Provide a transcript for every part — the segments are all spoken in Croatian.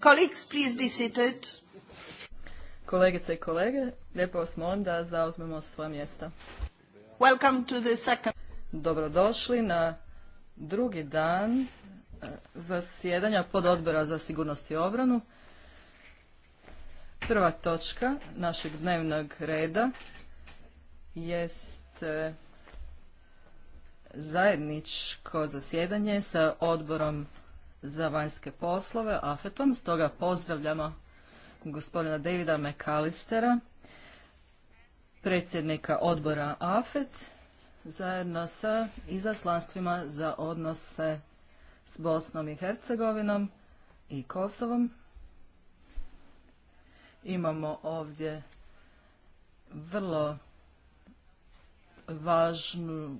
Colleagues, please be seated. Kolegice i kolege, lijepo vas molim da zauzmemo svoja mjesta. Welcome to Dobrodošli na drugi dan eh, zasjedanja pod odbora za sigurnost i obranu. Prva točka našeg dnevnog reda jest eh, zajedničko zasjedanje sa odborom za vanjske poslove, AFETom, om Stoga pozdravljamo gospodina Davida McAllistera, predsjednika odbora AFET, zajedno sa izaslanstvima za odnose s Bosnom i Hercegovinom i Kosovom. Imamo ovdje vrlo važnu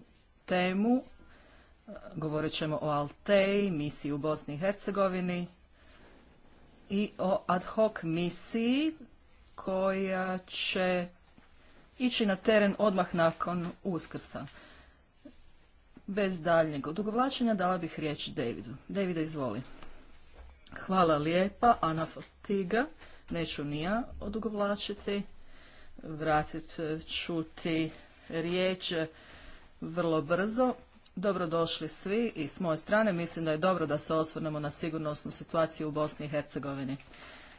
temu, Govorit ćemo o Alteji, misiji u Bosni i Hercegovini i o ad hoc misiji koja će ići na teren odmah nakon Uskrsa. Bez daljnjeg odugovlačenja dala bih riječ Davidu. Davida, izvoli. Hvala lijepa, Ana Fatiga. Neću nija odugovlačiti. Vratit ću ti riječ vrlo brzo. Dobrodošli svi i s moje strane mislim da je dobro da se osvrnemo na sigurnosnu situaciju u Bosni i Hercegovini.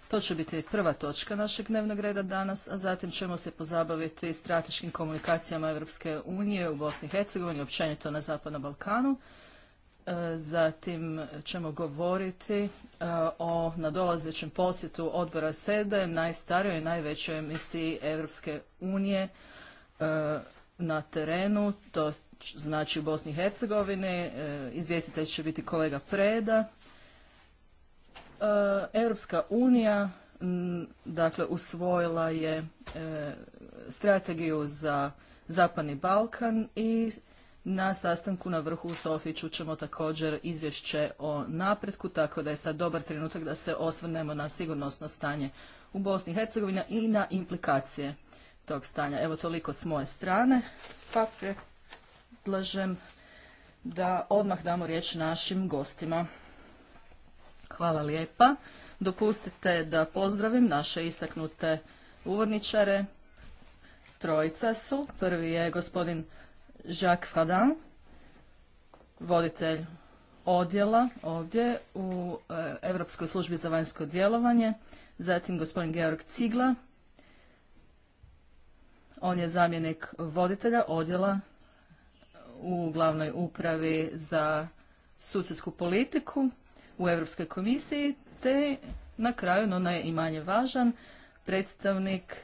To će biti prva točka našeg dnevnog reda danas, a zatim ćemo se pozabaviti strateškim komunikacijama Europske unije u Bosni i Hercegovini, općenito na Zapadnom Balkanu. E, zatim ćemo govoriti e, o nadolazećem posjetu odbora SEDE, najstarijoj i najvećoj emisiji Europske unije e, na terenu. To znači u Bosni i Hercegovini. E, izvjestitelj će biti kolega Preda. E, Europska unija dakle usvojila je e, strategiju za Zapadni Balkan i na sastanku na vrhu u Sofiću ćemo također izvješće o napretku, tako da je sad dobar trenutak da se osvrnemo na sigurnosno stanje u Bosni i Hercegovini i na implikacije tog stanja. Evo toliko s moje strane predlažem da odmah damo riječ našim gostima. Hvala lijepa. Dopustite da pozdravim naše istaknute uvodničare. Trojica su. Prvi je gospodin Jacques Fadan, voditelj odjela ovdje u e, Europskoj službi za vanjsko djelovanje. Zatim gospodin Georg Cigla, on je zamjenik voditelja odjela u glavnoj upravi za sucesku politiku u Europskoj komisiji, te na kraju, no naj i manje važan, predstavnik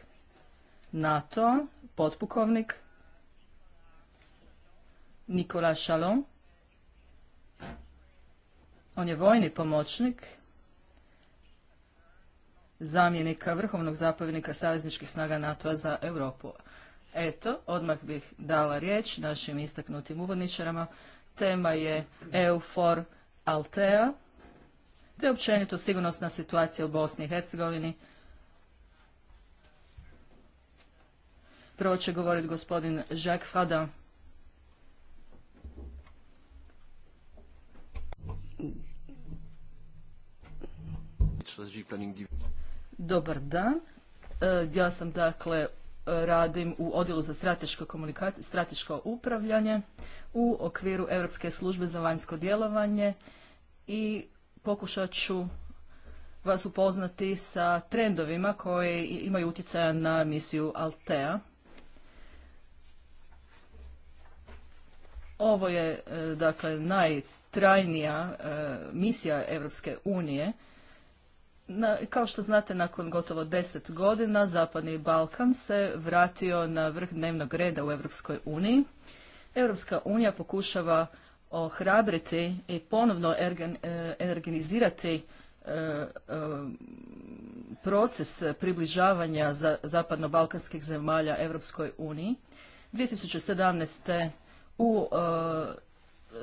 NATO, potpukovnik Nikola Šalom. On je vojni pomoćnik zamjenika vrhovnog zapovjednika savezničkih snaga NATO-a za Europu. Eto, odmah bih dala riječ našim istaknutim uvodničarama. Tema je EUFOR Altea, te općenito sigurnosna situacija u Bosni i Hercegovini. Prvo će govoriti gospodin Jacques Fada. Dobar dan. E, ja sam dakle radim u odjelu za strateško, strateško upravljanje u okviru Europske službe za vanjsko djelovanje i pokušat ću vas upoznati sa trendovima koji imaju utjecaja na misiju Altea. Ovo je e, dakle najtrajnija e, misija Europske unije kao što znate, nakon gotovo deset godina Zapadni Balkan se vratio na vrh dnevnog reda u Europskoj uniji. Europska unija pokušava ohrabriti i ponovno e, energizirati e, e, proces približavanja zapadno-balkanskih zemalja Europskoj uniji. 2017. u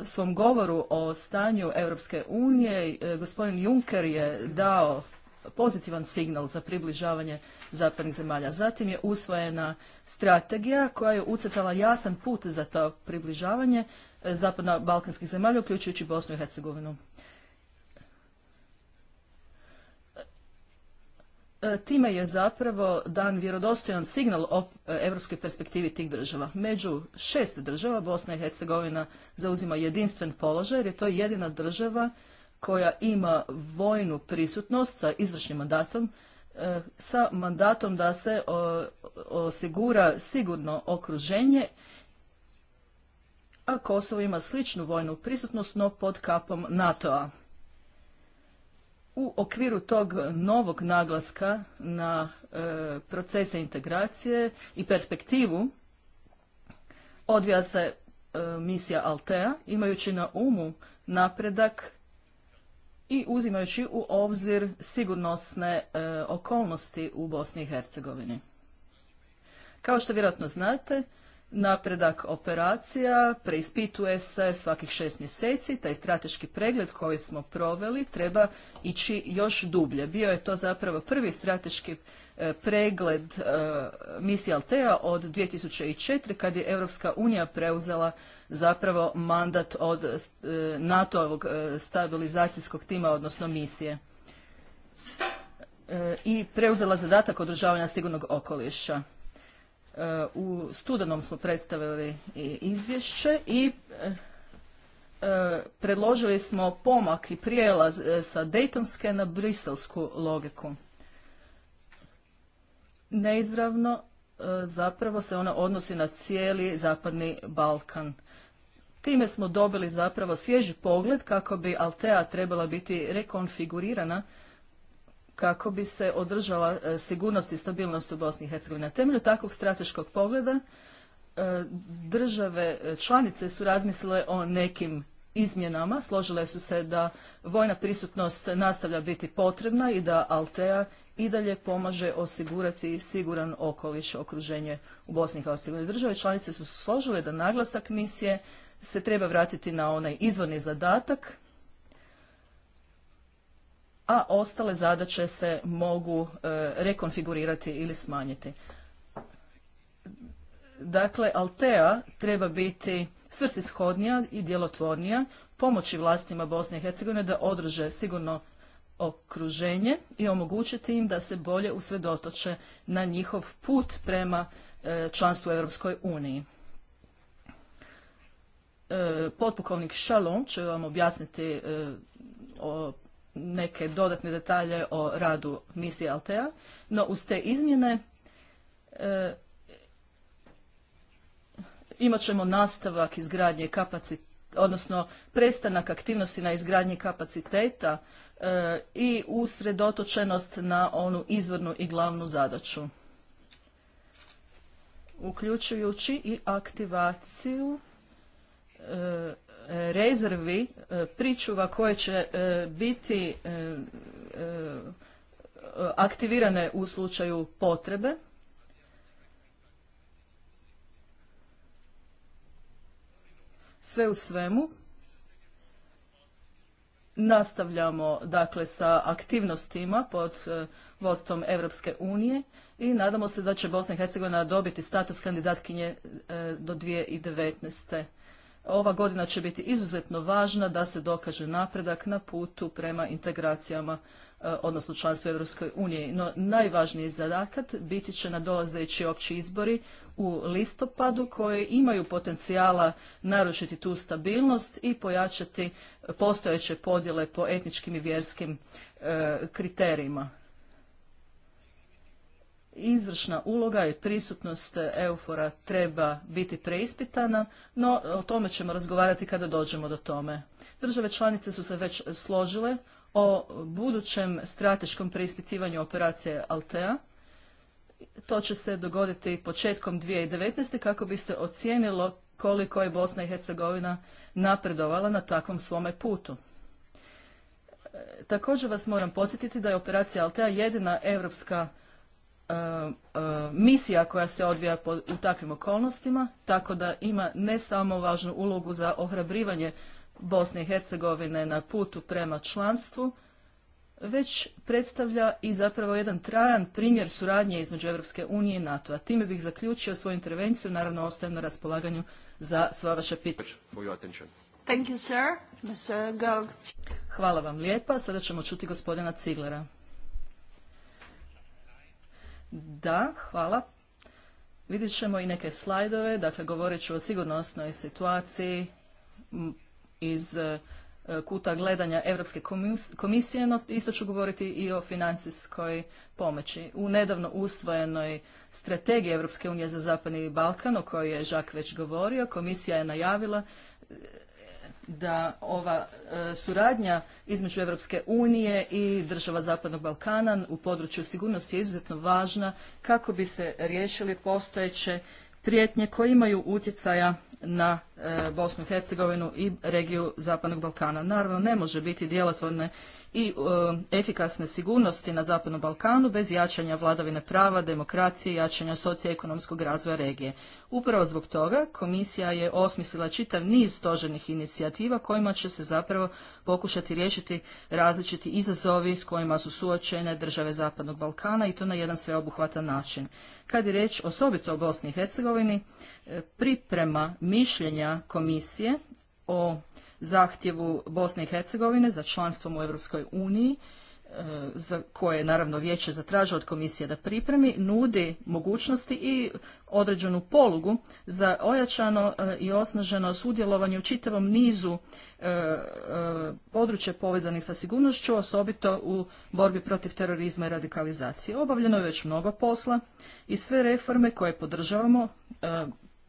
svom govoru o stanju Europske unije gospodin Juncker je dao pozitivan signal za približavanje zapadnih zemalja. Zatim je usvojena strategija koja je ucetala jasan put za to približavanje e, zapadno-balkanskih zemalja, uključujući Bosnu i Hercegovinu. E, time je zapravo dan vjerodostojan signal o europskoj perspektivi tih država. Među šest država Bosna i Hercegovina zauzima jedinstven položaj jer je to jedina država koja ima vojnu prisutnost sa izvršnim mandatom, e, sa mandatom da se e, osigura sigurno okruženje, a Kosovo ima sličnu vojnu prisutnost, no pod kapom NATO-a. U okviru tog novog naglaska na e, procese integracije i perspektivu odvija se misija Altea, imajući na umu napredak i uzimajući u obzir sigurnosne e, okolnosti u Bosni i Hercegovini. Kao što vjerojatno znate, napredak operacija preispituje se svakih šest mjeseci, taj strateški pregled koji smo proveli treba ići još dublje. Bio je to zapravo prvi strateški e, pregled e, misije Altea od 2004 kad je Europska unija preuzela zapravo mandat od e, NATO-ovog e, stabilizacijskog tima, odnosno misije e, i preuzela zadatak održavanja sigurnog okoliša. U studenom smo predstavili izvješće i predložili smo pomak i prijelaz sa Dejtonske na briselsku logiku. Neizravno zapravo se ona odnosi na cijeli zapadni Balkan. Time smo dobili zapravo svježi pogled kako bi Altea trebala biti rekonfigurirana kako bi se održala e, sigurnost i stabilnost u Bosni i Hercegovini. Na temelju takvog strateškog pogleda e, države e, članice su razmislile o nekim izmjenama, složile su se da vojna prisutnost nastavlja biti potrebna i da Altea i dalje pomaže osigurati siguran okoliš, okruženje u Bosni i Hercegovini. Države članice su složile da naglasak misije se treba vratiti na onaj izvorni zadatak, a ostale zadaće se mogu e, rekonfigurirati ili smanjiti. Dakle, Altea treba biti svrsishodnija i djelotvornija, pomoći vlastima Bosne i Hercegovine da održe sigurno okruženje i omogućiti im da se bolje usredotoče na njihov put prema e, članstvu u Europskoj uniji. E, potpukovnik Šalom će vam objasniti e, o neke dodatne detalje o radu misije Altea, no uz te izmjene e, imat ćemo nastavak izgradnje kapaciteta, odnosno prestanak aktivnosti na izgradnji kapaciteta i usredotočenost na onu izvornu i glavnu zadaću, uključujući i aktivaciju E, rezervi e, pričuva koje će e, biti aktivirane u slučaju potrebe. Sve u svemu, nastavljamo dakle sa aktivnostima pod vodstvom Europske unije i nadamo se da će Bosna i Hercegovina dobiti status kandidatkinje do 2019. Ova godina će biti izuzetno važna da se dokaže napredak na putu prema integracijama e, odnosno članstvu Europskoj unije. No najvažniji zadakat biti će nadolazeći opći izbori u listopadu koji imaju potencijala narušiti tu stabilnost i pojačati postojeće podjele po etničkim i vjerskim e, kriterijima izvršna uloga i prisutnost Eufora treba biti preispitana, no o tome ćemo razgovarati kada dođemo do tome. Države članice su se već složile o budućem strateškom preispitivanju operacije Altea. To će se dogoditi početkom 2019. kako bi se ocijenilo koliko je Bosna i Hercegovina napredovala na takvom svome putu. Također vas moram podsjetiti da je operacija Altea jedina europska E, e, misija koja se odvija u takvim okolnostima, tako da ima ne samo važnu ulogu za ohrabrivanje Bosne i Hercegovine na putu prema članstvu, već predstavlja i zapravo jedan trajan primjer suradnje između Europske unije i NATO-a. Time bih zaključio svoju intervenciju, naravno ostajem na raspolaganju za sva vaša pitanja. Hvala vam lijepa. Sada ćemo čuti gospodina Ciglera. Da, hvala. Vidjet ćemo i neke slajdove, dakle govorit ću o sigurnosnoj situaciji iz e, kuta gledanja Europske komisije, no isto ću govoriti i o financijskoj pomoći. U nedavno usvojenoj strategiji Europske unije za Zapadni Balkan, o kojoj je Žak već govorio, komisija je najavila e, da ova e, suradnja između Europske unije i država Zapadnog Balkana u području sigurnosti je izuzetno važna kako bi se riješili postojeće prijetnje koje imaju utjecaja na e, Bosnu i Hercegovinu i regiju Zapadnog Balkana. Naravno, ne može biti djelotvorne i e, efikasne sigurnosti na Zapadnom Balkanu bez jačanja vladavine prava, demokracije i jačanja socioekonomskog razvoja regije. Upravo zbog toga komisija je osmislila čitav niz stožernih inicijativa kojima će se zapravo pokušati riješiti različiti izazovi s kojima su suočene države Zapadnog Balkana i to na jedan sveobuhvatan način. Kad je reč osobito o Bosni i Hercegovini, e, priprema mišljenja komisije o zahtjevu Bosne i Hercegovine za članstvom u Europskoj uniji, e, za koje je naravno vijeće zatraže od komisije da pripremi, nudi mogućnosti i određenu polugu za ojačano e, i osnaženo sudjelovanje u čitavom nizu e, područja povezanih sa sigurnošću, osobito u borbi protiv terorizma i radikalizacije. Obavljeno je već mnogo posla i sve reforme koje podržavamo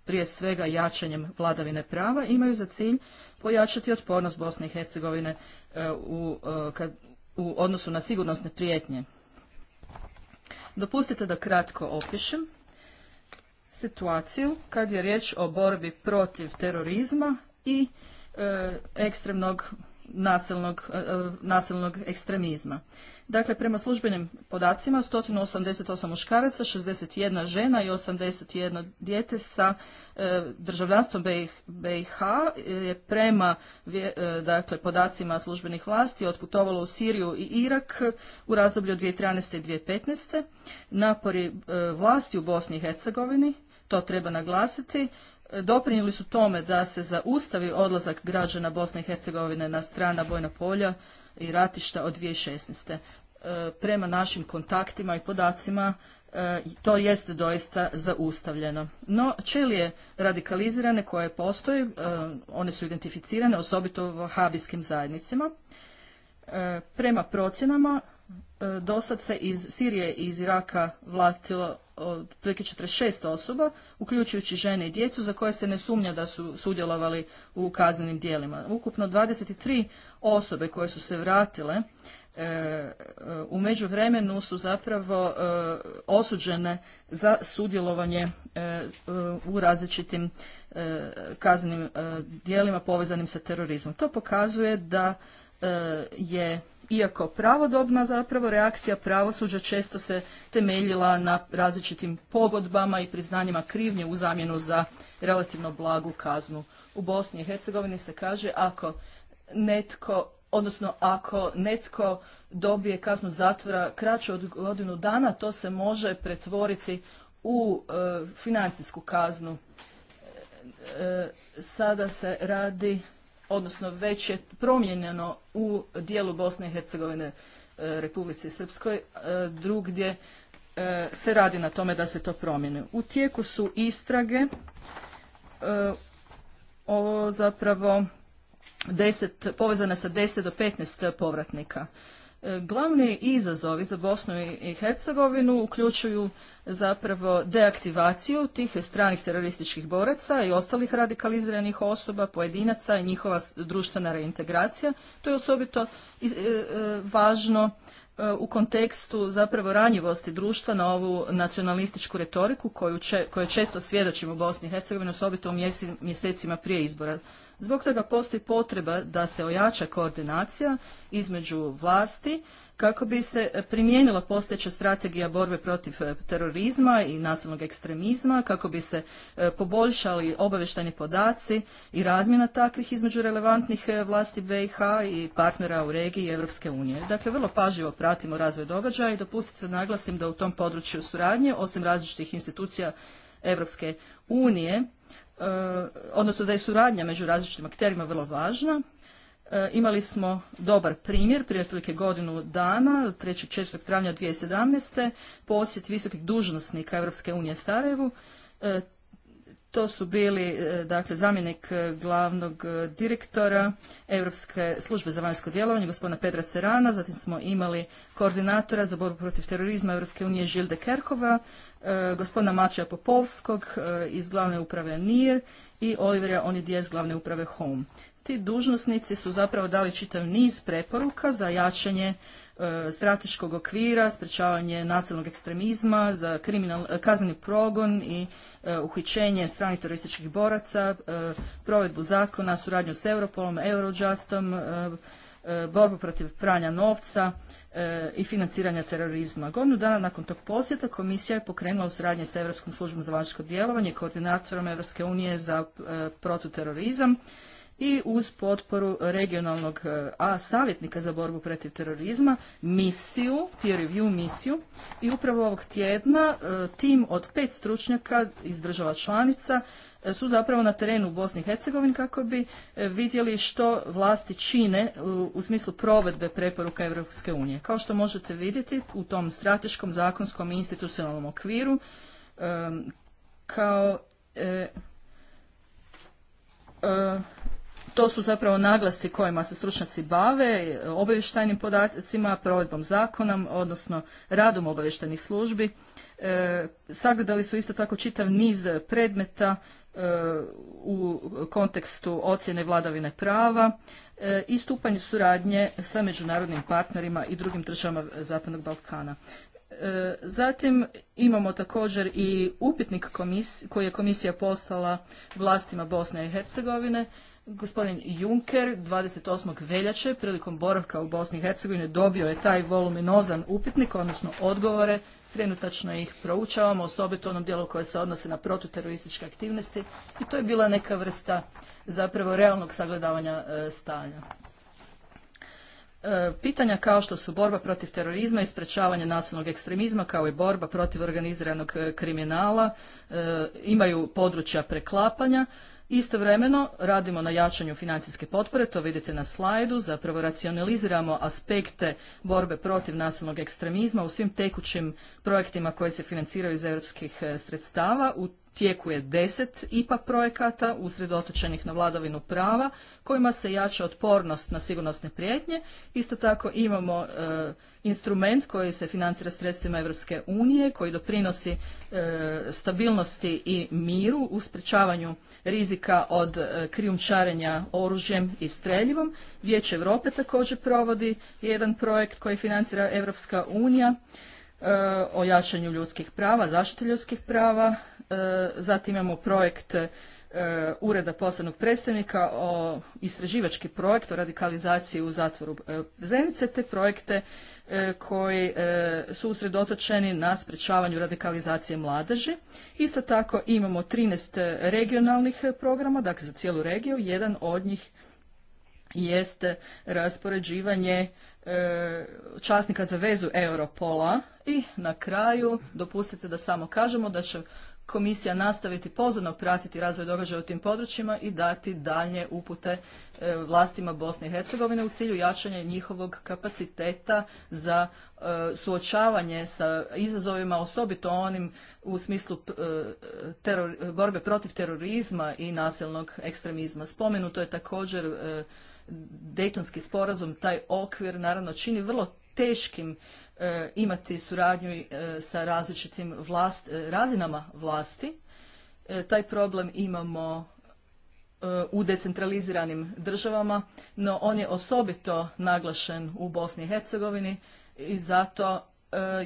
prije svega jačanjem vladavine prava, imaju za cilj pojačati otpornost Bosne i Hercegovine e, e, u, odnosu na sigurnosne prijetnje. Dopustite da kratko opišem situaciju kad je riječ o borbi protiv terorizma i e, ekstremnog nasilnog ekstremizma. Dakle, prema službenim podacima 188 muškaraca, 61 žena i 81 dijete sa e, državljanstvom BiH, e, je prema e, dakle, podacima službenih vlasti otputovalo u Siriju i Irak u razdoblju od 2013. i 2015. Napori vlasti u Bosni i Hercegovini, to treba naglasiti, doprinijeli su tome da se zaustavi odlazak građana Bosne i Hercegovine na strana bojna polja i ratišta od 2016. E, prema našim kontaktima i podacima e, to jest doista zaustavljeno. No, čelije radikalizirane koje postoje, e, one su identificirane osobito u vahabijskim zajednicama. Prema procjenama, dosad se iz Sirije i iz Iraka vlatilo prilike 46 osoba, uključujući žene i djecu, za koje se ne sumnja da su sudjelovali u kaznenim dijelima. Ukupno 23 osobe koje su se vratile e, e, u međuvremenu su zapravo e, osuđene za sudjelovanje u različitim kaznenim dijelima povezanim sa terorizmom. To pokazuje da je iako pravodobna zapravo reakcija pravosuđa često se temeljila na različitim pogodbama i priznanjima krivnje u zamjenu za relativno blagu kaznu. U Bosni i Hercegovini se kaže ako netko, odnosno ako netko dobije kaznu zatvora kraću od godinu dana, to se može pretvoriti u e, financijsku kaznu. E, sada se radi, odnosno već je promijenjeno u dijelu Bosne i Hercegovine e, Republici Srpskoj, drugdje se radi na tome da se to promijene. U tijeku su istrage o zapravo 10, povezana sa 10 do 15 povratnika. E, glavni izazovi za Bosnu i Hercegovinu uključuju zapravo deaktivaciju tih stranih terorističkih boraca i ostalih radikaliziranih osoba, pojedinaca i njihova društvena reintegracija. To je osobito e, e, važno u kontekstu zapravo ranjivosti društva na ovu nacionalističku retoriku koju često svjedočimo u Bosni i Hercegovini, osobito u mjesecima prije izbora. Zbog toga postoji potreba da se ojača koordinacija između vlasti kako bi se primijenila postojeća strategija borbe protiv e, terorizma i nasilnog ekstremizma, kako bi se e, poboljšali obavještajni podaci i razmjena takvih između relevantnih e, vlasti BiH i partnera u regiji Europske unije. Dakle, vrlo pažljivo pratimo razvoj događaja i dopustite naglasim da u tom području suradnje, osim različitih institucija Europske unije, Eh, odnosno da je suradnja među različitim akterima vrlo važna. Eh, imali smo dobar primjer prije otprilike godinu dana, 3. 4. travnja 2017. posjet visokih dužnosnika Europske unije Sarajevu. Eh, to su bili e, dakle zamjenik e, glavnog e, direktora Europske službe za vanjsko djelovanje gospodina Pedra Serana, zatim smo imali koordinatora za borbu protiv terorizma Europske unije Žilde Kerkova, gospodina Mačeja Popovskog iz glavne uprave NIR i Olivera Onidije iz glavne uprave HOME. Ti dužnosnici su zapravo dali čitav niz preporuka za jačanje strateškog okvira, sprečavanje nasilnog ekstremizma, za kriminal, e, kazneni progon i e, uhićenje stranih terorističkih boraca, e, provedbu zakona, suradnju s Europolom, Eurojustom, borbu protiv pranja novca i financiranja terorizma. Godinu dana nakon tog posjeta komisija je pokrenula u suradnji sa Europskom službom za vanjsko djelovanje koordinatorom Europske unije za protuterorizam i uz potporu regionalnog e, a savjetnika za borbu protiv terorizma misiju, peer review misiju i upravo ovog tjedna e, tim od pet stručnjaka iz država članica e, su zapravo na terenu u Bosni i Hercegovini kako bi vidjeli što vlasti čine u smislu provedbe preporuka Europske unije. Kao što možete vidjeti u tom strateškom, zakonskom i institucionalnom okviru kao to su zapravo naglasti kojima se stručnjaci bave, obavještajnim podacima, provedbom zakona, odnosno radom obavještajnih službi. E, sagledali su isto tako čitav niz predmeta e, u kontekstu ocjene vladavine prava e, i stupanje suradnje sa međunarodnim partnerima i drugim državama Zapadnog Balkana. Zatim imamo također i upitnik koji je komisija postala vlastima Bosne i Hercegovine Gospodin Juncker 28. veljače prilikom boravka u Bosni i Hercegovini dobio je taj voluminozan upitnik, odnosno odgovore, trenutačno ih proučavamo, osobito u onom dijelu koje se odnose na protuterorističke aktivnosti i to je bila neka vrsta zapravo realnog sagledavanja e, stanja. E, pitanja kao što su borba protiv terorizma i sprečavanje nasilnog ekstremizma, kao i borba protiv organiziranog e, kriminala, imaju područja preklapanja, Istovremeno radimo na jačanju financijske potpore, to vidite na slajdu, zapravo racionaliziramo aspekte borbe protiv nasilnog ekstremizma u svim tekućim projektima koji se financiraju iz europskih eh, sredstava. U tijeku je deset IPA projekata usredotočenih na vladavinu prava kojima se jača otpornost na sigurnosne prijetnje. Isto tako imamo e, instrument koji se financira sredstvima Europske unije koji doprinosi e, stabilnosti i miru u sprečavanju rizika od e, krijumčarenja oružjem i streljivom. Vijeće Europe također provodi jedan projekt koji financira Europska unija o jačanju ljudskih prava, zaštite ljudskih prava, E, zatim imamo projekt e, Ureda posebnog predstavnika o istraživački projekt o radikalizaciji u zatvoru e, Zenice, te projekte koji su usredotočeni na sprečavanju radikalizacije mladeži. Isto tako imamo 13 regionalnih programa, dakle za cijelu regiju. Jedan od njih jeste raspoređivanje časnika za vezu Europola i na kraju dopustite da samo kažemo da će komisija nastaviti pozorno pratiti razvoj događaja u tim područjima i dati daljnje upute e, vlastima Bosne i Hercegovine u cilju jačanja njihovog kapaciteta za e, suočavanje sa izazovima, osobito onim u smislu e, borbe protiv terorizma i nasilnog ekstremizma. Spomenuto je također Dejtonski sporazum, taj okvir naravno čini vrlo teškim E, imati suradnju e, sa različitim e, razinama vlasti. Taj problem imamo u decentraliziranim državama, no on je osobito naglašen u Bosni i Hercegovini i zato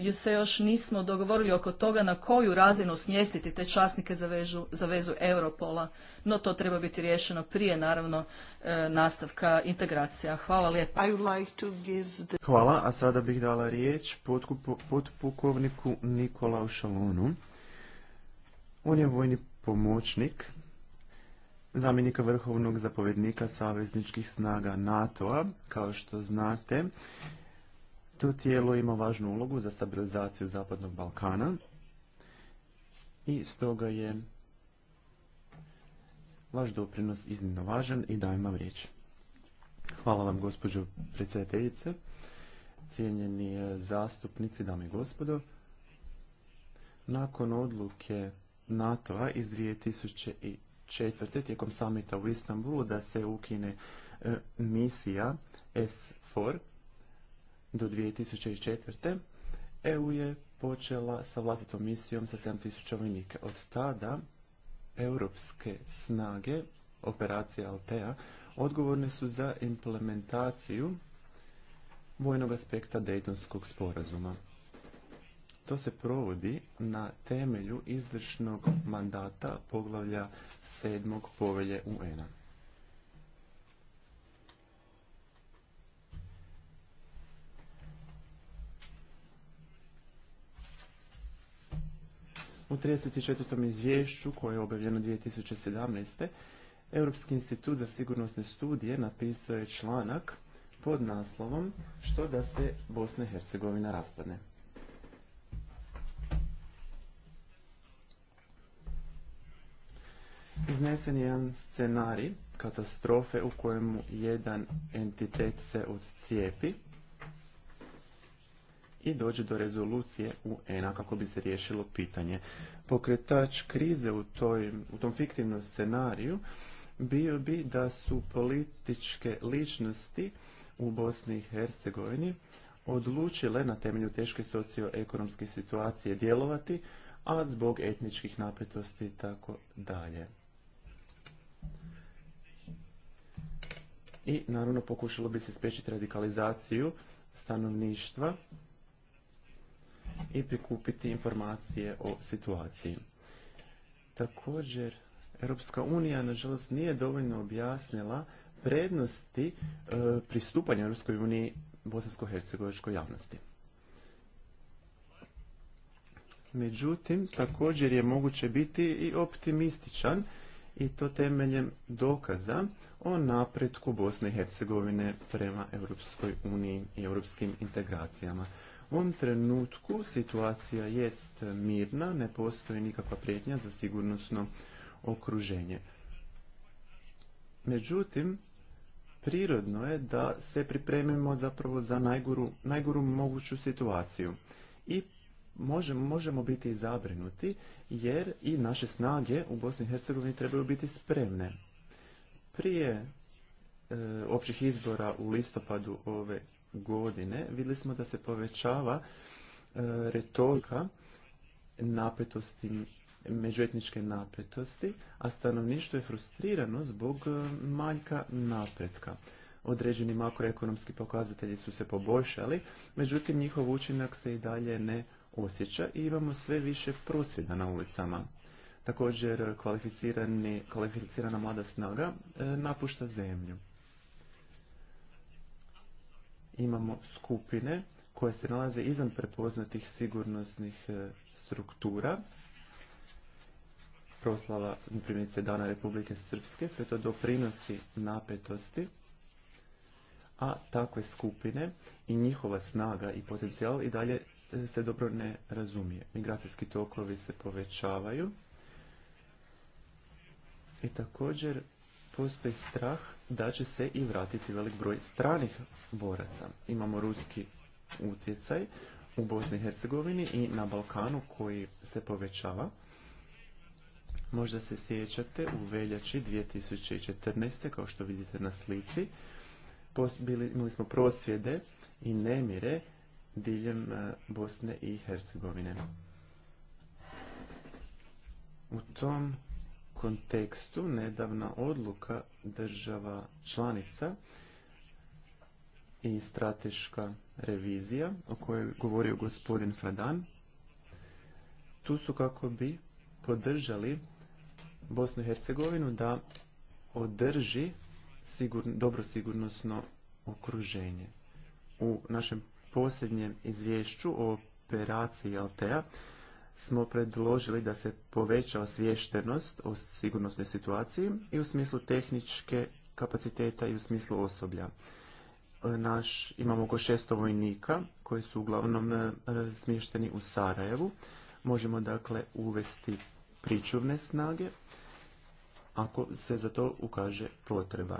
E, se još nismo dogovorili oko toga na koju razinu smjestiti te časnike za vezu, za vezu Europola, no to treba biti riješeno prije naravno e, nastavka integracija. Hvala lijepa. Hvala, a sada bih dala riječ potpukovniku Nikola Ušalonu. On je vojni pomoćnik zamjenika vrhovnog zapovjednika savezničkih snaga NATO-a. Kao što znate, to tijelo ima važnu ulogu za stabilizaciju Zapadnog Balkana i stoga je vaš doprinos iznimno važan i dajem vam riječ. Hvala vam gospođo predsjedateljice, cijenjeni zastupnici, dame i gospodo. Nakon odluke NATO-a iz 2004. tijekom samita u Istanbulu da se ukine e, misija S4, do 2004. EU je počela sa vlastitom misijom sa 7000 vojnika. Od tada europske snage, operacija Altea, odgovorne su za implementaciju vojnog aspekta Dejtonskog sporazuma. To se provodi na temelju izvršnog mandata poglavlja 7. povelje UN-a. U 34. izvješću koje je objavljeno 2017. Europski institut za sigurnosne studije napisao je članak pod naslovom što da se Bosna i Hercegovina raspadne. Iznesen je jedan scenarij katastrofe u kojemu jedan entitet se odcijepi i dođe do rezolucije u ENA kako bi se riješilo pitanje. Pokretač krize u, toj, u tom fiktivnom scenariju bio bi da su političke ličnosti u Bosni i Hercegovini odlučile na temelju teške socioekonomske situacije djelovati, a zbog etničkih napetosti i tako dalje. I naravno pokušalo bi se spriječiti radikalizaciju stanovništva i prikupiti informacije o situaciji. Također, Europska unija, nažalost, nije dovoljno objasnila prednosti e, pristupanja Europskoj uniji bosansko-hercegovačkoj javnosti. Međutim, također je moguće biti i optimističan i to temeljem dokaza o napretku Bosne i Hercegovine prema Europskoj uniji i europskim integracijama. U ovom trenutku situacija jest mirna, ne postoji nikakva prijetnja za sigurnosno okruženje. Međutim, prirodno je da se pripremimo zapravo za najgoru, moguću situaciju. I možemo, možemo biti zabrinuti jer i naše snage u Bosni i Hercegovini trebaju biti spremne. Prije e, općih izbora u listopadu ove godine vidjeli smo da se povećava e, retorika napetosti, međuetničke napetosti, a stanovništvo je frustrirano zbog e, manjka napretka. Određeni makroekonomski pokazatelji su se poboljšali, međutim njihov učinak se i dalje ne osjeća i imamo sve više prosvjeda na ulicama. Također kvalificirana mlada snaga e, napušta zemlju imamo skupine koje se nalaze izvan prepoznatih sigurnosnih e, struktura. Proslava primjerice Dana Republike Srpske, sve to doprinosi napetosti, a takve skupine i njihova snaga i potencijal i dalje e, se dobro ne razumije. Migracijski tokovi se povećavaju i također postoji strah da će se i vratiti velik broj stranih boraca. Imamo ruski utjecaj u Bosni i Hercegovini i na Balkanu koji se povećava. Možda se sjećate u veljači 2014. kao što vidite na slici. Bili, imali smo prosvjede i nemire diljem e, Bosne i Hercegovine. U tom kontekstu nedavna odluka država članica i strateška revizija o kojoj je govorio gospodin Fradan. Tu su kako bi podržali Bosnu i Hercegovinu da održi dobro sigurnosno okruženje. U našem posljednjem izvješću o operaciji Altea smo predložili da se poveća osviještenost o sigurnosnoj situaciji i u smislu tehničke kapaciteta i u smislu osoblja. E, naš, imamo oko šesto vojnika koji su uglavnom e, smješteni u Sarajevu. Možemo dakle uvesti pričuvne snage ako se za to ukaže potreba.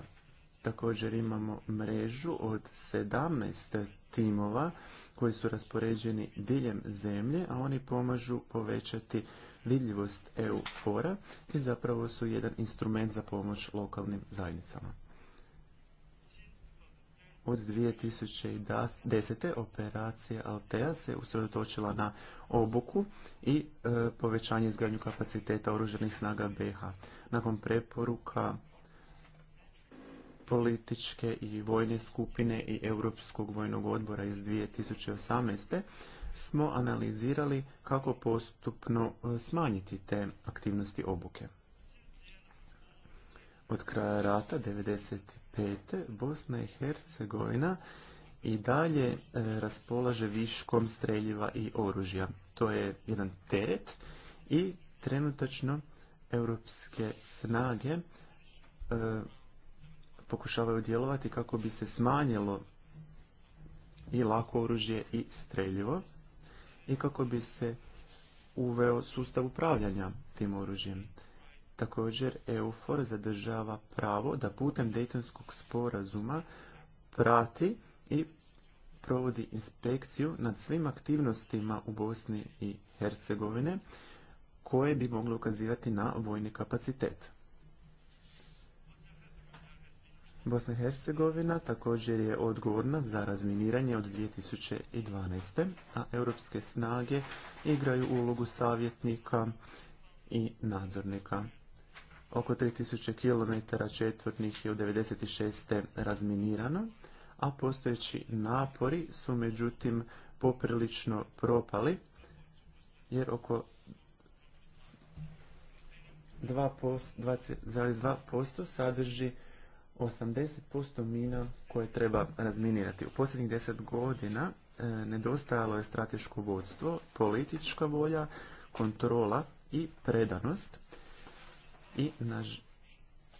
Također imamo mrežu od 17 timova koji su raspoređeni diljem zemlje, a oni pomažu povećati vidljivost EU fora i zapravo su jedan instrument za pomoć lokalnim zajednicama. Od 2010. operacija Altea se usredotočila na obuku i e, povećanje izgradnju kapaciteta oruženih snaga BH. Nakon preporuka političke i vojne skupine i Europskog vojnog odbora iz 2018. smo analizirali kako postupno e, smanjiti te aktivnosti obuke. Od kraja rata 1995. Bosna i Hercegovina i dalje e, raspolaže viškom streljiva i oružja. To je jedan teret i trenutačno europske snage e, pokušavaju djelovati kako bi se smanjilo i lako oružje i streljivo i kako bi se uveo sustav upravljanja tim oružjem. Također, EUFOR zadržava pravo da putem Dejtonskog sporazuma prati i provodi inspekciju nad svim aktivnostima u Bosni i Hercegovine koje bi mogle ukazivati na vojni kapacitet. Bosna i Hercegovina također je odgovorna za razminiranje od 2012. a europske snage igraju ulogu savjetnika i nadzornika. Oko 3000 km četvrtnih je u 96. razminirano, a postojeći napori su međutim poprilično propali, jer oko 2,2% sadrži 80% mina koje treba razminirati. U posljednjih deset godina e, nedostajalo je strateško vodstvo, politička volja, kontrola i predanost. I na,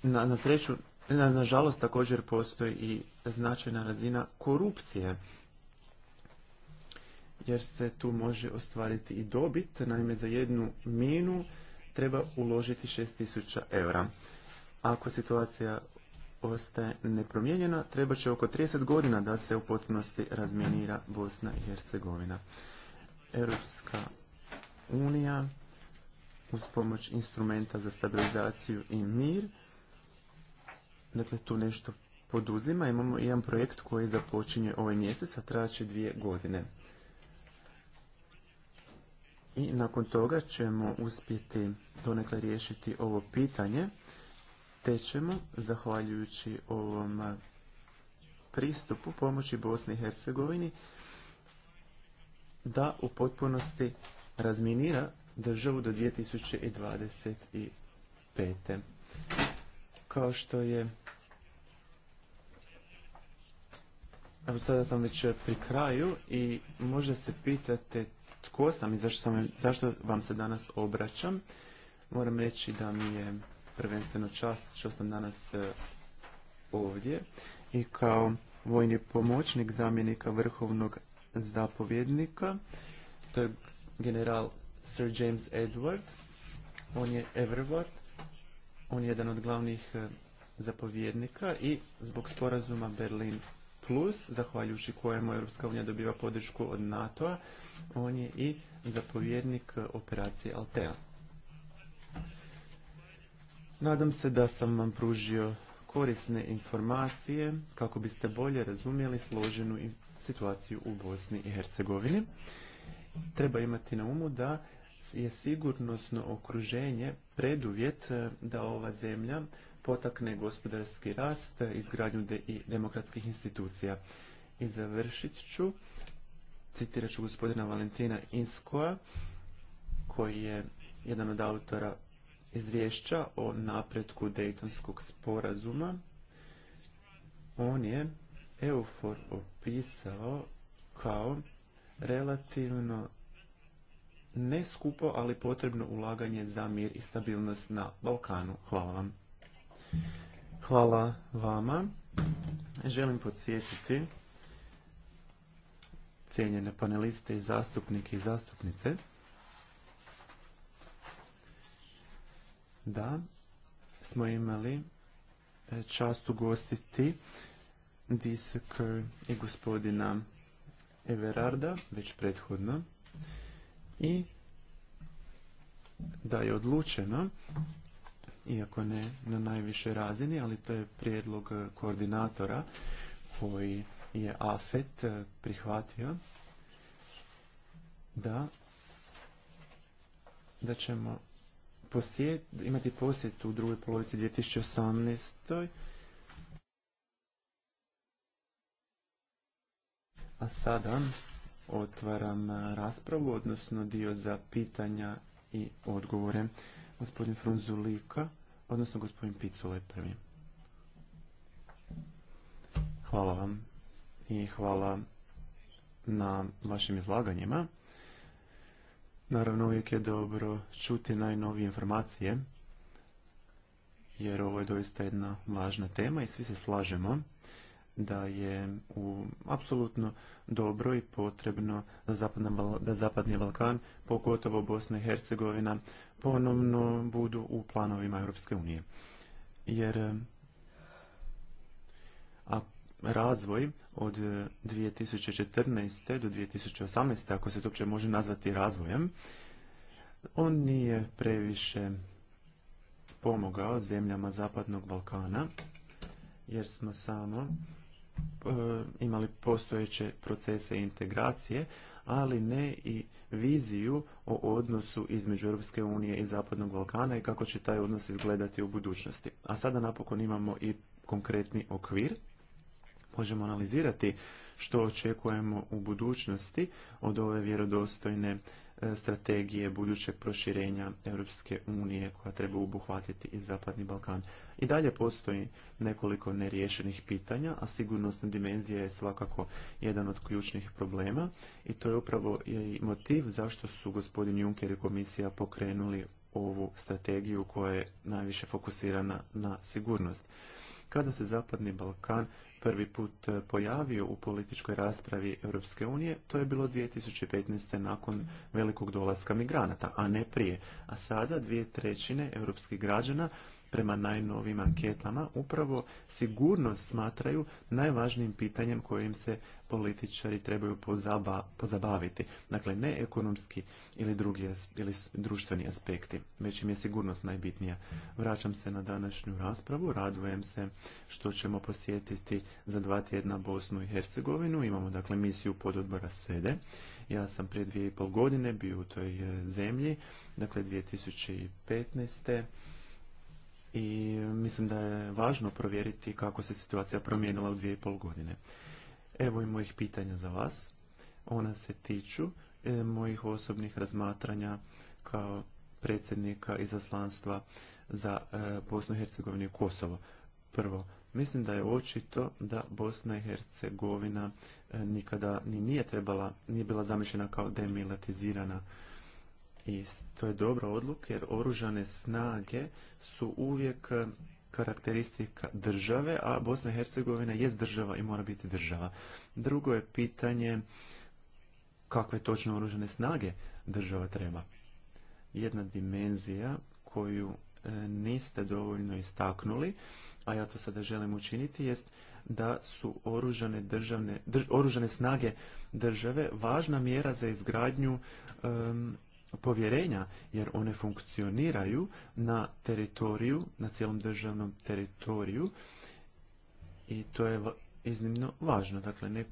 na, sreću, nažalost također postoji i značajna razina korupcije jer se tu može ostvariti i dobit. Naime, za jednu minu treba uložiti 6000 eura. Ako situacija ostaje nepromijenjena. Treba će oko 30 godina da se u potpunosti razminira Bosna i Hercegovina. Europska unija uz pomoć instrumenta za stabilizaciju i mir. Dakle, tu nešto poduzima. Imamo jedan projekt koji započinje ovaj mjesec, a traće dvije godine. I nakon toga ćemo uspjeti donekle riješiti ovo pitanje Tečemo, zahvaljujući ovom pristupu pomoći Bosni i Hercegovini, da u potpunosti razminira državu do 2025. Kao što je... Evo sada sam već pri kraju i možda se pitate tko sam i sam, zašto vam se danas obraćam. Moram reći da mi je prvenstveno čast što sam danas e, ovdje i kao vojni pomoćnik zamjenika vrhovnog zapovjednika. To je general Sir James Edward. On je Everward. On je jedan od glavnih e, zapovjednika i zbog sporazuma Berlin Plus, zahvaljujući kojemu Europska unija dobiva podršku od NATO-a, on je i zapovjednik e, operacije Altea. Nadam se da sam vam pružio korisne informacije kako biste bolje razumjeli složenu situaciju u Bosni i Hercegovini. Treba imati na umu da je sigurnosno okruženje preduvjet e, da ova zemlja potakne gospodarski rast, e, izgradnju i demokratskih institucija. I završit ću, citirat ću gospodina Valentina Inskoa, koji je jedan od autora izvješća o napretku Dejtonskog sporazuma, on je Eufor opisao kao relativno neskupo, ali potrebno ulaganje za mir i stabilnost na Balkanu. Hvala vam. Hvala vama. Želim podsjetiti cijenjene paneliste i zastupnike i zastupnice da smo imali e, čast ugostiti disak e, i gospodina Everarda, već prethodno, i da je odlučeno, iako ne na najvišoj razini, ali to je prijedlog e, koordinatora koji je AFET prihvatio, da, da ćemo imati posjet u drugoj polovici 2018. A sada otvaram raspravu, odnosno dio za pitanja i odgovore. Gospodin Frunzulika, odnosno gospodin Picula je prvi. Hvala vam i hvala na vašim izlaganjima. Naravno, uvijek je dobro čuti najnovije informacije, jer ovo je doista jedna važna tema i svi se slažemo da je u apsolutno dobro i potrebno da Zapadni, da Zapadni Balkan, pogotovo Bosna i Hercegovina, ponovno budu u planovima Europske unije. Jer eh, a razvoj od 2014. E, do 2018. ako se to uopće može nazvati razvojem, on nije previše pomogao zemljama Zapadnog Balkana, jer smo samo e, imali postojeće procese integracije, ali ne i viziju o odnosu između Europske unije i Zapadnog Balkana i kako će taj odnos izgledati u budućnosti. A sada napokon imamo i konkretni okvir možemo analizirati što očekujemo u budućnosti od ove vjerodostojne e, strategije budućeg proširenja Europske unije koja treba obuhvatiti i Zapadni Balkan. I dalje postoji nekoliko neriješenih pitanja, a sigurnosna dimenzija je svakako jedan od ključnih problema i to je upravo i motiv zašto su gospodin Juncker i komisija pokrenuli ovu strategiju koja je najviše fokusirana na sigurnost. Kada se Zapadni Balkan prvi put e, pojavio u političkoj raspravi Europske unije, to je bilo 2015. nakon velikog dolaska migranata, a ne prije. A sada dvije trećine europskih građana prema najnovim anketama upravo sigurnost smatraju najvažnijim pitanjem kojim se političari trebaju pozabaviti. Dakle, ne ekonomski ili drugi ili društveni aspekti, već im je sigurnost najbitnija. Vraćam se na današnju raspravu, radujem se što ćemo posjetiti za dva tjedna Bosnu i Hercegovinu. Imamo dakle misiju pododbora SEDE. Ja sam prije dvije i pol godine bio u toj e, zemlji, dakle 2015 i mislim da je važno provjeriti kako se situacija promijenila u dvije i pol godine. Evo i mojih pitanja za vas. Ona se tiču e, mojih osobnih razmatranja kao predsjednika izaslanstva za e, Bosnu i Hercegovinu i Kosovo. Prvo, mislim da je očito da Bosna i Hercegovina e, nikada ni nije trebala, nije bila zamišljena kao demilatizirana. I to je dobra odluka jer oružane snage su uvijek e, karakteristika države, a Bosna i Hercegovina je država i mora biti država. Drugo je pitanje kakve točno oružane snage država treba. Jedna dimenzija koju e, niste dovoljno istaknuli, a ja to sada želim učiniti, jest da su oružane, državne, oružane snage države važna mjera za izgradnju povjerenja jer one funkcioniraju na teritoriju, na cijelom državnom teritoriju i to je iznimno važno. Dakle, ne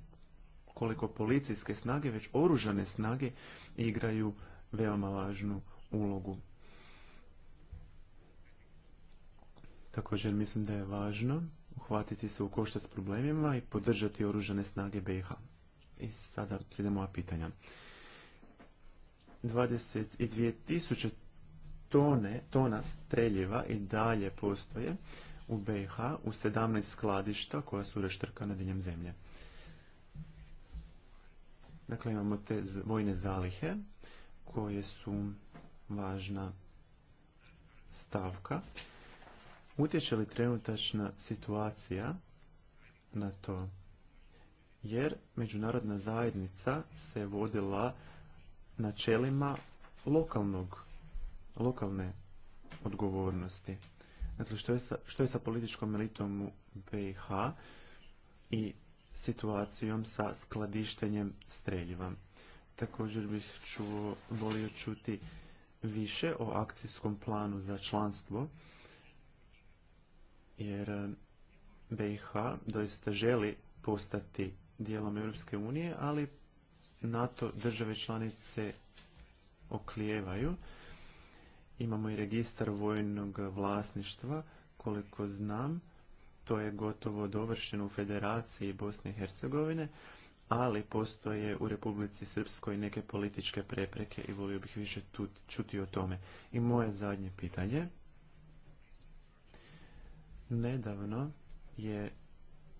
koliko policijske snage, već oružane snage igraju veoma važnu ulogu. Također mislim da je važno uhvatiti se u koštac s problemima i podržati oružane snage BiH. I sada idemo na pitanja. 22.000 tisuće tone, tona streljiva i dalje postoje u BiH u 17 skladišta koja su reštrkana diljem zemlje. Dakle, imamo te vojne zalihe koje su važna stavka. Utječe li trenutačna situacija na to? Jer međunarodna zajednica se vodila načelima lokalnog, lokalne odgovornosti. Dakle, što je sa, što je sa političkom elitom u BiH i situacijom sa skladištenjem streljiva. Također bih čuo, volio čuti više o akcijskom planu za članstvo, jer BiH eh, doista želi postati dijelom Europske unije, ali NATO države članice oklijevaju. Imamo i registar vojnog vlasništva, koliko znam, to je gotovo dovršeno u Federaciji Bosne i Hercegovine, ali postoje u Republici Srpskoj neke političke prepreke i volio bih više čuti o tome. I moje zadnje pitanje. Nedavno je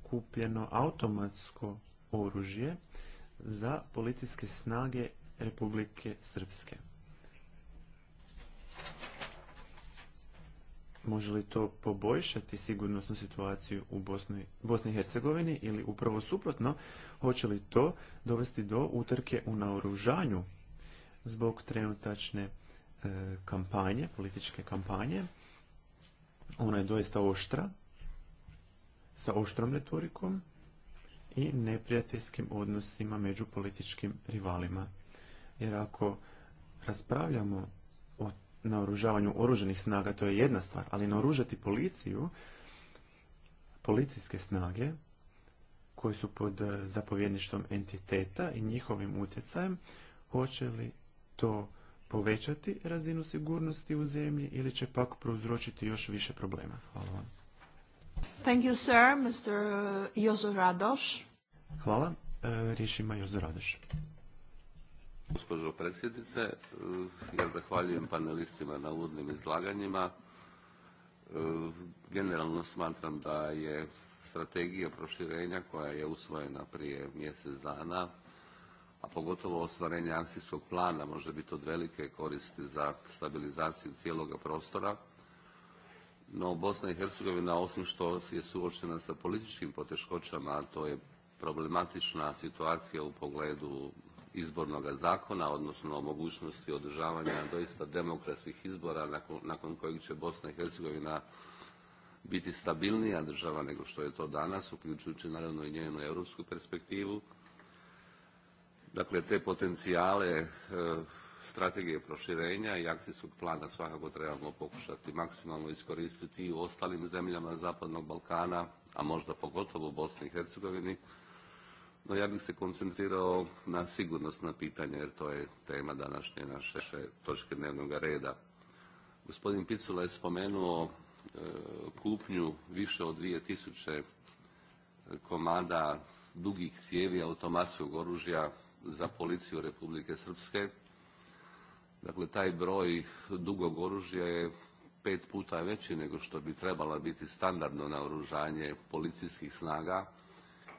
kupljeno automatsko oružje za policijske snage Republike Srpske. Može li to poboljšati sigurnosnu situaciju u Bosni, i Hercegovini ili upravo suprotno, hoće li to dovesti do utrke u naoružanju zbog trenutačne e, kampanje, političke kampanje? Ona je doista oštra, sa oštrom retorikom i neprijateljskim odnosima među političkim rivalima. Jer ako raspravljamo o naoružavanju oruženih snaga, to je jedna stvar, ali naoružati policiju, policijske snage, koji su pod eh, zapovjedništvom entiteta i njihovim utjecajem, hoće li to povećati razinu sigurnosti u zemlji ili će pak prouzročiti još više problema? Hvala vam. Thank you, sir. Mr. Jozo Radoš. Hvala. E, riječ ima Jozo Radoš. Gospođo predsjednice, ja zahvaljujem panelistima na uvodnim izlaganjima. E, generalno smatram da je strategija proširenja koja je usvojena prije mjesec dana, a pogotovo ostvarenje akcijskog plana može biti od velike koristi za stabilizaciju cijeloga prostora. No, Bosna i Hercegovina, osim što je suočena sa političkim poteškoćama, a to je problematična situacija u pogledu izbornog zakona, odnosno mogućnosti održavanja doista demokratskih izbora nakon, kojeg će Bosna i Hercegovina biti stabilnija država nego što je to danas, uključujući naravno i njenu europsku perspektivu. Dakle, te potencijale e, strategije proširenja i akcijskog plana svakako trebamo pokušati maksimalno iskoristiti i u ostalim zemljama Zapadnog Balkana, a možda pogotovo u Bosni i Hercegovini, no ja bih se koncentrirao na sigurnosna pitanja jer to je tema današnje naše točke dnevnog reda. Gospodin Picula je spomenuo e, kupnju više od 2000 e, komada dugih cijevi automatskog oružja za policiju Republike Srpske. Dakle, taj broj dugog oružja je pet puta veći nego što bi trebala biti standardno na oružanje policijskih snaga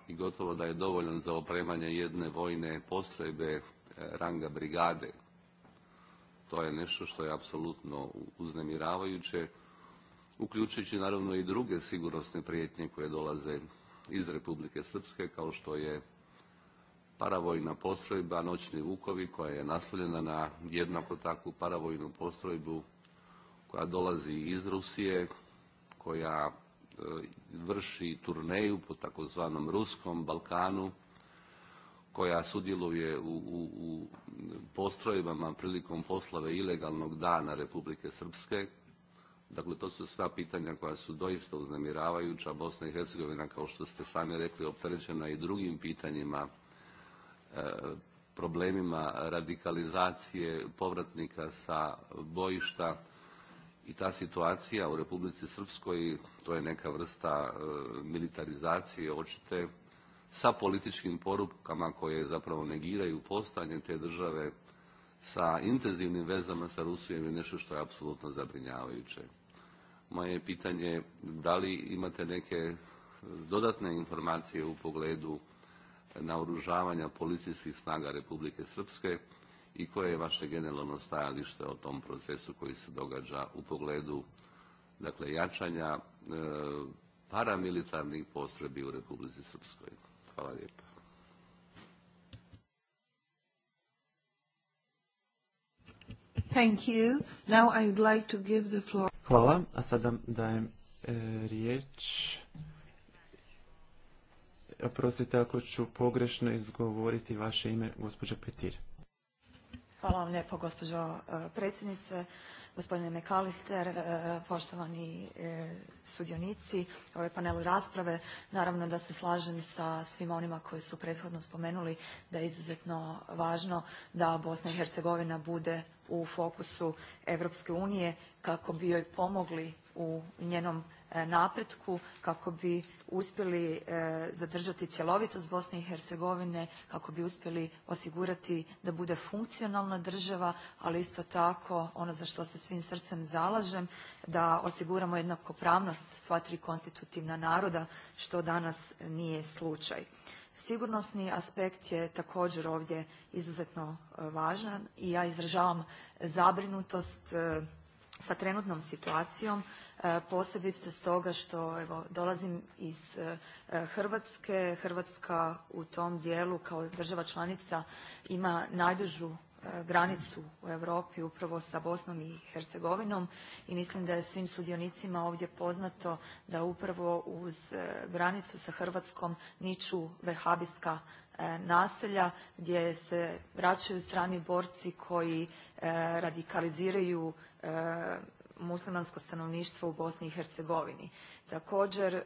i gotovo da je dovoljan za opremanje jedne vojne postrojbe eh, ranga brigade. To je nešto što je apsolutno uznemiravajuće, uključujući naravno i druge sigurnosne prijetnje koje dolaze iz Republike Srpske, kao što je paravojna postrojba Noćni Vukovi, koja je naslonjena na jednako takvu paravojnu postrojbu koja dolazi iz Rusije, koja E, vrši turneju po takozvanom Ruskom Balkanu koja sudjeluje u, u, u postrojbama prilikom poslave ilegalnog dana Republike Srpske. Dakle, to su sva pitanja koja su doista uznemiravajuća. Bosna i Hercegovina, kao što ste sami rekli, opterećena i drugim pitanjima, e, problemima radikalizacije povratnika sa bojišta, i ta situacija u Republici Srpskoj, to je neka vrsta e, militarizacije očite, sa političkim porukama koje zapravo negiraju postanje te države, sa intenzivnim vezama sa Rusijom je nešto što je apsolutno zabrinjavajuće. Moje pitanje je da li imate neke e, dodatne informacije u pogledu naoružavanja policijskih snaga Republike Srpske, i koje je vaše generalno stajalište o tom procesu koji se događa u pogledu dakle, jačanja e, paramilitarnih postrebi u Republici Srpskoj. Hvala lijepa. Thank Hvala. A sada dajem e, riječ oprostite ako ću pogrešno izgovoriti vaše ime, gospođa Petir. Hvala vam lijepo gospođo e, predsjednice, gospodine McAllister, e, poštovani e, sudionici ove panelu rasprave. Naravno da se slažem sa svima onima koji su prethodno spomenuli da je izuzetno važno da Bosna i Hercegovina bude u fokusu Europske unije kako bi joj pomogli u njenom E, napretku kako bi uspjeli e, zadržati cjelovitost Bosne i Hercegovine, kako bi uspjeli osigurati da bude funkcionalna država, ali isto tako ono za što se svim srcem zalažem da osiguramo jednakopravnost sva tri konstitutivna naroda što danas nije slučaj. Sigurnosni aspekt je također ovdje izuzetno e, važan i ja izražavam zabrinutost sa trenutnom situacijom posebice stoga što evo dolazim iz e, Hrvatske. Hrvatska u tom dijelu kao država članica ima najdužu e, granicu u Europi upravo sa Bosnom i Hercegovinom i mislim da je svim sudionicima ovdje poznato da upravo uz e, granicu sa Hrvatskom niču vehabijska naselja gdje se vraćaju strani borci koji radikaliziraju muslimansko stanovništvo u Bosni i Hercegovini. Također e,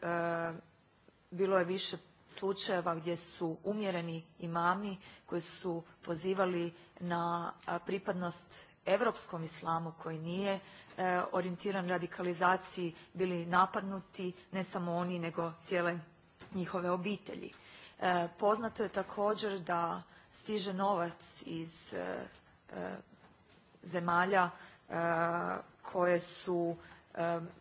bilo je više slučajeva gdje su umjereni imami koji su pozivali na pripadnost europskom islamu koji nije e, orijentiran radikalizaciji bili napadnuti ne samo oni nego cijele njihove obitelji. E, poznato je također da stiže novac iz zemalja koje su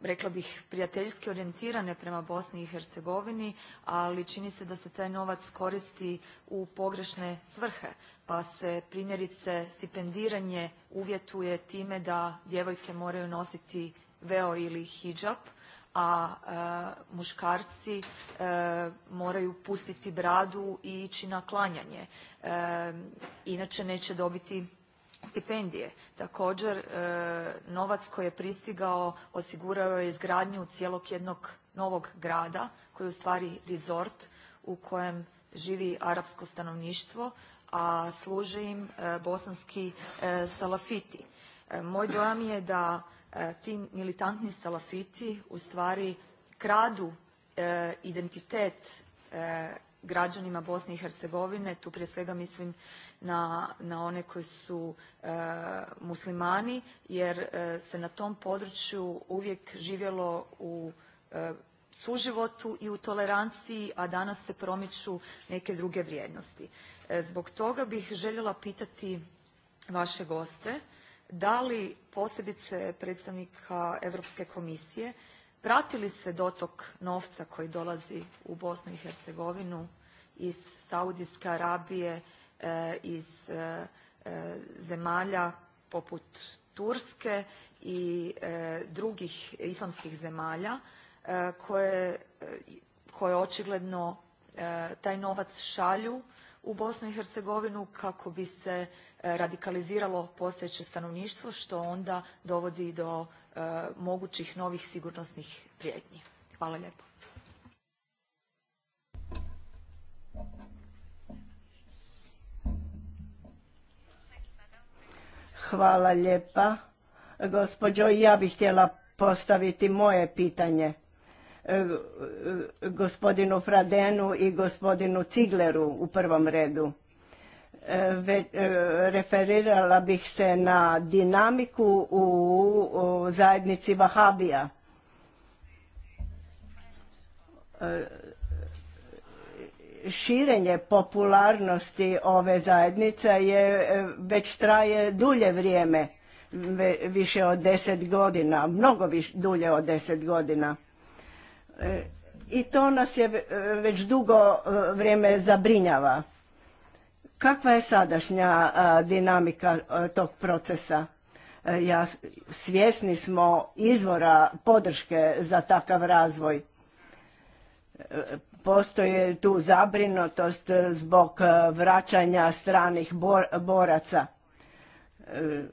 rekla bih prijateljski orijentirane prema Bosni i Hercegovini, ali čini se da se taj novac koristi u pogrešne svrhe, pa se primjerice stipendiranje uvjetuje time da djevojke moraju nositi veo ili hijab, a e, muškarci e, moraju pustiti bradu i ići na klanjanje. inače neće dobiti stipendije. Također e, novac koji je pristigao osigurao je izgradnju cijelog jednog novog grada koji je ustvari rezort u kojem živi arapsko stanovništvo, a služe im e, bosanski e, salafiti. Moj dojam je da ti militantni salafiti ustvari kradu identitet građanima Bosne i Hercegovine, tu prije svega mislim na, one koji su e, muslimani jer e, se na tom području uvijek živjelo u e, suživotu i u toleranciji, a danas se promiču neke druge vrijednosti. zbog toga bih željela pitati vaše goste da li posebice predstavnika Europske komisije Prati li se dotok novca koji dolazi u Bosnu i Hercegovinu iz Saudijske Arabije, e, iz e, e, zemalja poput Turske i drugih islamskih zemalja koje, koje očigledno taj novac šalju u Bosnu i Hercegovinu kako bi se radikaliziralo postojeće stanovništvo što onda dovodi do Eh, mogućih novih sigurnosnih prijetnji. Hvala lijepo. Hvala lijepa. Gospođo, ja bih htjela postaviti moje pitanje eh, gospodinu Fradenu i gospodinu Cigleru u prvom redu. E, e, referirala bih se na dinamiku u, zajednici Vahabija. E, širenje popularnosti ove zajednice je već traje dulje vrijeme, više od deset godina, mnogo više dulje od deset godina. I to nas je već dugo vrijeme zabrinjava Kakva je sadašnja dinamika tog procesa? E, ja, svjesni smo izvora podrške za takav razvoj. E, postoje tu zabrinutost zbog vraćanja stranih boraca. E,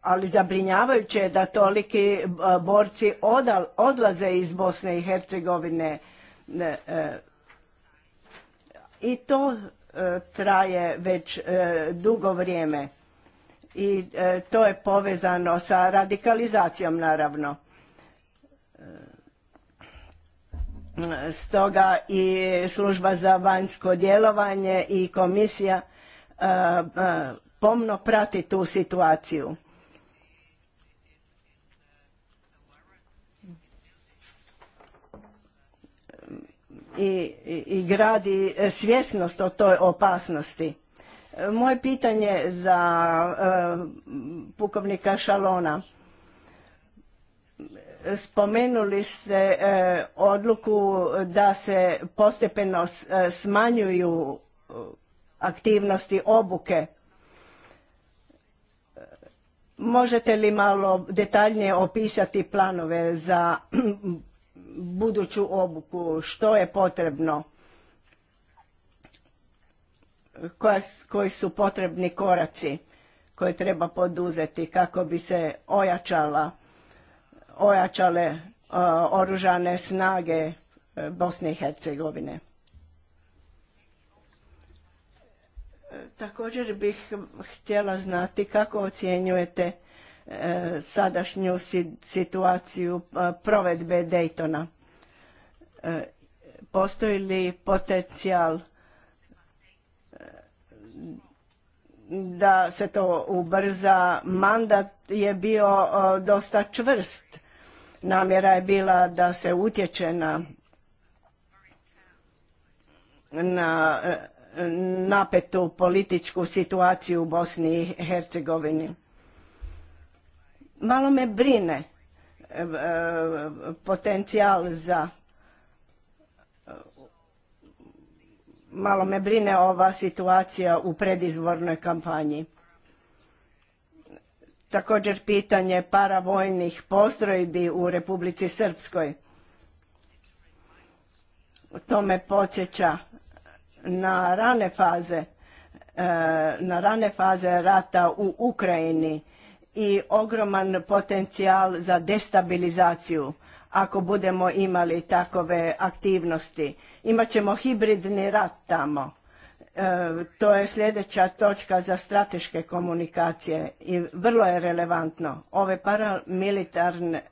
ali zabrinjavajuće je da toliki borci odlaze iz Bosne i Hercegovine i to E, traje već e, dugo vrijeme i e, to je povezano sa radikalizacijom naravno. Stoga i služba za vanjsko djelovanje i komisija pomno prati tu situaciju. i, gradi svjesnost o toj opasnosti. E, moje pitanje za e, pukovnika Šalona. Spomenuli ste e, odluku da se postepeno smanjuju aktivnosti obuke. Možete li malo detaljnije opisati planove za buduću obuku, što je potrebno, koji su potrebni koraci koje treba poduzeti kako bi se ojačala, ojačale e, oružane snage e, Bosne i Hercegovine. E, također bih htjela znati kako ocjenjujete sadašnju situaciju e, provedbe Daytona. E, postoji li potencijal e, da se to ubrza? Mandat je bio dosta čvrst. Namjera je bila da se utječe na na napetu političku situaciju u Bosni i Hercegovini. Malo me brine e, e, potencijal za e, malo me brine ova situacija u predizbornoj kampanji. Također pitanje paravojnih postrojbi u Republici Srpskoj. To me podsjeća na rane faze na rane faze rata u Ukrajini i ogroman potencijal za destabilizaciju ako budemo imali takove aktivnosti. Imaćemo hibridni rat tamo. E, to je sljedeća točka za strateške komunikacije i vrlo je relevantno. Ove paramilitarne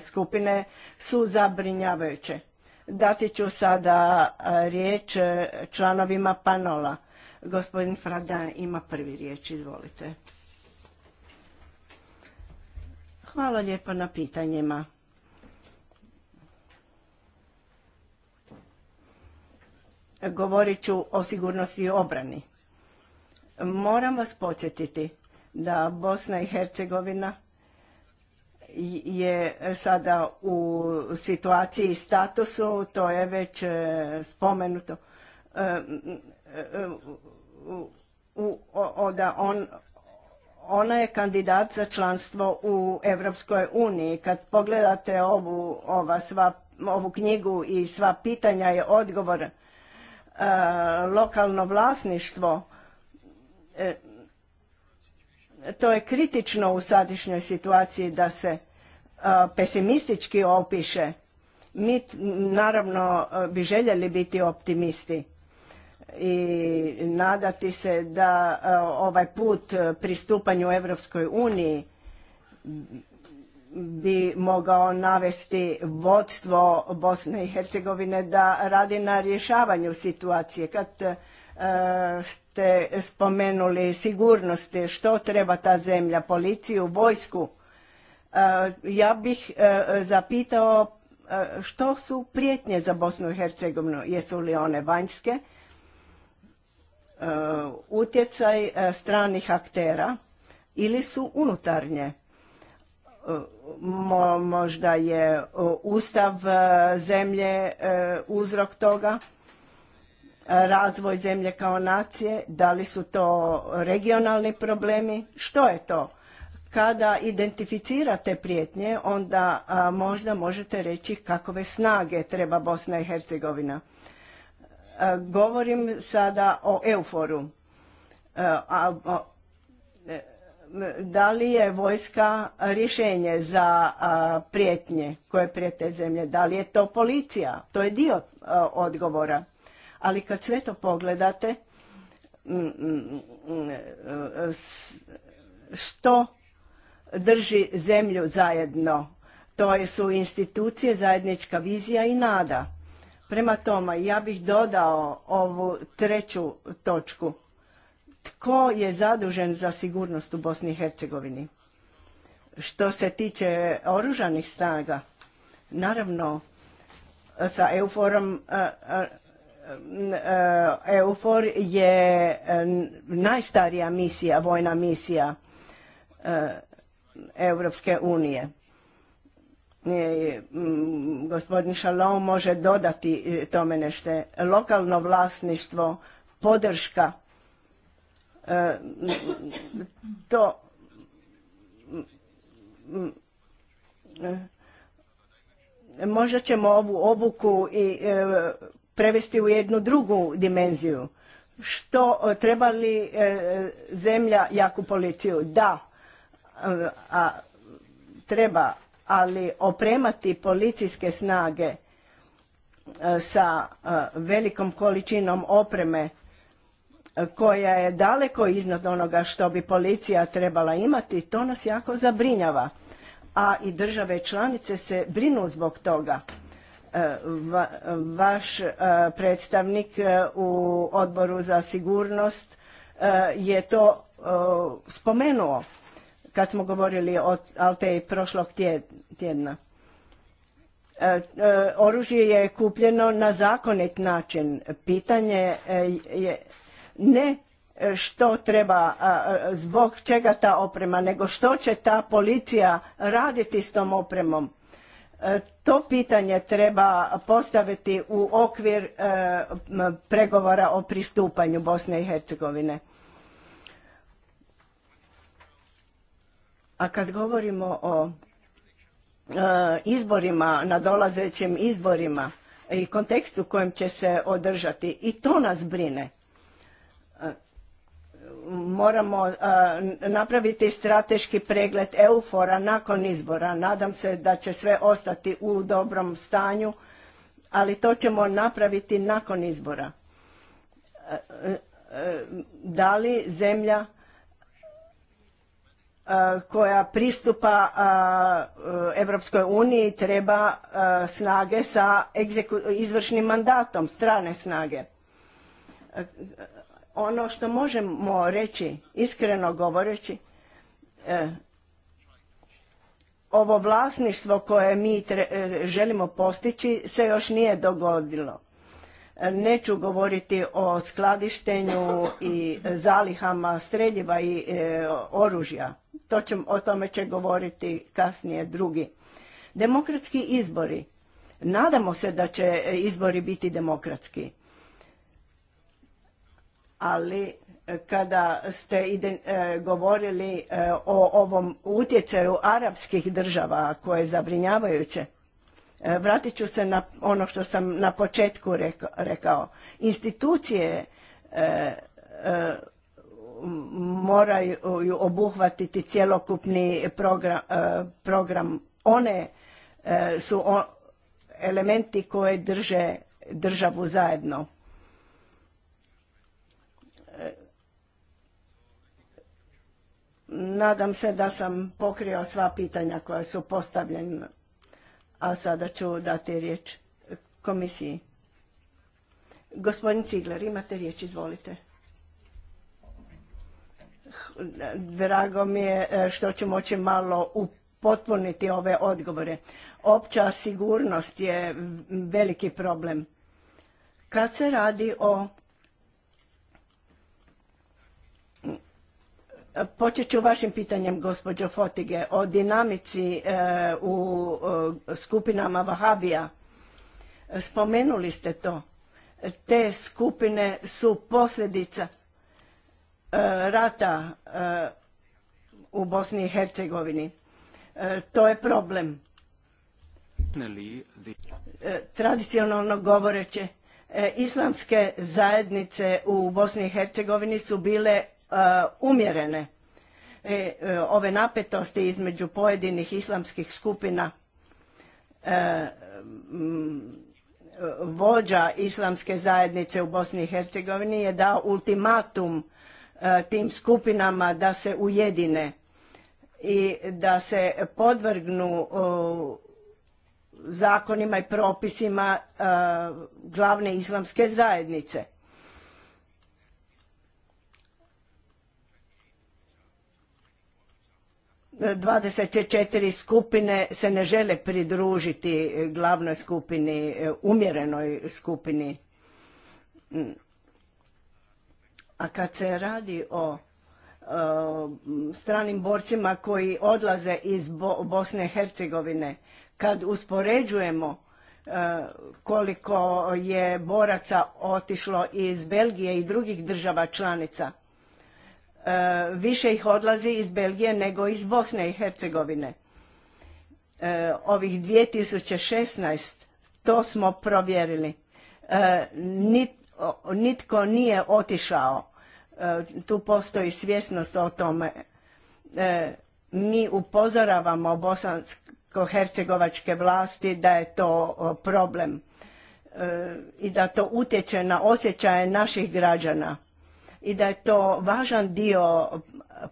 skupine su zabrinjavajuće. Dati ću sada e, riječ e, članovima panola. Gospodin Frada ima prvi riječ, izvolite. Hvala lijepo na pitanjima. Govorit ću o sigurnosti i obrani. Moram vas podsjetiti da Bosna i Hercegovina je sada u situaciji i statusu, to je već e, spomenuto, e, e, on ona je kandidat za članstvo u Europskoj uniji. Kad pogledate ovu, ova sva, ovu knjigu i sva pitanja je odgovor e, lokalno vlasništvo. E, to je kritično u sadašnjoj situaciji da se e, pesimistički opiše. Mi naravno bi željeli biti optimisti i nadati se da e, ovaj put pristupanju Europskoj uniji bi mogao navesti vodstvo Bosne i Hercegovine da radi na rješavanju situacije. Kad e, ste spomenuli sigurnosti, što treba ta zemlja, policiju, vojsku, e, ja bih zapitao što su prijetnje za Bosnu i Hercegovinu, jesu li one vanjske, E, utjecaj e, stranih aktera ili su unutarnje. E, možda je ustav zemlje uzrok toga, razvoj zemlje kao nacije, da li su to regionalni problemi, što je to? Kada identificirate prijetnje, onda možda možete reći kakove snage treba Bosna i Hercegovina E, govorim sada o Euforu. E, e, da li je vojska rješenje za prijetnje koje prijete zemlje? Da li je to policija? To je dio odgovora. Ali kad sve to pogledate, što drži zemlju zajedno? To su institucije, zajednička vizija i nada. Prema tome, ja bih dodao ovu treću točku. Tko je zadužen za sigurnost u Bosni i Hercegovini? Što se tiče oružanih snaga, naravno, sa euforom e, e, e, EUFOR je najstarija misija, vojna misija Europske unije. E, mm, gospodin Šalom može dodati e, tome nešto. Lokalno vlasništvo, podrška, e, mm, to mm, možda ćemo ovu obuku i prevesti u jednu drugu dimenziju. Što treba li zemlja jaku policiju? Da, a treba ali opremati policijske snage e, sa e, velikom količinom opreme e, koja je daleko iznad onoga što bi policija trebala imati, to nas jako zabrinjava. A i države članice se brinu zbog toga. vaš predstavnik u odboru za sigurnost je to spomenuo kad smo govorili o Alteji prošlog tjedna. E, e, oružje je kupljeno na zakonit način. Pitanje e, je ne što treba, zbog čega ta oprema, nego što će ta policija raditi s tom opremom. To pitanje treba postaviti u okvir pregovora o pristupanju Bosne i Hercegovine. A kad govorimo o izborima, e, izborima, nadolazećim izborima i kontekstu u kojem će se održati, i to nas brine. E, moramo e, napraviti strateški pregled eufora nakon izbora. Nadam se da će sve ostati u dobrom stanju, ali to ćemo napraviti nakon izbora. Da li zemlja E, koja pristupa e, e, Evropskoj uniji treba snage sa izvršnim mandatom, strane snage. Ono što možemo reći, iskreno govoreći, ovo vlasništvo koje mi želimo postići se još nije dogodilo. Neću govoriti o skladištenju i zalihama streljiva i oružja to će, o tome će govoriti kasnije drugi. Demokratski izbori. Nadamo se da će e, izbori biti demokratski. Ali e, kada ste e, govorili o ovom utjecaju arapskih država koje je zabrinjavajuće, vratit ću se na ono što sam na početku rekao. Institucije moraju obuhvatiti cjelokupni program, e, program. One e, su elementi koje drže državu zajedno. E, nadam se da sam pokrio sva pitanja koja su postavljena. A sada ću dati riječ komisiji. Gospodin Cigler, imate riječ, izvolite. Drago mi je e, što ću moći malo upotpuniti ove odgovore. Opća sigurnost je veliki problem. Kad se radi o... Počet ću vašim pitanjem, gospođo Fotige, o dinamici e, u e, skupinama Vahabija. Spomenuli ste to. Te skupine su posljedica rata eh, u Bosni i Hercegovini. Eh, to je problem. Eh, tradicionalno govoreće, islamske zajednice u Bosni i Hercegovini su bile umjerene. Ove napetosti između pojedinih islamskih skupina mm, vođa islamske zajednice u Bosni i Hercegovini je dao ultimatum E, tim skupinama da se ujedine i da se podvrgnu e, zakonima i propisima e, glavne islamske zajednice. dvadeset četiri skupine se ne žele pridružiti glavnoj skupini umjerenoj skupini mm. A kad se radi o stranim borcima koji odlaze iz Bosne i Hercegovine, kad uspoređujemo e, koliko je boraca otišlo iz Belgije i drugih država članica, e, više ih odlazi iz Belgije nego iz Bosne i Hercegovine. E, ovih 2016, to smo provjerili, nitko nije otišao Eh, tu postoji svjesnost o tome. Eh, mi upozoravamo bosansko-hercegovačke vlasti da je to problem eh, i da to utječe na osjećaje naših građana i da je to važan dio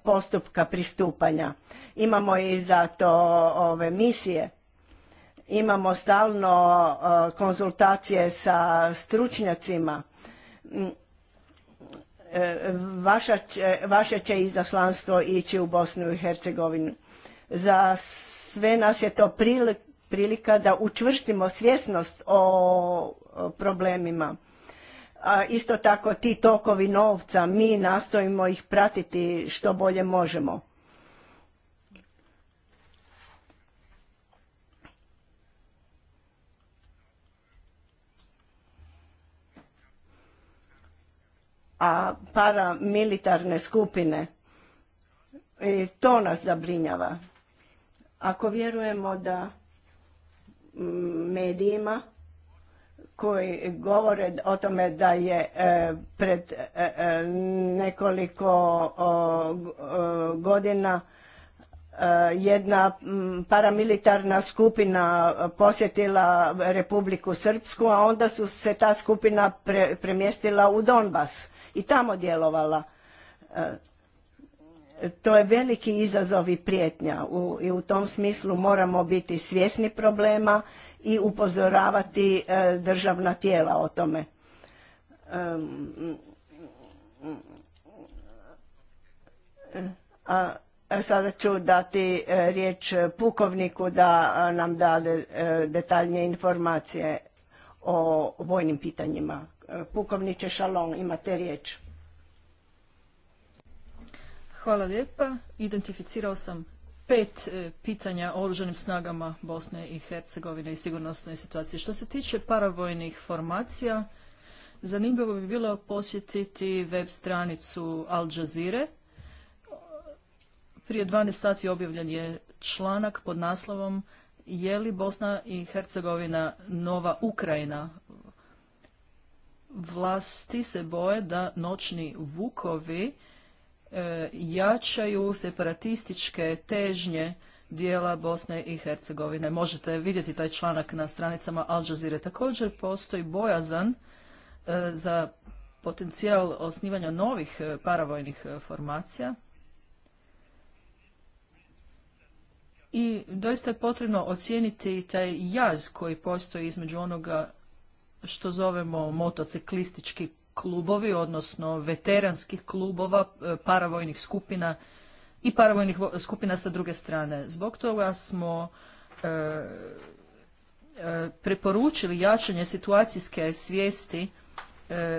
postupka pristupanja. Imamo i za to ove misije. Imamo stalno konzultacije sa stručnjacima mm, Vaša vaše će izaslanstvo ići u Bosnu i Hercegovinu. Za sve nas je to prilika da učvrstimo svjesnost o problemima. isto tako ti tokovi novca, mi nastojimo ih pratiti što bolje možemo a paramilitarne skupine. I to nas zabrinjava. Ako vjerujemo da mm, medijima koji govore o tome da je e, pred e, e, nekoliko godina jedna mm, paramilitarna skupina posjetila Republiku Srpsku, a onda su se ta skupina premjestila u Donbas i tamo djelovala. E, to je veliki izazov i prijetnja i u tom smislu moramo biti svjesni problema i upozoravati e, državna tijela o tome. A, sada ću dati e, riječ pukovniku da nam dade detaljnije informacije o vojnim pitanjima Pukovniče Šalon, imate riječ. Hvala lijepa. Identificirao sam pet e, pitanja o oružanim snagama Bosne i Hercegovine i sigurnosnoj situaciji. Što se tiče paravojnih formacija, zanimljivo bi bilo posjetiti web stranicu Al Jazeera. Prije 12 sati objavljen je članak pod naslovom je li Bosna i Hercegovina nova Ukrajina? vlasti se boje da noćni vukovi e, jačaju separatističke težnje dijela Bosne i Hercegovine. Možete vidjeti taj članak na stranicama Al Jazeera. Također postoji bojazan e, za potencijal osnivanja novih e, paravojnih formacija. I doista je potrebno ocijeniti taj jaz koji postoji između onoga što zovemo motociklistički klubovi, odnosno veteranskih klubova, e, paravojnih skupina i paravojnih skupina sa druge strane. Zbog toga smo e, e, preporučili jačanje situacijske svijesti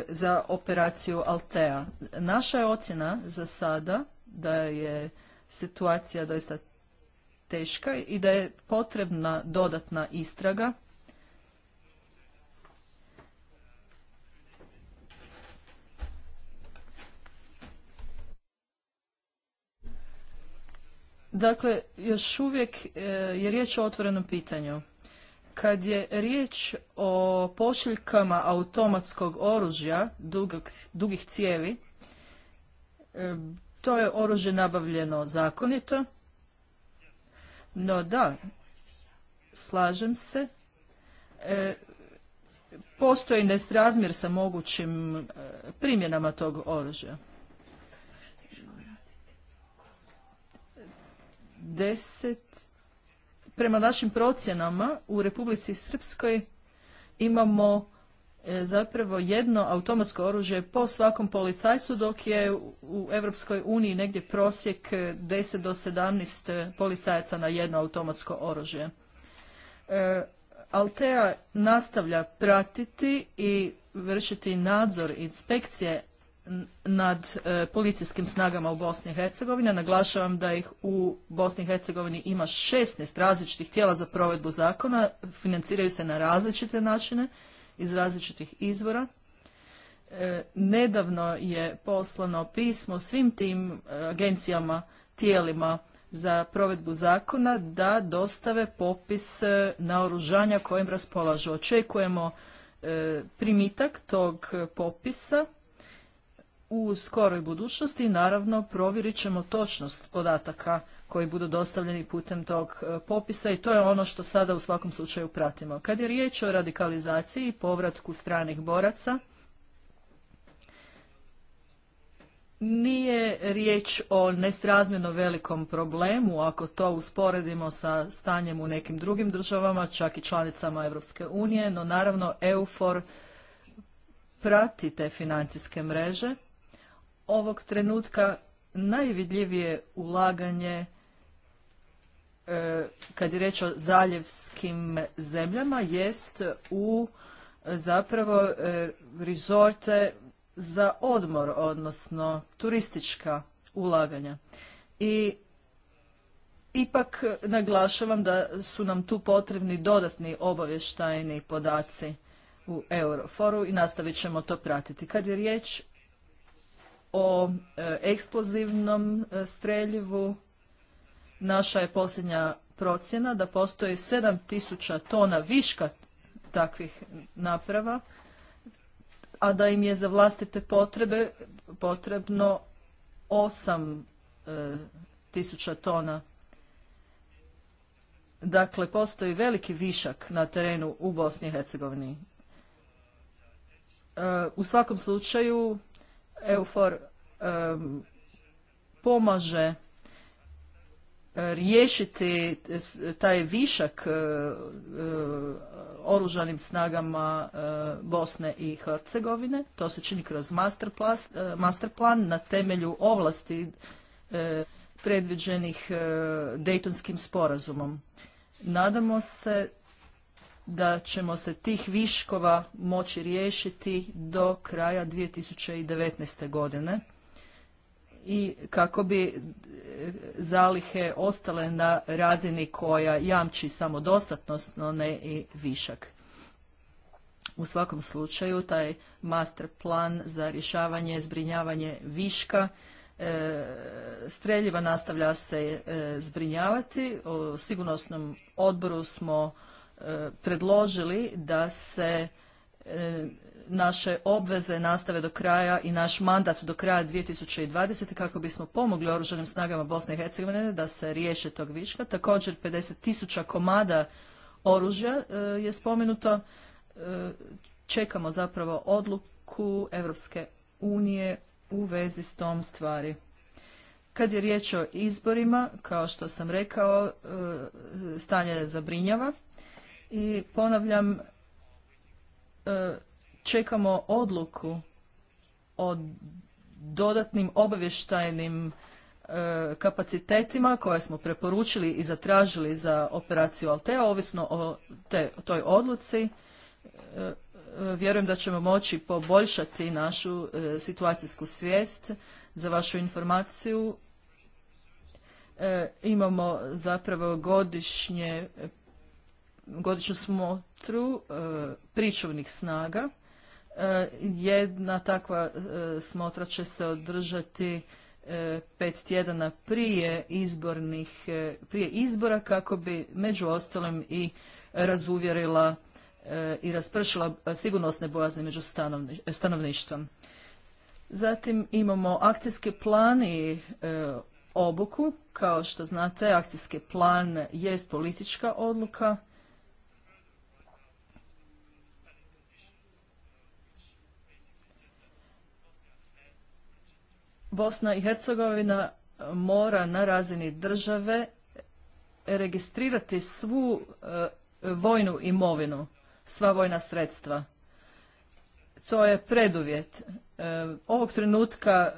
za operaciju Altea. Naša je ocjena za sada da je situacija doista teška i da je potrebna dodatna istraga Dakle, još uvijek e, je riječ o otvorenom pitanju. Kad je riječ o pošiljkama automatskog oružja dugog, dugih cijevi, e, to je oružje nabavljeno zakonito. No da, slažem se. E, postoji nesrazmjer sa mogućim e, primjenama tog oružja. 10, prema našim procjenama u Republici Srpskoj imamo e, zapravo jedno automatsko oružje po svakom policajcu, dok je u Europskoj uniji negdje prosjek 10 do 17 policajaca na jedno automatsko oružje. E, Altea nastavlja pratiti i vršiti nadzor inspekcije nad e, policijskim snagama u Bosni i Hercegovini. Naglašavam da ih u Bosni i Hercegovini ima 16 različitih tijela za provedbu zakona, financiraju se na različite načine, iz različitih izvora. E, nedavno je poslano pismo svim tim e, agencijama, tijelima za provedbu zakona da dostave popis naoružanja kojim raspolažu. Očekujemo primitak tog popisa u skoroj budućnosti naravno provjerit ćemo točnost podataka koji budu dostavljeni putem tog e, popisa i to je ono što sada u svakom slučaju pratimo. Kad je riječ o radikalizaciji i povratku stranih boraca, nije riječ o nestrazmjeno velikom problemu ako to usporedimo sa stanjem u nekim drugim državama, čak i članicama Europske unije, no naravno EUFOR prati te financijske mreže ovog trenutka najvidljivije ulaganje e, kad je riječ o zaljevskim zemljama jest u e, zapravo rezorte rizorte za odmor, odnosno turistička ulaganja. I ipak naglašavam da su nam tu potrebni dodatni obavještajni podaci u Euroforu i nastavit ćemo to pratiti. Kad je riječ o e, eksplozivnom e, streljivu. Naša je posljednja procjena da postoji 7000 tona viška takvih naprava, a da im je za vlastite potrebe potrebno 8000 e, tona. Dakle, postoji veliki višak na terenu u Bosni i Hercegovini. U svakom slučaju EUFOR um, pomaže e, riješiti taj višak e, e, oružanim snagama Bosne i Hercegovine. To se čini kroz master, master plan na temelju ovlasti predviđenih Dejtonskim sporazumom. Nadamo se da ćemo se tih viškova moći riješiti do kraja 2019. godine i kako bi e, zalihe ostale na razini koja jamči samodostatnost, no ne i višak. U svakom slučaju taj master plan za rješavanje, zbrinjavanje viška e, streljiva nastavlja se e, zbrinjavati. O sigurnosnom odboru smo predložili da se e, naše obveze nastave do kraja i naš mandat do kraja 2020. kako bismo pomogli Oružanim snagama Bosne i Hercegovine da se riješe tog viška. Također 50 tisuća komada oružja e, je spomenuto. E, čekamo zapravo odluku Evropske unije u vezi s tom stvari. Kad je riječ o izborima, kao što sam rekao, stanje zabrinjava. I ponavljam, e, čekamo odluku o dodatnim obavještajnim e, kapacitetima koje smo preporučili i zatražili za operaciju Altea, ovisno o toj odluci, e, vjerujem da ćemo moći poboljšati našu situacijsku svijest. Za vašu informaciju imamo zapravo godišnje godišnju smotru e, pričuvnih snaga. E, jedna takva e, smotra će se održati pet tjedana prije izbornih, prije izbora kako bi među ostalim i razuvjerila i raspršila sigurnosne bojazne među stanovništvom. Zatim imamo akcijski plan i obuku. Kao što znate, akcijski plan jest politička odluka Bosna i Hercegovina mora na razini države registrirati svu e, vojnu imovinu, sva vojna sredstva. To je preduvjet. E, ovog trenutka e,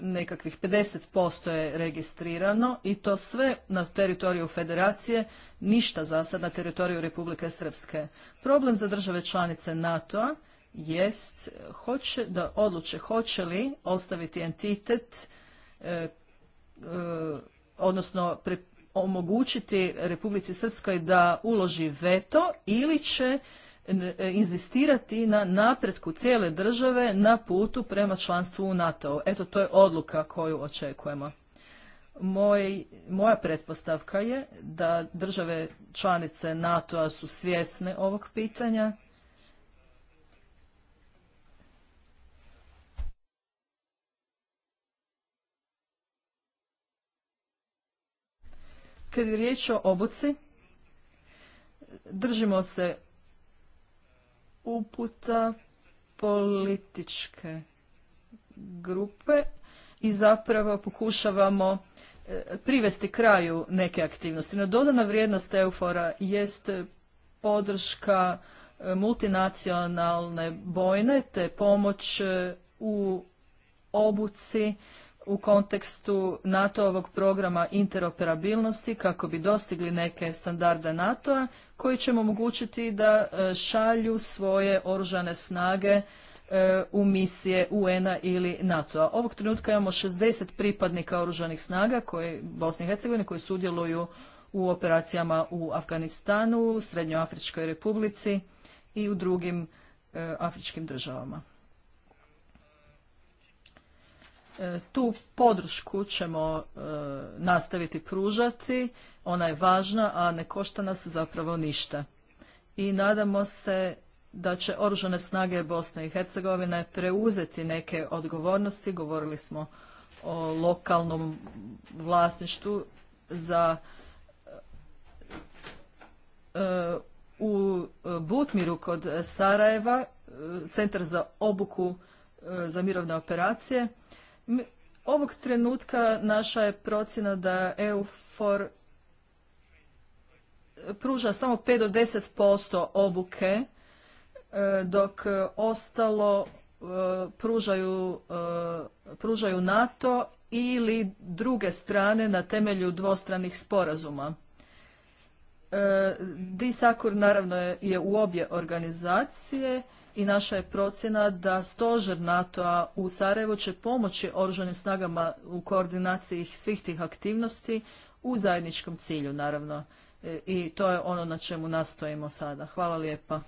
nekakvih 50% je registrirano i to sve na teritoriju federacije, ništa za sad na teritoriju Republike Srpske. Problem za države članice NATO-a jest hoće, da odluče hoće li ostaviti entitet, e, e, odnosno omogućiti Republici Srpskoj da uloži veto ili će e, inzistirati na napretku cijele države na putu prema članstvu u NATO. Eto, to je odluka koju očekujemo. Moj, moja pretpostavka je da države članice NATO-a su svjesne ovog pitanja Kad je riječ o obuci, držimo se uputa političke grupe i zapravo pokušavamo e, privesti kraju neke aktivnosti. No dodana vrijednost EUFORA jest podrška e, multinacionalne bojne te pomoć e, u obuci u kontekstu NATO-ovog programa interoperabilnosti kako bi dostigli neke standarde NATO-a koji će omogućiti da e, šalju svoje oružane snage e, u misije UN-a ili NATO-a. Ovog trenutka imamo 60 pripadnika oružanih snaga koji, i Hercegovine koji sudjeluju u operacijama u Afganistanu, Srednjoafričkoj republici i u drugim e, afričkim državama. E, tu podršku ćemo e, nastaviti pružati, ona je važna, a ne košta nas zapravo ništa. I nadamo se da će Oružane snage Bosne i Hercegovine preuzeti neke odgovornosti, govorili smo o lokalnom vlasništvu za e, u Butmiru kod Sarajeva, Centar za obuku za mirovne operacije, Ovog trenutka naša je procjena da EUFOR pruža samo 5 do 10% obuke, e, dok ostalo e, pružaju, e, pružaju NATO ili druge strane na temelju dvostranih sporazuma. Disakur naravno je u obje organizacije i naša je procjena da stožer NATO-a u Sarajevu će pomoći oružanim snagama u koordinaciji svih tih aktivnosti u zajedničkom cilju, naravno. E, I to je ono na čemu nastojimo sada. Hvala lijepa.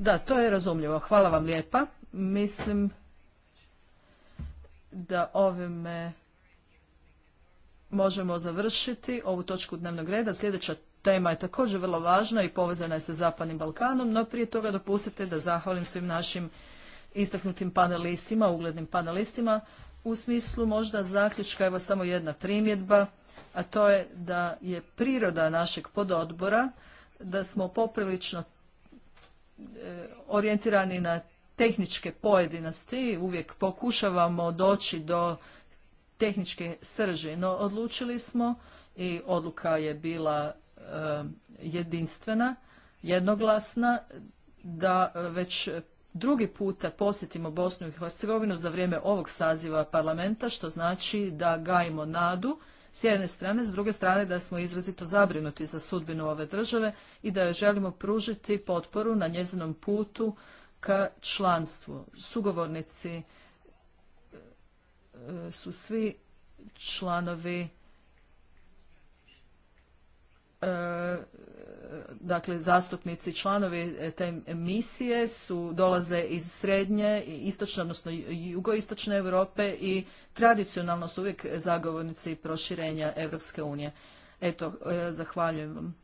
Da, to je razumljivo. Hvala vam lijepa. Mislim da ovime možemo završiti ovu točku dnevnog reda. Sljedeća tema je također vrlo važna i povezana je sa Zapadnim Balkanom, no prije toga dopustite da zahvalim svim našim istaknutim panelistima, uglednim panelistima. U smislu možda zaključka, evo samo jedna primjedba, a to je da je priroda našeg pododbora, da smo poprilično e, orijentirani na tehničke pojedinosti, uvijek pokušavamo doći do tehničke srži, no odlučili smo i odluka je bila E, jedinstvena, jednoglasna, da e, već drugi puta posjetimo Bosnu i Hercegovinu za vrijeme ovog saziva parlamenta, što znači da gajimo nadu s jedne strane, s druge strane da smo izrazito zabrinuti za sudbinu ove države i da joj želimo pružiti potporu na njezinom putu ka članstvu. Sugovornici e, su svi članovi E, dakle zastupnici članovi te misije su dolaze iz srednje istočne odnosno jugoistočne Europe i tradicionalno su uvijek zagovornici proširenja Europske unije. Eto, e, zahvaljujem vam.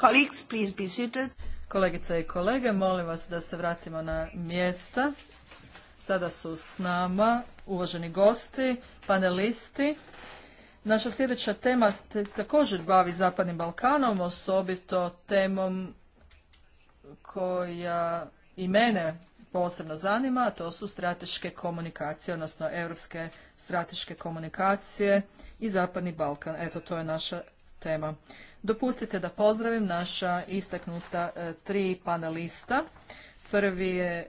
Colleagues, please Kolegice i kolege, molim vas da se vratimo na mjesta. Sada su s nama uvaženi gosti, panelisti. Naša sljedeća tema se također bavi Zapadnim Balkanom, osobito temom koja i mene posebno zanima, a to su strateške komunikacije, odnosno europske strateške komunikacije i Zapadni Balkan. Eto, to je naša tema. Dopustite da pozdravim naša istaknuta e, tri panelista. Prvi je e,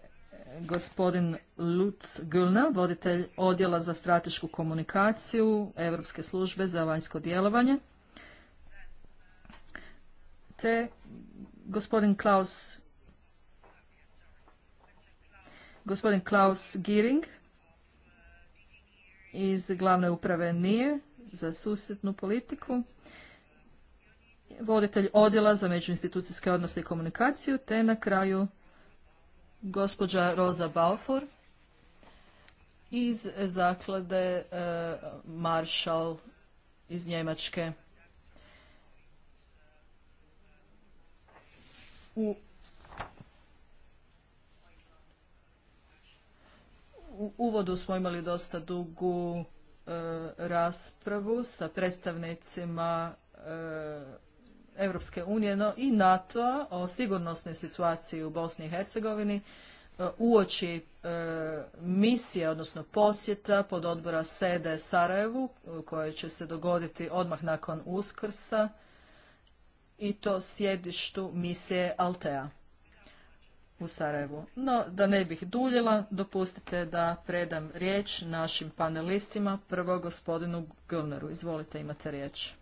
gospodin Lutz Gülna, voditelj Odjela za stratešku komunikaciju Europske službe za vanjsko djelovanje, te gospodin Klaus gospodin Klaus Giring iz glavne uprave Nije za susjetnu politiku voditelj odjela za međuinstitucijske odnose i komunikaciju, te na kraju gospođa Roza Balfour iz zaklade e, Marshall iz Njemačke. U U uvodu smo imali dosta dugu e, raspravu sa predstavnicima e, Europske unije no i NATO o sigurnosnoj situaciji u Bosni i Hercegovini e, uoči e, misije, odnosno posjeta pod odbora Sede Sarajevu, koje će se dogoditi odmah nakon Uskrsa i to sjedištu misije Altea u Sarajevu. No, da ne bih duljila, dopustite da predam riječ našim panelistima, prvo gospodinu Gulneru. Izvolite, imate riječ.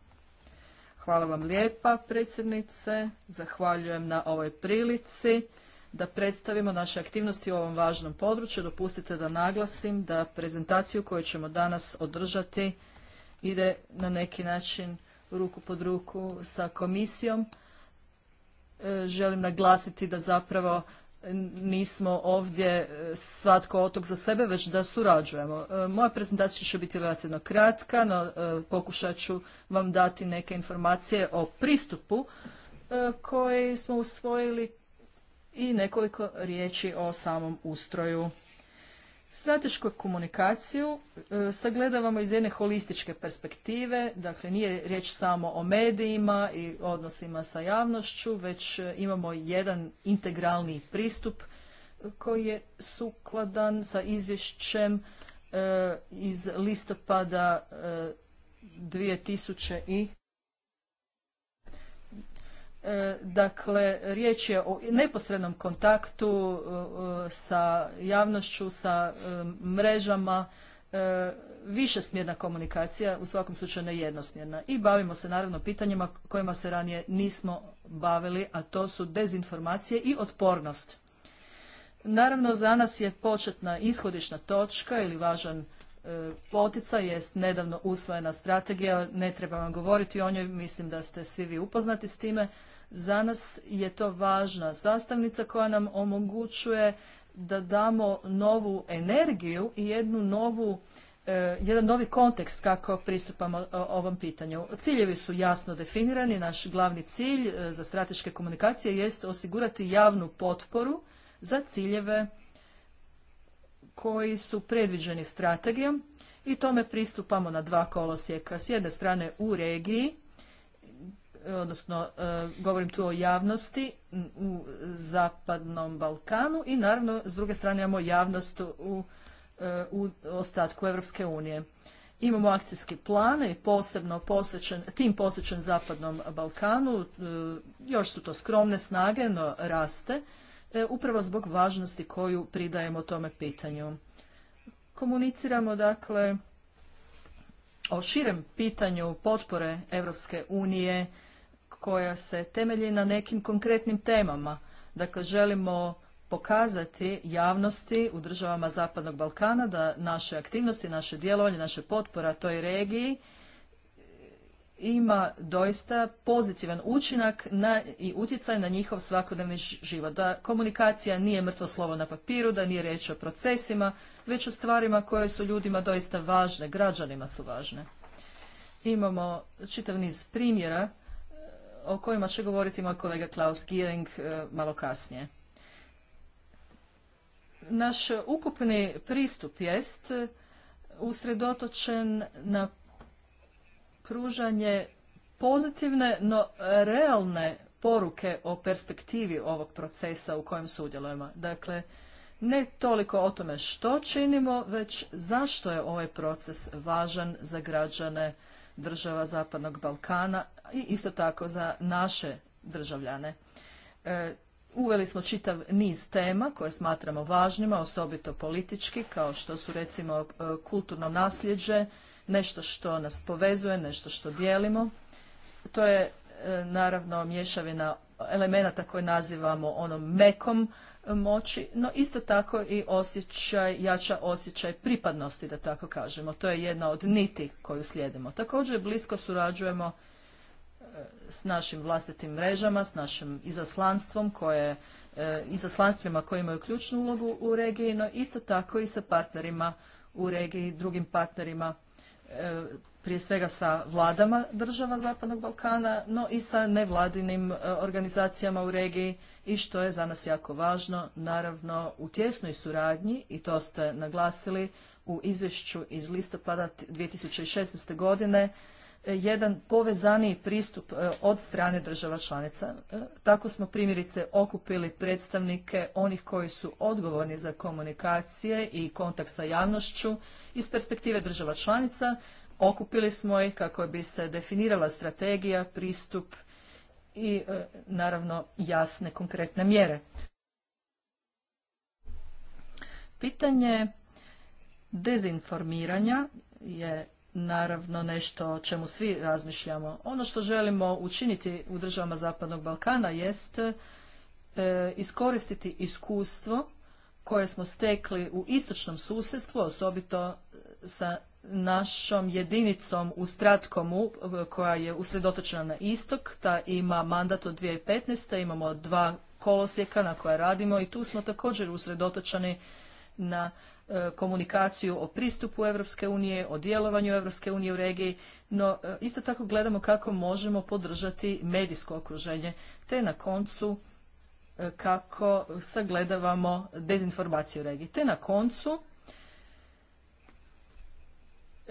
Hvala vam lijepa, predsjednice. Zahvaljujem na ovoj prilici da predstavimo naše aktivnosti u ovom važnom području. Dopustite da naglasim da prezentaciju koju ćemo danas održati ide na neki način ruku pod ruku sa komisijom. E, želim naglasiti da zapravo nismo ovdje e, svatko otok za sebe, već da surađujemo. E, moja prezentacija će biti relativno kratka, no e, pokušat ću vam dati neke informacije o pristupu koji smo usvojili i nekoliko riječi o samom ustroju Stratešku komunikaciju e, sagledavamo iz jedne holističke perspektive, dakle nije riječ samo o medijima i odnosima sa javnošću, već e, imamo jedan integralni pristup koji je sukladan sa izvješćem e, iz listopada e, 2000 i E, dakle, riječ je o neposrednom kontaktu e, sa javnošću, sa e, mrežama, višesmjerna komunikacija, u svakom slučaju ne jednosmjerna. I bavimo se naravno pitanjima kojima se ranije nismo bavili, a to su dezinformacije i otpornost. Naravno, za nas je početna ishodišna točka ili važan potica jest nedavno usvojena strategija, ne treba vam govoriti o njoj, mislim da ste svi vi upoznati s time. Za nas je to važna sastavnica koja nam omogućuje da damo novu energiju i jednu novu e, jedan novi kontekst kako pristupamo e, ovom pitanju. Ciljevi su jasno definirani. Naš glavni cilj e, za strateške komunikacije jest osigurati javnu potporu za ciljeve koji su predviđeni strategijom i tome pristupamo na dva kolosijeka. S jedne strane u regiji odnosno e, govorim tu o javnosti u Zapadnom Balkanu i naravno s druge strane imamo javnost u, e, ostatku Europske unije. Imamo akcijski plan i posebno posvećen, tim posvećen Zapadnom Balkanu, e, još su to skromne snage, no raste, upravo zbog važnosti koju pridajemo tome pitanju. Komuniciramo dakle o širem pitanju potpore Europske unije koja se temelji na nekim konkretnim temama. Dakle, želimo pokazati javnosti u državama Zapadnog Balkana da naše aktivnosti, naše djelovanje, naše potpora toj regiji ima doista pozitivan učinak na, i utjecaj na njihov svakodnevni život. Da komunikacija nije mrtvo slovo na papiru, da nije riječ o procesima, već o stvarima koje su ljudima doista važne, građanima su važne. Imamo čitav niz primjera o kojima će govoriti moj kolega Klaus Giering e, malo kasnije. Naš ukupni pristup jest usredotočen na pružanje pozitivne, no realne poruke o perspektivi ovog procesa u kojem sudjelujemo. Dakle, ne toliko o tome što činimo, već zašto je ovaj proces važan za građane država Zapadnog Balkana i isto tako za naše državljane. E, uveli smo čitav niz tema koje smatramo važnima, osobito politički, kao što su recimo e, kulturno nasljeđe, nešto što nas povezuje, nešto što dijelimo. To je e, naravno mješavina elemenata koje nazivamo onom mekom moći, no isto tako i osjećaj, jača osjećaj pripadnosti, da tako kažemo. To je jedna od niti koju slijedimo. Također blisko surađujemo e, s našim vlastitim mrežama, s našim izaslanstvom koje e, izaslanstvima koji imaju ključnu ulogu u regiji, no isto tako i sa partnerima u regiji, drugim partnerima, e, prije svega sa vladama država Zapadnog Balkana, no i sa nevladinim organizacijama u regiji i što je za nas jako važno, naravno u tjesnoj suradnji, i to ste naglasili u izvješću iz listopada 2016. godine, e, jedan povezaniji pristup e, od strane država članica. E, tako smo primjerice okupili predstavnike onih koji su odgovorni za komunikacije i kontakt sa javnošću iz perspektive država članica. Okupili smo ih kako bi se definirala strategija, pristup i e, naravno jasne konkretne mjere. Pitanje dezinformiranja je naravno nešto o čemu svi razmišljamo. Ono što želimo učiniti u državama Zapadnog Balkana jest e, iskoristiti iskustvo koje smo stekli u istočnom susjedstvu, osobito e, sa našom jedinicom u Stratkomu e, koja je usredotočena na istok, ta ima mandat od 2015. imamo dva kolosjeka na koja radimo i tu smo također usredotočeni na e, komunikaciju o pristupu Europske unije, o djelovanju Europske unije u regiji, no e, isto tako gledamo kako možemo podržati medijsko okruženje, te na koncu kako sagledavamo dezinformacije u regiji. Te na koncu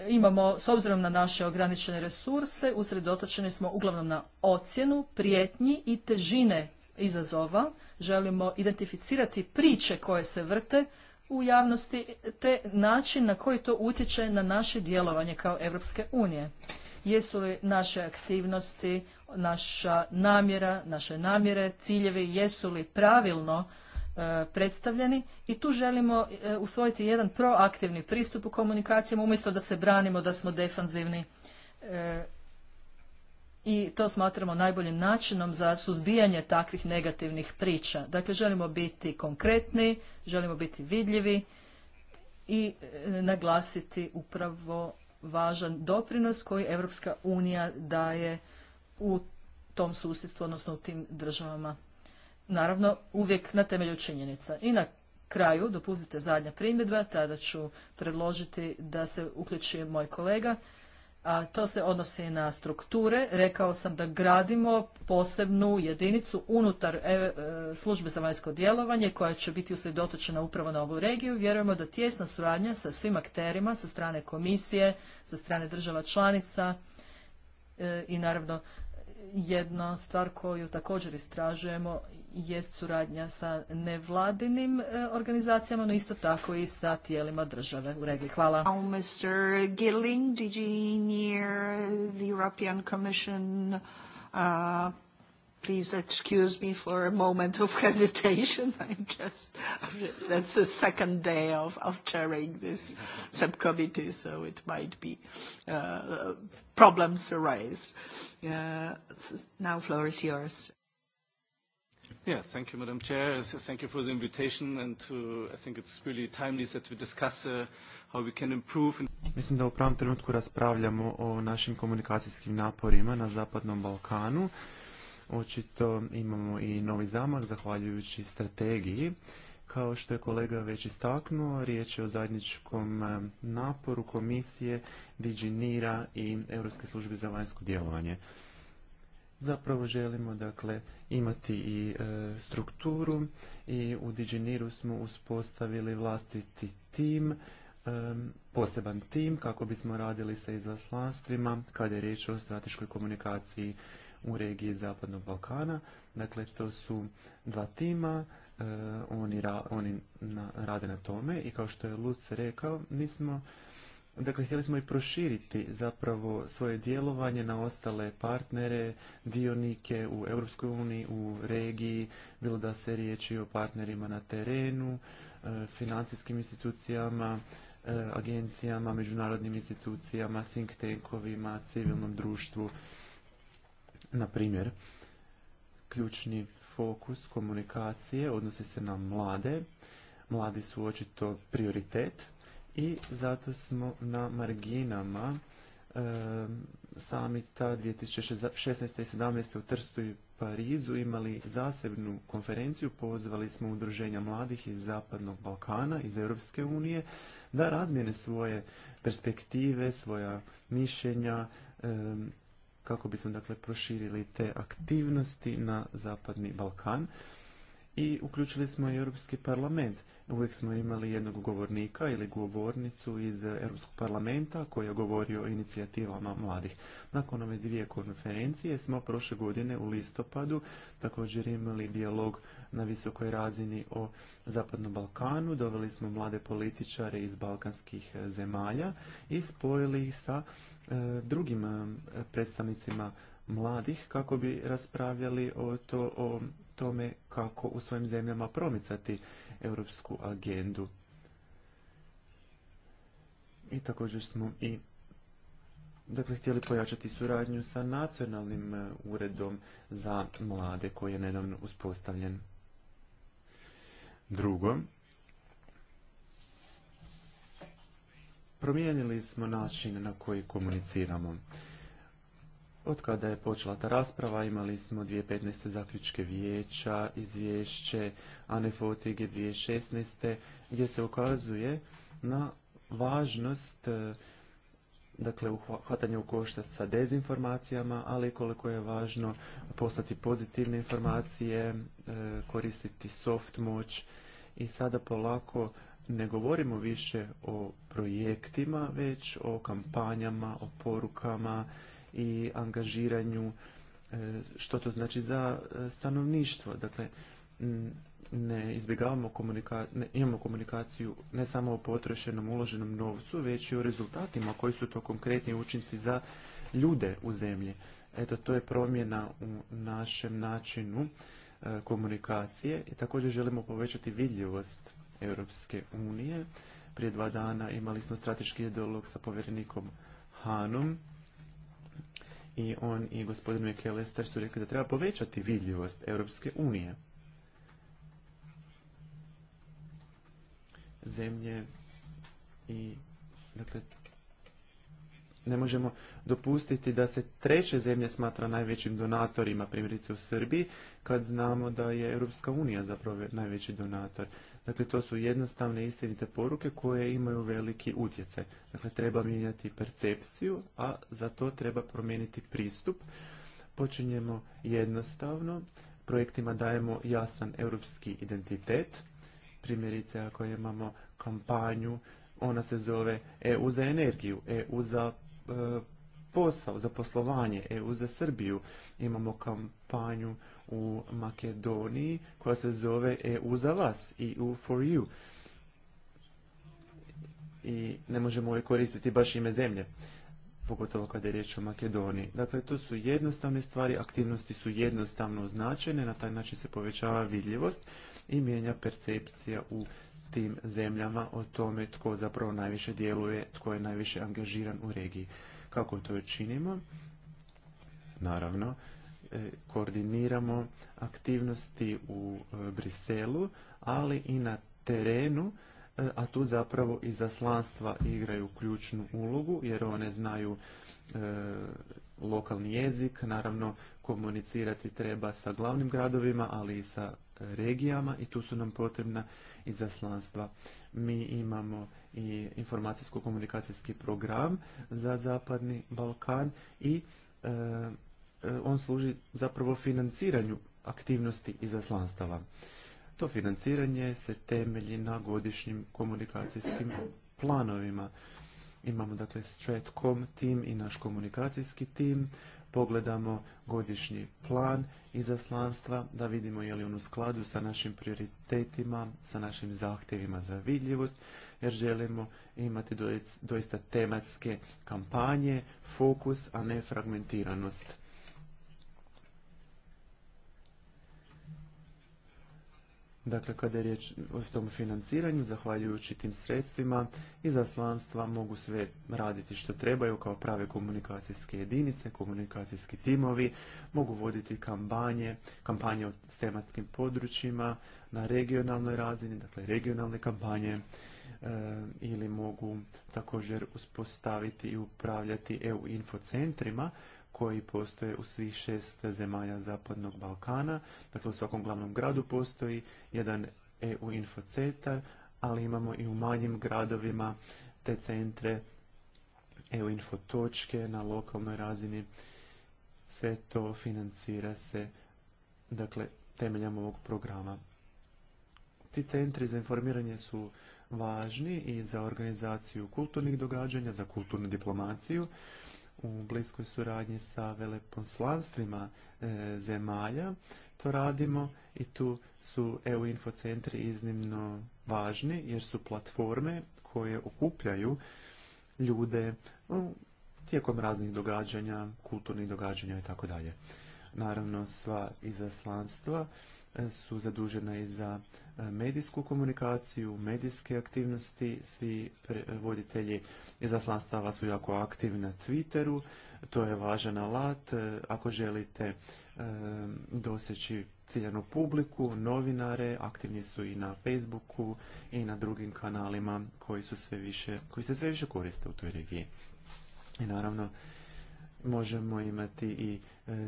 imamo, s obzirom na naše ograničene resurse, usredotočeni smo uglavnom na ocjenu, prijetnji i težine izazova. Želimo identificirati priče koje se vrte u javnosti, te način na koji to utječe na naše djelovanje kao Europske unije. Jesu li naše aktivnosti, naša namjera, naše namjere, ciljevi, jesu li pravilno E, predstavljeni i tu želimo e, usvojiti jedan proaktivni pristup u komunikacijama umjesto da se branimo da smo defanzivni e, i to smatramo najboljim načinom za suzbijanje takvih negativnih priča. Dakle, želimo biti konkretni, želimo biti vidljivi i naglasiti upravo važan doprinos koji Europska unija daje u tom susjedstvu, odnosno u tim državama naravno uvijek na temelju činjenica. I na kraju, dopustite zadnja primjedba, tada ću predložiti da se uključi moj kolega, a to se odnosi na strukture. Rekao sam da gradimo posebnu jedinicu unutar e, e, službe za vanjsko djelovanje koja će biti usredotočena upravo na ovu regiju. Vjerujemo da tjesna suradnja sa svim akterima, sa strane komisije, sa strane država članica e, i naravno jedna stvar koju također istražujemo jest suradnja sa nevladinim e, organizacijama, no isto tako i sa tijelima države u regiji. Hvala. Oh, Mr. Gilling, did you near the European Commission? Uh, please excuse me for a moment of hesitation. I'm just, that's the second day of, of chairing this subcommittee, so it might be uh, problems arise. Uh, now floor is yours. Yeah, thank you, Madam Chair. Thank you for the invitation and to, I think it's really timely that we discuss uh, how we can improve. Mislim da u pravom trenutku raspravljamo o našim komunikacijskim naporima na Zapadnom Balkanu. Očito imamo i novi zamah zahvaljujući strategiji. Kao što je kolega već istaknuo, riječ je o zajedničkom e, naporu komisije, Diginira i Europske službe za vanjsko djelovanje. Zapravo želimo dakle imati i e, strukturu i u Digeniru smo uspostavili vlastiti tim, e, poseban tim kako bismo radili sa izaslanstvima kada je riječ o strateškoj komunikaciji u regiji Zapadnog Balkana. Dakle, to su dva tima, e, oni, oni rade na tome i kao što je Luce rekao, mi smo Dakle, htjeli smo i proširiti zapravo svoje djelovanje na ostale partnere, dionike u Europskoj uniji, u regiji, bilo da se riječi o partnerima na terenu, e, financijskim institucijama, e, agencijama, međunarodnim institucijama, think tankovima, civilnom društvu. Na primjer, ključni fokus komunikacije odnosi se na mlade. Mladi su očito prioritet i zato smo na marginama e, samita 2016. i 2017. u Trstu i Parizu imali zasebnu konferenciju, pozvali smo udruženja mladih iz Zapadnog Balkana, iz Europske unije, da razmijene svoje perspektive, svoja mišljenja, kako bismo dakle proširili te aktivnosti na Zapadni Balkan i uključili smo i Europski parlament. Uvijek smo imali jednog govornika ili govornicu iz Europskog parlamenta koji je govorio o inicijativama mladih. Nakon ove dvije konferencije smo prošle godine u listopadu također imali dijalog na visokoj razini o Zapadnom Balkanu. Doveli smo mlade političare iz balkanskih zemalja i spojili ih sa e, drugim e, predstavnicima mladih kako bi raspravljali o, to, o tome kako u svojim zemljama promicati europsku agendu. I također smo i dakle, htjeli pojačati suradnju sa nacionalnim e, uredom za mlade koji je nedavno uspostavljen. Drugo, promijenili smo način na koji komuniciramo. Od kada je počela ta rasprava imali smo 2015. zaključke vijeća, izvješće Ane Fotige 2016. gdje se ukazuje na važnost e, dakle uhvatanja u koštac sa dezinformacijama, ali koliko je važno poslati pozitivne informacije, e, koristiti soft moć i sada polako ne govorimo više o projektima, već o kampanjama, o porukama i angažiranju e, što to znači za e, stanovništvo. Dakle, ne izbjegavamo komunikaciju, imamo komunikaciju ne samo o potrošenom uloženom novcu, već i o rezultatima koji su to konkretni učinci za ljude u zemlji. Eto, to je promjena u našem načinu e, komunikacije i također želimo povećati vidljivost Europske unije. Prije dva dana imali smo strateški dijalog sa povjerenikom Hanom i on i gospodin McAllister su rekli da treba povećati vidljivost Europske unije. Zemlje i dakle ne možemo dopustiti da se treće zemlje smatra najvećim donatorima, primjerice u Srbiji, kad znamo da je Europska unija zapravo najveći donator. Dakle, to su jednostavne istinite poruke koje imaju veliki utjecaj. Dakle, treba mijenjati percepciju, a za to treba promijeniti pristup. Počinjemo jednostavno, projektima dajemo jasan europski identitet. Primjerice, ako imamo kampanju, ona se zove EU za energiju, EU za e, posao, za poslovanje, EU za Srbiju. Imamo kampanju u Makedoniji koja se zove EU za vas, EU for you. I ne možemo koristiti baš ime zemlje, pogotovo kada je riječ o Makedoniji. Dakle, to su jednostavne stvari, aktivnosti su jednostavno označene, na taj način se povećava vidljivost i mijenja percepcija u tim zemljama o tome tko zapravo najviše djeluje, tko je najviše angažiran u regiji. Kako to činimo? Naravno, E, koordiniramo aktivnosti u e, Briselu, ali i na terenu, e, a tu zapravo i zaslanstva igraju ključnu ulogu jer one znaju lokalni jezik, naravno komunicirati treba sa glavnim gradovima, ali i sa regijama i tu su nam potrebna i izaslanstva. Mi imamo i informacijsko-komunikacijski program za Zapadni Balkan i E, on služi zapravo financiranju aktivnosti izaslanstava. To financiranje se temelji na godišnjim komunikacijskim planovima. Imamo dakle Stratcom tim i naš komunikacijski tim. Pogledamo godišnji plan izaslanstva da vidimo je li on u skladu sa našim prioritetima, sa našim zahtjevima za vidljivost, jer želimo imati doista tematske kampanje, fokus, a ne fragmentiranost. Dakle, kada je riječ o tom financiranju, zahvaljujući tim sredstvima, zaslanstva mogu sve raditi što trebaju kao prave komunikacijske jedinice, komunikacijski timovi, mogu voditi kampanje, kampanje o tematskim područjima na regionalnoj razini, dakle regionalne kampanje, e, ili mogu također uspostaviti i upravljati EU infocentrima koji postoje u svih šest zemalja Zapadnog Balkana. Dakle, u svakom glavnom gradu postoji jedan EU infocentar, ali imamo i u manjim gradovima te centre EU infotočke na lokalnoj razini. Sve to financira se dakle, temeljem ovog programa. Ti centri za informiranje su važni i za organizaciju kulturnih događanja, za kulturnu diplomaciju u bliskoj suradnji sa veleposlanstvima e, zemalja to radimo i tu su EU infocentri iznimno važni jer su platforme koje okupljaju ljude tijekom raznih događanja, kulturnih događanja i tako dalje. Naravno sva izaslanstva su zadužena i za e, medijsku komunikaciju, medijske aktivnosti. Svi e, voditelji izaslanstava su jako aktivni na Twitteru. To je važan alat. E, ako želite doseći ciljanu publiku, novinare, aktivni su i na Facebooku i na drugim kanalima koji, su sve više, koji se sve više koriste u toj regiji. I naravno, možemo imati i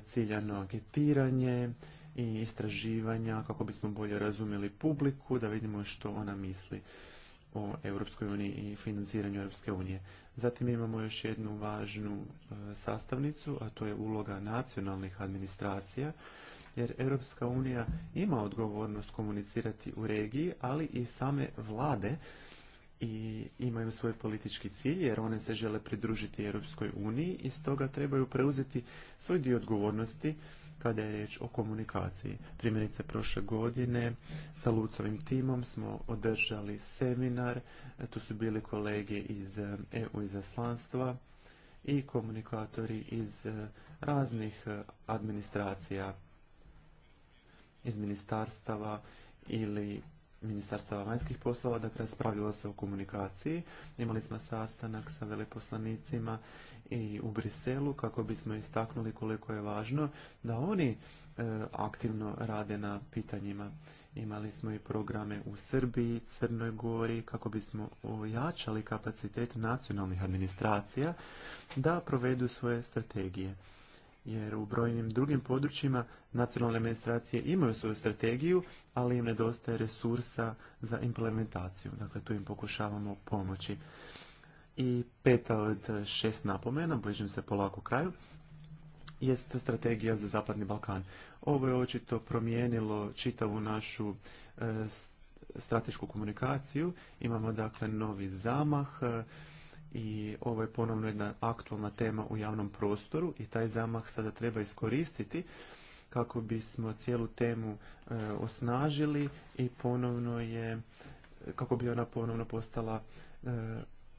ciljano agetiranje i istraživanja kako bismo bolje razumjeli publiku, da vidimo što ona misli o Europskoj uniji i financiranju Europske unije. Zatim imamo još jednu važnu e, sastavnicu, a to je uloga nacionalnih administracija, jer Europska unija ima odgovornost komunicirati u regiji, ali i same vlade i imaju svoj politički cilj jer one se žele pridružiti Europskoj uniji i stoga trebaju preuzeti svoj dio odgovornosti kada je riječ o komunikaciji. Primjerice prošle godine sa Lucovim timom smo održali seminar, tu su bili kolege iz eh, EU izaslanstva i komunikatori iz eh, raznih eh, administracija, iz ministarstava ili ministarstva vanjskih poslova, dakle raspravljalo se o komunikaciji. Imali smo sastanak sa veleposlanicima i u Briselu kako bismo istaknuli koliko je važno da oni e, aktivno rade na pitanjima. Imali smo i programe u Srbiji, Crnoj Gori kako bismo ojačali kapacitet nacionalnih administracija da provedu svoje strategije jer u brojnim drugim područjima nacionalne administracije imaju svoju strategiju, ali im nedostaje resursa za implementaciju. Dakle, tu im pokušavamo pomoći. I peta od šest napomena, bližim se polako kraju, jest strategija za Zapadni Balkan. Ovo je očito promijenilo čitavu našu e, stratešku komunikaciju. Imamo dakle novi zamah, e, i ovo je ponovno jedna aktualna tema u javnom prostoru i taj zamah sada treba iskoristiti kako bismo cijelu temu e, osnažili i ponovno je kako bi ona ponovno postala e,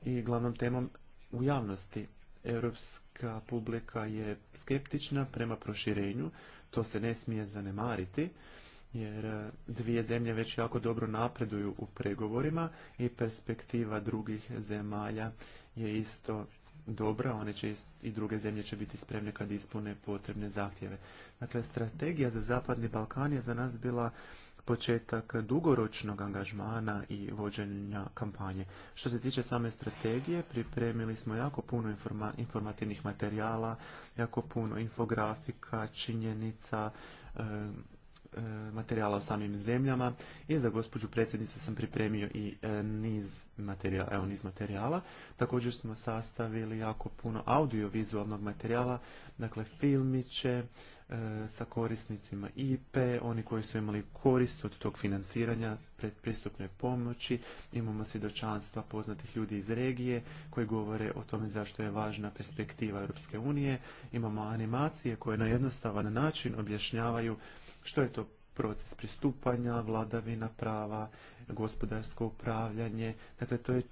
i glavnom temom u javnosti. Europska publika je skeptična prema proširenju, to se ne smije zanemariti jer e, dvije zemlje već jako dobro napreduju u pregovorima i perspektiva drugih zemalja je isto dobra, one će i druge zemlje će biti spremne kad ispune potrebne zahtjeve. Dakle, strategija za Zapadni Balkan je za nas bila početak dugoročnog angažmana i vođenja kampanje. Što se tiče same strategije, pripremili smo jako puno informativnih materijala, jako puno infografika, činjenica, e, E, materijala o samim zemljama i za gospođu predsjednicu sam pripremio i e, niz materijala, evo niz materijala. Također smo sastavili jako puno audiovizualnog materijala, dakle filmiće e, sa korisnicima IP, oni koji su imali korist od tog financiranja pristupnoj pomoći, imamo svjedočanstva poznatih ljudi iz regije koji govore o tome zašto je važna perspektiva Europske unije, imamo animacije koje na jednostavan način objašnjavaju što je to proces pristupanja, vladavina prava, gospodarsko upravljanje, dakle to je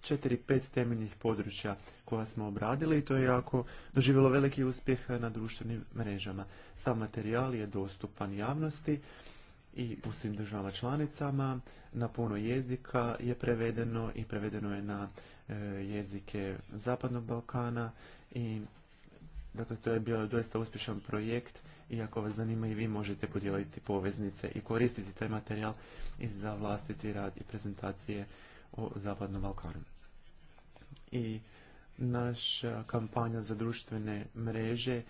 četiri, pet temeljnih područja koja smo obradili i to je jako doživjelo veliki uspjeh na društvenim mrežama. Sam materijal je dostupan javnosti i u svim državama članicama, na puno jezika je prevedeno i prevedeno je na e, jezike Zapadnog Balkana i dakle to je bio doista uspješan projekt i ako vas zanima i vi možete podijeliti poveznice i koristiti taj materijal i za vlastiti rad i prezentacije o Zapadnom Balkanu. I naša kampanja za društvene mreže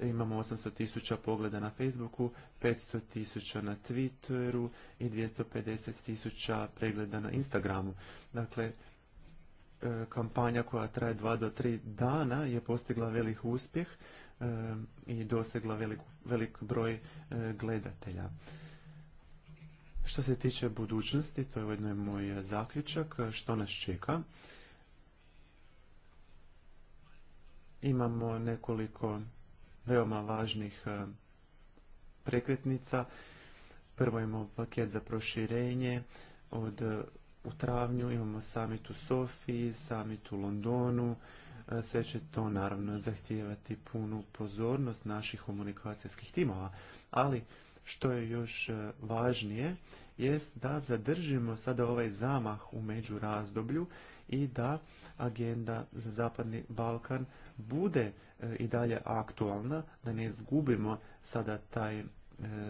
imamo 800 tisuća pogleda na Facebooku, 500 tisuća na Twitteru i 250 tisuća pregleda na Instagramu. Dakle, e, kampanja koja traje 2 do 3 dana je postigla velik uspjeh i dosegla velik, broj gledatelja. Što se tiče budućnosti, to je ujedno moj zaključak, što nas čeka. Imamo nekoliko veoma važnih prekretnica. Prvo imamo paket za proširenje od u travnju, imamo summit u Sofiji, summit u Londonu, sve će to naravno zahtijevati punu pozornost naših komunikacijskih timova. Ali što je još e, važnije jest da zadržimo sada ovaj zamah u razdoblju i da agenda za Zapadni Balkan bude e, i dalje aktualna, da ne izgubimo sada taj e,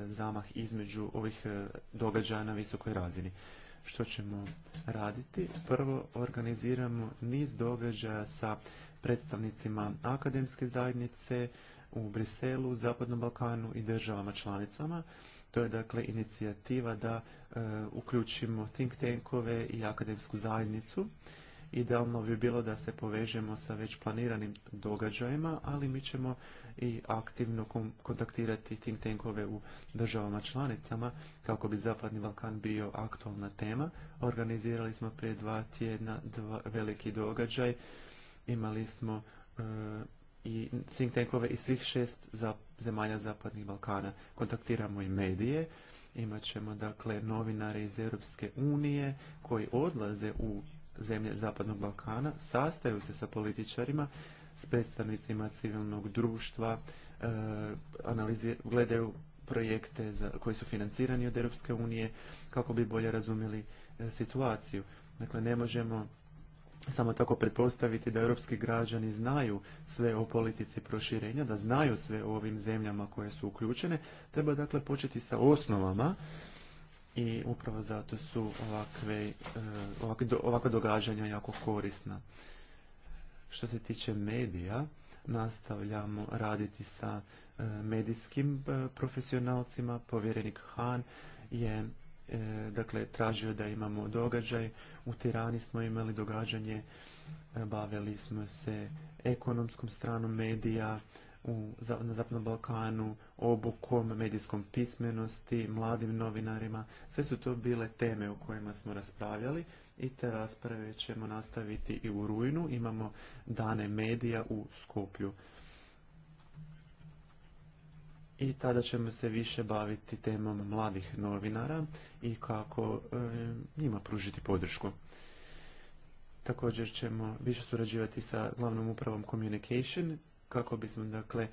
zamah između ovih događaja na visokoj razini. Što ćemo raditi? Prvo organiziramo niz događaja sa predstavnicima akademske zajednice u Briselu, Zapadnom Balkanu i državama članicama. To je dakle inicijativa da e, uključimo think tankove i akademsku zajednicu. Idealno bi bilo da se povežemo sa već planiranim događajima, ali mi ćemo i aktivno kontaktirati think tankove u državama članicama kako bi Zapadni Balkan bio aktualna tema. Organizirali smo prije dva tjedna veliki događaj imali smo e, i think tankove iz svih šest zemalja Zapadnih Balkana. Kontaktiramo i medije, imat ćemo dakle novinare iz Europske unije koji odlaze u zemlje Zapadnog Balkana, sastaju se sa političarima, s predstavnicima civilnog društva, e, gledaju projekte za, koji su financirani od Europske unije kako bi bolje razumjeli e, situaciju. Dakle, ne možemo samo tako pretpostaviti da europski građani znaju sve o politici proširenja, da znaju sve o ovim zemljama koje su uključene. Treba dakle početi sa osnovama i upravo zato su ovakve, e, ovakve događanja jako korisna. Što se tiče medija, nastavljamo raditi sa e, medijskim e, profesionalcima. Povjerenik Han je E, dakle, tražio da imamo događaj. U Tirani smo imali događanje, e, bavili smo se ekonomskom stranom medija, u, na Zapadnom Balkanu, obukom, medijskom pismenosti, mladim novinarima. Sve su to bile teme o kojima smo raspravljali i te rasprave ćemo nastaviti i u rujnu. Imamo dane medija u Skoplju i tada ćemo se više baviti temom mladih novinara i kako e, njima pružiti podršku. Također ćemo više surađivati sa glavnom upravom Communication kako bismo dakle e,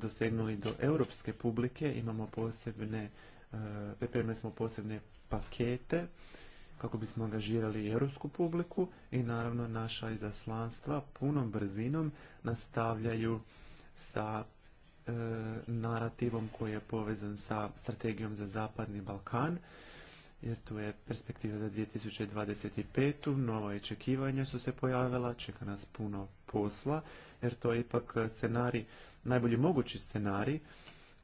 dosegnuli do europske publike. Imamo posebne, e, pripremili smo posebne pakete kako bismo angažirali europsku publiku i naravno naša izaslanstva punom brzinom nastavljaju sa E, narativom koji je povezan sa strategijom za Zapadni Balkan, jer tu je perspektiva za 2025. Nova očekivanja su se pojavila, čeka nas puno posla, jer to je ipak scenarij, najbolji mogući scenarij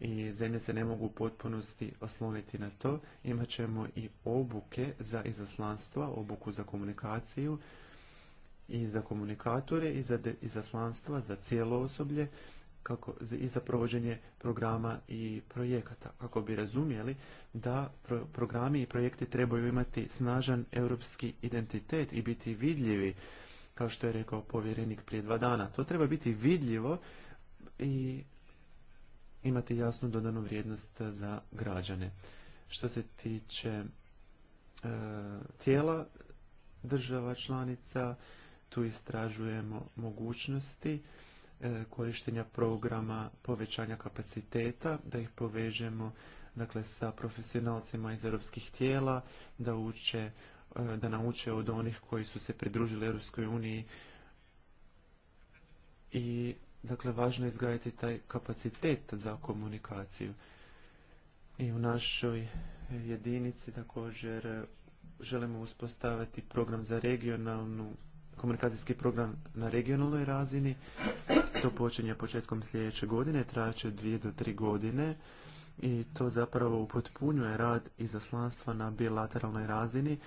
i zemlje se ne mogu u potpunosti osloniti na to. Imaćemo i obuke za izaslanstva, obuku za komunikaciju i za komunikatore i za izaslanstva, za cijelo osoblje kako i za provođenje programa i projekata, kako bi razumjeli da programi i projekti trebaju imati snažan europski identitet i biti vidljivi, kao što je rekao povjerenik prije dva dana. To treba biti vidljivo i imati jasnu dodanu vrijednost za građane. Što se tiče e, tijela država članica, tu istražujemo mogućnosti E, korištenja programa povećanja kapaciteta, da ih povežemo dakle, sa profesionalcima iz europskih tijela, da, uče, e, da nauče od onih koji su se pridružili Europskoj uniji i dakle, važno je izgraditi taj kapacitet za komunikaciju. I u našoj jedinici također e, želimo uspostaviti program za regionalnu komunikacijski program na regionalnoj razini to počinje početkom sljedeće godine, će dvije do tri godine i to zapravo upotpunjuje rad i zaslanstva na bilateralnoj razini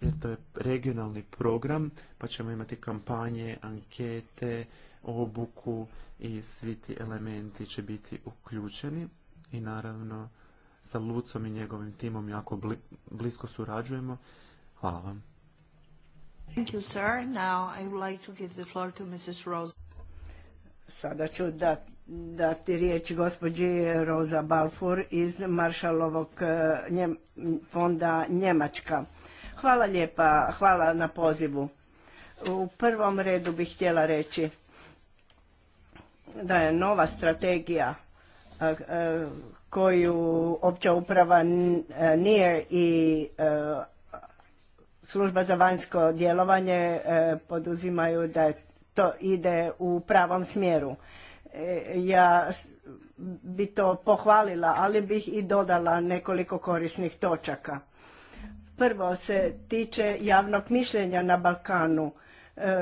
jer to je regionalni program pa ćemo imati kampanje, ankete, obuku i svi ti elementi će biti uključeni i naravno sa Lucom i njegovim timom jako blisko surađujemo. Hvala vam. Thank you, sir. Now I would like to give the floor to Mrs. Rose. Sada ću dati, riječ gospođi Roza Balfur iz Maršalovog eh, fonda Njemačka. Hvala lijepa, hvala na pozivu. U prvom redu bih htjela reći da je nova strategija eh, koju opća uprava nije eh, i služba za vanjsko djelovanje poduzimaju da je to ide u pravom smjeru. E, ja bi to pohvalila, ali bih i dodala nekoliko korisnih točaka. Prvo se tiče javnog mišljenja na Balkanu. E, e,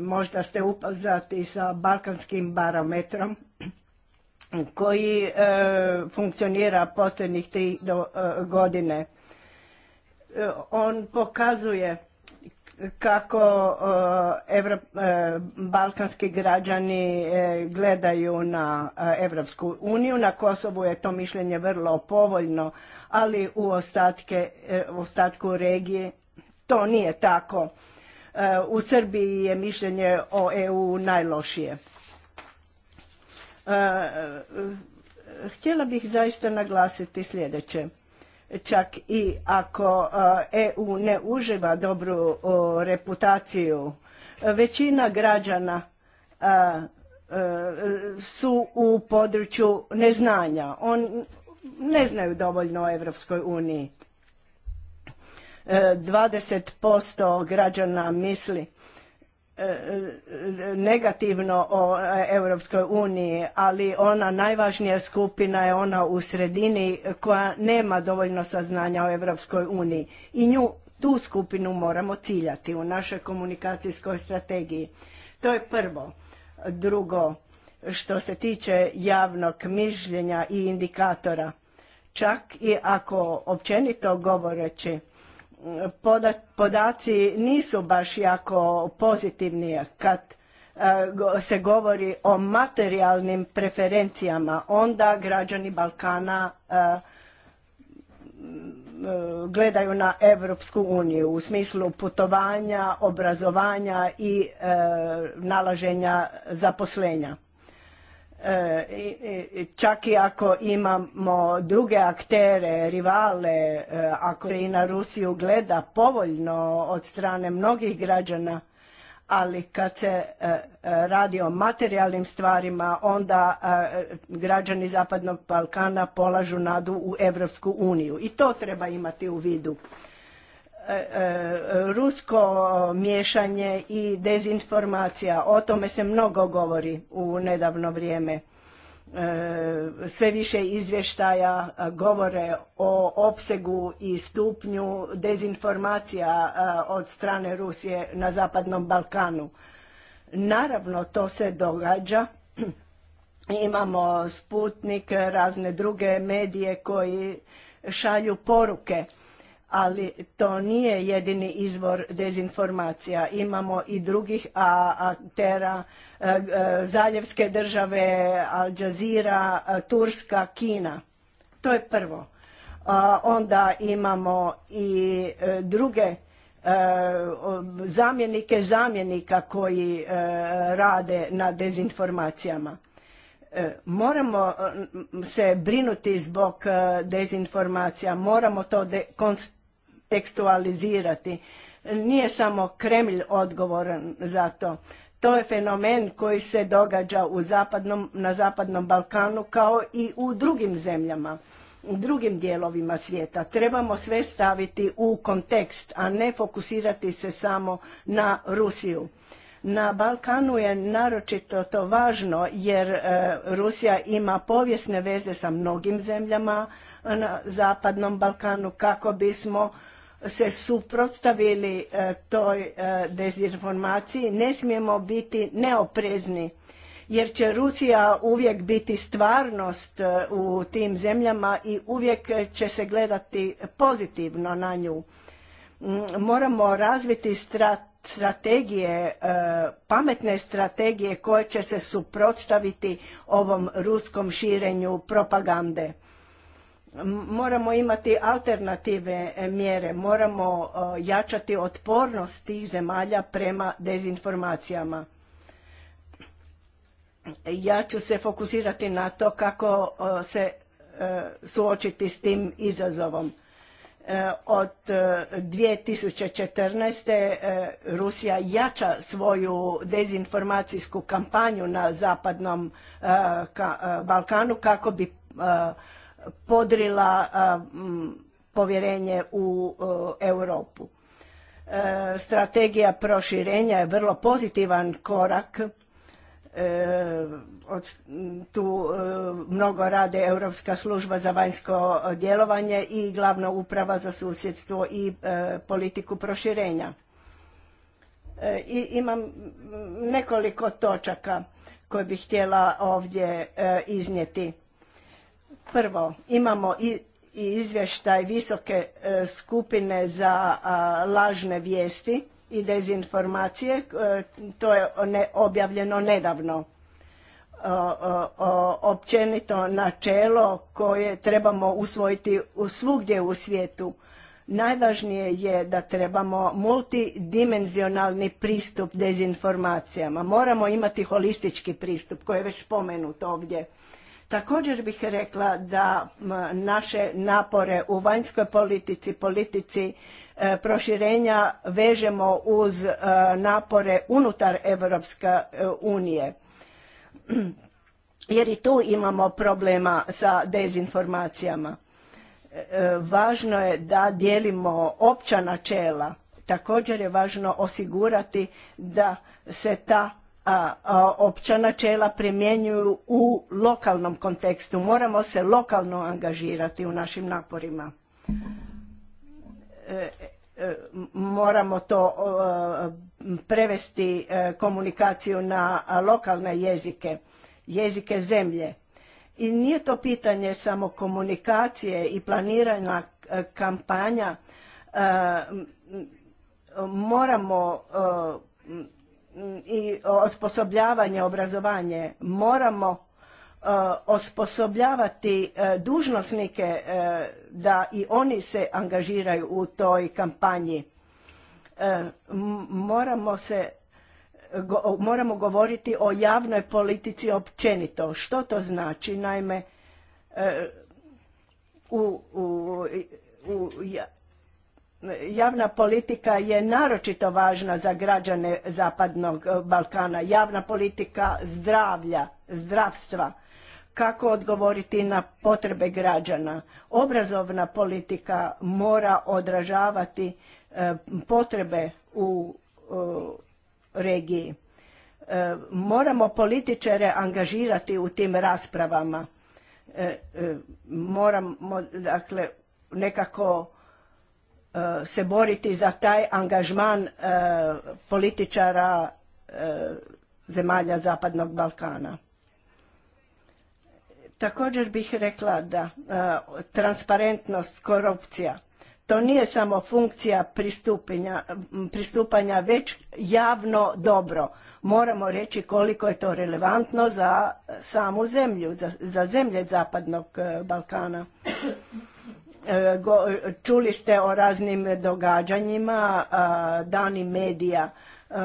možda ste upoznati sa balkanskim barometrom koji funkcionira posljednjih tri godine. On pokazuje kako eh, eh, balkanski građani eh, gledaju na Evropsku uniju. Na Kosovu je to mišljenje vrlo povoljno, ali u ostatku regije to nije tako. U Srbiji je mišljenje o EU najlošije. Htjela bih zaista naglasiti sljedeće čak i ako EU e ne uživa dobru reputaciju. Većina građana e, e, su u području neznanja. Oni ne znaju dovoljno o Europskoj uniji. 20% građana misli negativno o e, Europskoj uniji, ali ona najvažnija skupina je ona u sredini koja nema dovoljno saznanja o Europskoj uniji i nju tu skupinu moramo ciljati u našoj komunikacijskoj strategiji. To je prvo. Drugo, što se tiče javnog mišljenja i indikatora, čak i ako općenito govoreći podaci nisu baš jako pozitivni kad e, se govori o materijalnim preferencijama, onda građani Balkana e, e, gledaju na Europsku uniju u smislu putovanja, obrazovanja i nalaženja zaposlenja. E, e, čak i ako imamo druge aktere, rivale, e, ako se i na Rusiju gleda povoljno od strane mnogih građana, ali kad se radi o materijalnim stvarima, onda građani Zapadnog Balkana polažu nadu u Evropsku uniju. I to treba imati u vidu. E, e, rusko miješanje i dezinformacija. O tome se mnogo govori u nedavno vrijeme. E, sve više izvještaja govore o opsegu i stupnju dezinformacija od strane Rusije na Zapadnom Balkanu. Naravno, to se događa. Imamo Sputnik, razne druge medije koji šalju poruke ali to nije jedini izvor dezinformacija. Imamo i drugih aktera, e, e, zaljevske države, Al Jazeera, e, Turska, Kina. To je prvo. Onda imamo i druge zamjenike zamjenika koji rade na dezinformacijama. Moramo se brinuti zbog dezinformacija, moramo to de tekstualizirati. Nije samo Kremlj odgovoran za to. To je fenomen koji se događa u zapadnom, na Zapadnom Balkanu kao i u drugim zemljama, u drugim dijelovima svijeta. Trebamo sve staviti u kontekst, a ne fokusirati se samo na Rusiju. Na Balkanu je naročito to važno jer e, Rusija ima povijesne veze sa mnogim zemljama na Zapadnom Balkanu kako bismo se suprotstavili e, toj e, dezinformaciji. Ne smijemo biti neoprezni jer će Rusija uvijek biti stvarnost e, u tim zemljama i uvijek će se gledati pozitivno na nju. Moramo razviti strategije, pametne strategije koje će se suprotstaviti ovom ruskom širenju propagande moramo imati alternative e, mjere, moramo e, jačati otpornost tih zemalja prema dezinformacijama. Ja ću se fokusirati na to kako e, se suočiti s tim izazovom. Od 2014. Rusija jača svoju dezinformacijsku kampanju na zapadnom Balkanu kako bi podrila povjerenje u Europu. E, strategija proširenja je vrlo pozitivan korak e, tu e, mnogo rade Europska služba za vanjsko djelovanje i glavna uprava za susjedstvo i politiku proširenja. I imam nekoliko točaka koje bih htjela ovdje iznijeti. Prvo, imamo i izvještaj visoke e, skupine za lažne vijesti i dezinformacije, e, to je objavljeno nedavno. Općenito načelo koje trebamo usvojiti svugdje u svijetu. Najvažnije je da trebamo multidimenzionalni pristup dezinformacijama. Moramo imati holistički pristup koji je već spomenut ovdje Također bih rekla da naše napore u vanjskoj politici, politici e, proširenja vežemo uz e, napore unutar Evropske e, unije. Jer i tu imamo problema sa dezinformacijama. važno je da dijelimo opća načela. Također je važno osigurati da se ta opća načela primjenjuju u lokalnom kontekstu. Moramo se lokalno angažirati u našim naporima. E, e, moramo to prevesti e, komunikaciju na lokalne jezike, jezike zemlje. I nije to pitanje samo komunikacije i planiranja kampanja. Moramo i osposobljavanje, obrazovanje. Moramo e, osposobljavati e, dužnosnike e, da i oni se angažiraju u toj kampanji. Moramo se moramo govoriti o javnoj politici općenito. Što to znači? Naime, u, u, u Javna politika je naročito važna za građane Zapadnog eh, Balkana. Javna politika zdravlja, zdravstva, kako odgovoriti na potrebe građana. Obrazovna politika mora odražavati eh, potrebe u eh, regiji. moramo političare angažirati u tim raspravama. Moramo, dakle, nekako E, se boriti za taj angažman e, političara e, zemalja Zapadnog Balkana. Također bih rekla da transparentnost, korupcija, to nije samo funkcija pristupanja, već javno dobro. Moramo reći koliko je to relevantno za samu zemlju, za, zemlje Zapadnog Balkana. E, čuli ste o raznim događanjima, dani medija. E,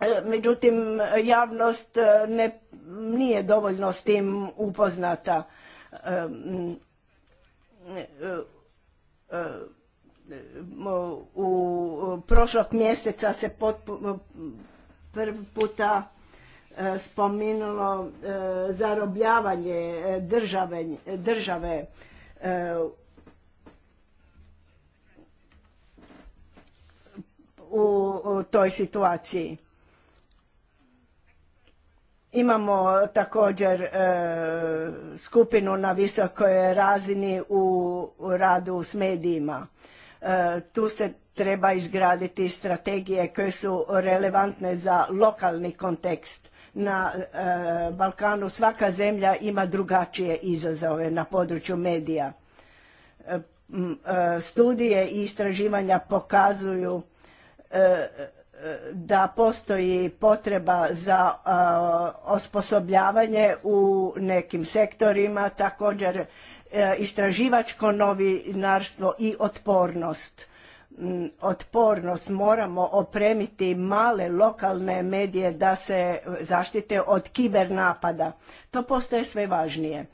e, međutim, javnost ne, nije dovoljno s tim upoznata. U prošlog mjeseca se prvi puta spominulo e, zarobljavanje e, države, e, u toj situaciji. Imamo također skupinu na visokoj razini u, radu s medijima. tu se treba izgraditi strategije koje su relevantne za lokalni kontekst na e, Balkanu svaka zemlja ima drugačije izazove na području medija. E, e, studije i istraživanja pokazuju da postoji potreba za osposobljavanje u nekim sektorima, također istraživačko novinarstvo i otpornost otpornost moramo opremiti male lokalne medije da se zaštite od kibernapada. napada. To postaje sve važnije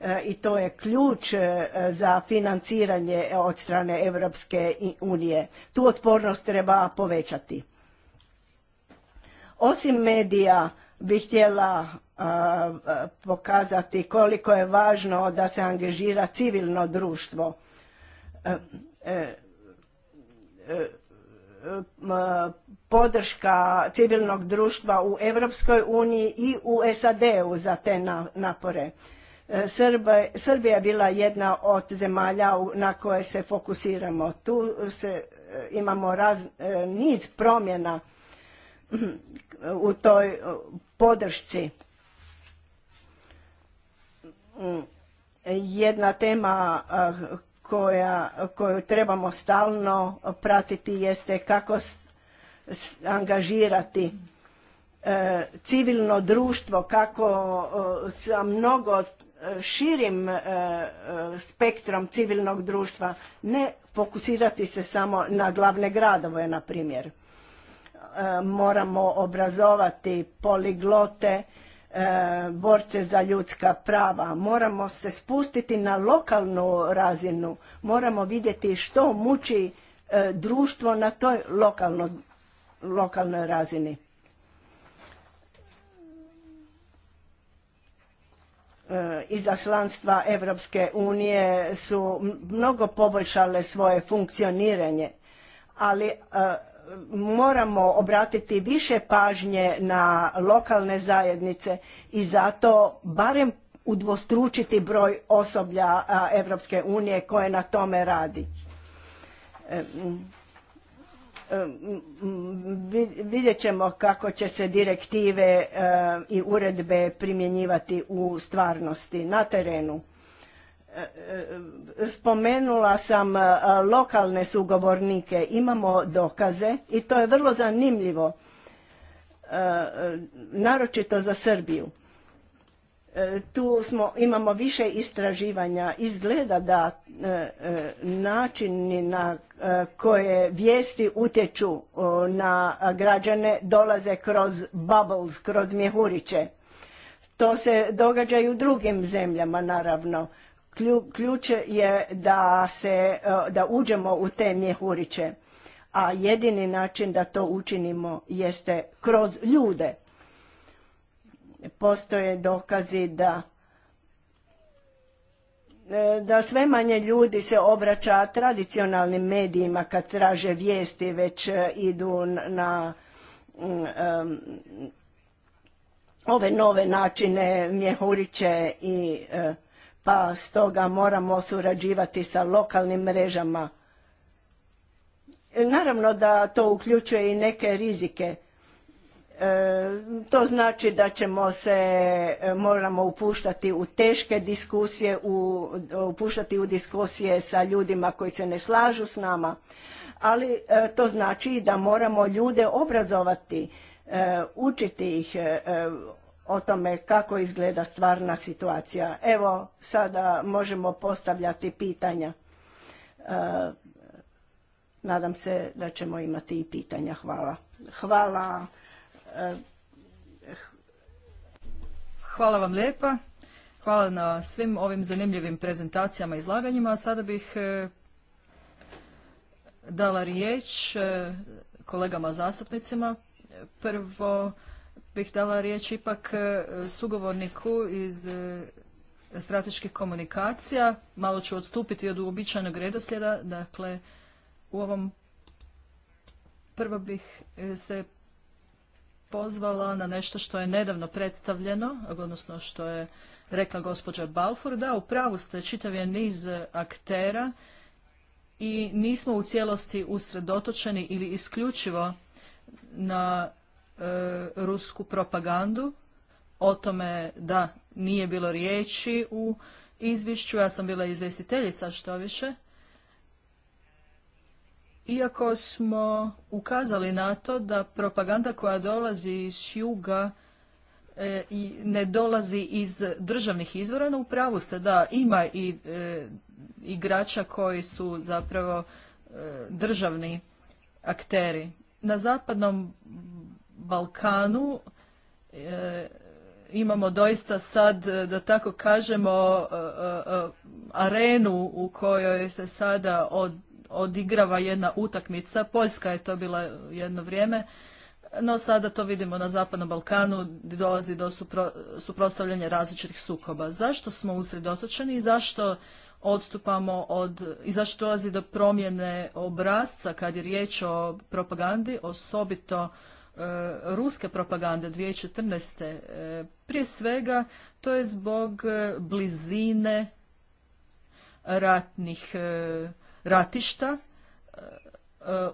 e, i to je ključ e, za financiranje od strane Europske unije. Tu otpornost treba povećati. Osim medija bih htjela e, pokazati koliko je važno da se angažira civilno društvo. E, e, podrška civilnog društva u Europskoj uniji i u SAD-u za te napore. E, Srbija je bila jedna od zemalja na koje se fokusiramo. Tu se imamo niz promjena u toj podršci. Mm, jedna tema koja, koju trebamo stalno pratiti jeste kako angažirati e, civilno društvo, kako sa mnogo širim e, spektrom civilnog društva, ne fokusirati se samo na glavne gradove, na primjer. E, moramo obrazovati poliglote, E, borce za ljudska prava. Moramo se spustiti na lokalnu razinu. Moramo vidjeti što muči e, društvo na toj lokalno, lokalnoj razini. E, izaslanstva Evropske unije su mnogo poboljšale svoje funkcioniranje, ali moramo obratiti više pažnje na lokalne zajednice i zato barem udvostručiti broj osoblja Europske unije koje na tome radi. E, e, vidjet ćemo kako će se direktive e, i uredbe primjenjivati u stvarnosti na terenu spomenula sam e, lokalne sugovornike, imamo dokaze i to je vrlo zanimljivo, e, e, naročito za Srbiju. Tu smo, imamo više istraživanja. Izgleda da načini na koje vijesti utječu na građane dolaze kroz bubbles, kroz mjehuriće. To se događa i u drugim zemljama, naravno Ključ je da, se, e, da uđemo u te mjehuriće, a jedini način da to učinimo jeste kroz ljude. Postoje dokazi da e, da sve manje ljudi se obraća tradicionalnim medijima kad traže vijesti, već e, idu na mm, ove nove načine mjehuriće i pa stoga moramo surađivati sa lokalnim mrežama. Naravno da to uključuje i neke rizike. E, to znači da ćemo se, e, moramo upuštati u teške diskusije, u, upuštati u diskusije sa ljudima koji se ne slažu s nama, ali e, to znači da moramo ljude obrazovati, učiti ih, o tome kako izgleda stvarna situacija. Evo, sada možemo postavljati pitanja. E, nadam se da ćemo imati i pitanja. Hvala. Hvala. E, eh, Hvala vam lijepa. Hvala na svim ovim zanimljivim prezentacijama i izlaganjima. sada bih eh, dala riječ eh, kolegama zastupnicima. Prvo, bih dala riječ ipak e, sugovorniku iz e, strateških komunikacija. Malo ću odstupiti od uobičajnog redoslijeda. Dakle, u ovom prvo bih e, se pozvala na nešto što je nedavno predstavljeno, odnosno što je rekla gospođa Balfour. Da, u pravu ste, čitav je niz aktera i nismo u cijelosti usredotočeni ili isključivo na E, rusku propagandu. O tome da nije bilo riječi u izvješću, ja sam bila izvjestiteljica što više. Iako smo ukazali na to da propaganda koja dolazi iz juga e, ne dolazi iz državnih izvora, no u pravu ste da ima i e, igrača koji su zapravo e, državni akteri. Na zapadnom Balkanu e, imamo doista sad, da tako kažemo, e, e, arenu u kojoj se sada odigrava jedna utakmica. Poljska je to bila jedno vrijeme, no sada to vidimo na Zapadnom Balkanu gdje dolazi do suprotstavljanja različitih sukoba. Zašto smo usredotočeni i zašto odstupamo od i zašto dolazi do promjene obrazca kad je riječ o propagandi, osobito E, ruske propagande 2014. E, prije svega to je zbog e, blizine ratnih ratišta.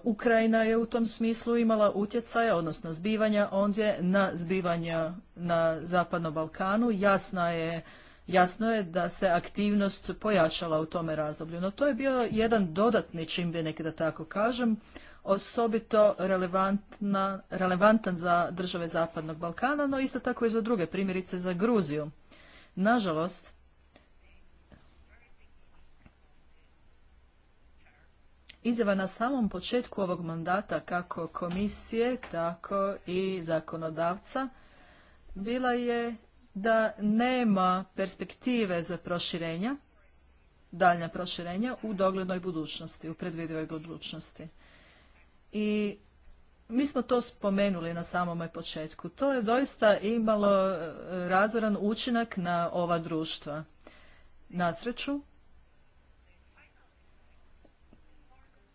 Ukrajina je u tom smislu imala utjecaja, odnosno zbivanja ondje na zbivanja na Zapadnom Balkanu. Jasna je Jasno je da se aktivnost pojačala u tome razdoblju, no to je bio jedan dodatni čimbenik, da tako kažem, osobito relevantan za države Zapadnog Balkana, no isto tako i za druge, primjerice za Gruziju. Nažalost, Izjava na samom početku ovog mandata kako komisije, tako i zakonodavca bila je da nema perspektive za proširenja, daljnja proširenja u doglednoj budućnosti, u predvidivoj budućnosti i mi smo to spomenuli na samome početku. To je doista imalo e, razoran učinak na ova društva. Nasreću,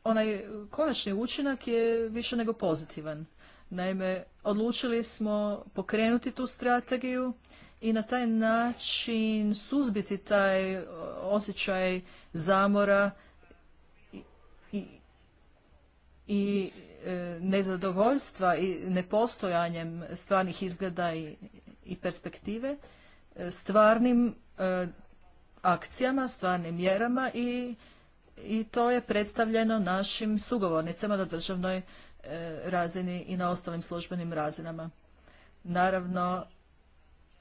onaj konačni učinak je više nego pozitivan. Naime, odlučili smo pokrenuti tu strategiju i na taj način suzbiti taj e, osjećaj zamora i e, nezadovoljstva i nepostojanjem stvarnih izgleda i, perspektive e, stvarnim e, akcijama, stvarnim mjerama i, to je predstavljeno našim sugovornicama na državnoj razini i na ostalim službenim razinama. Naravno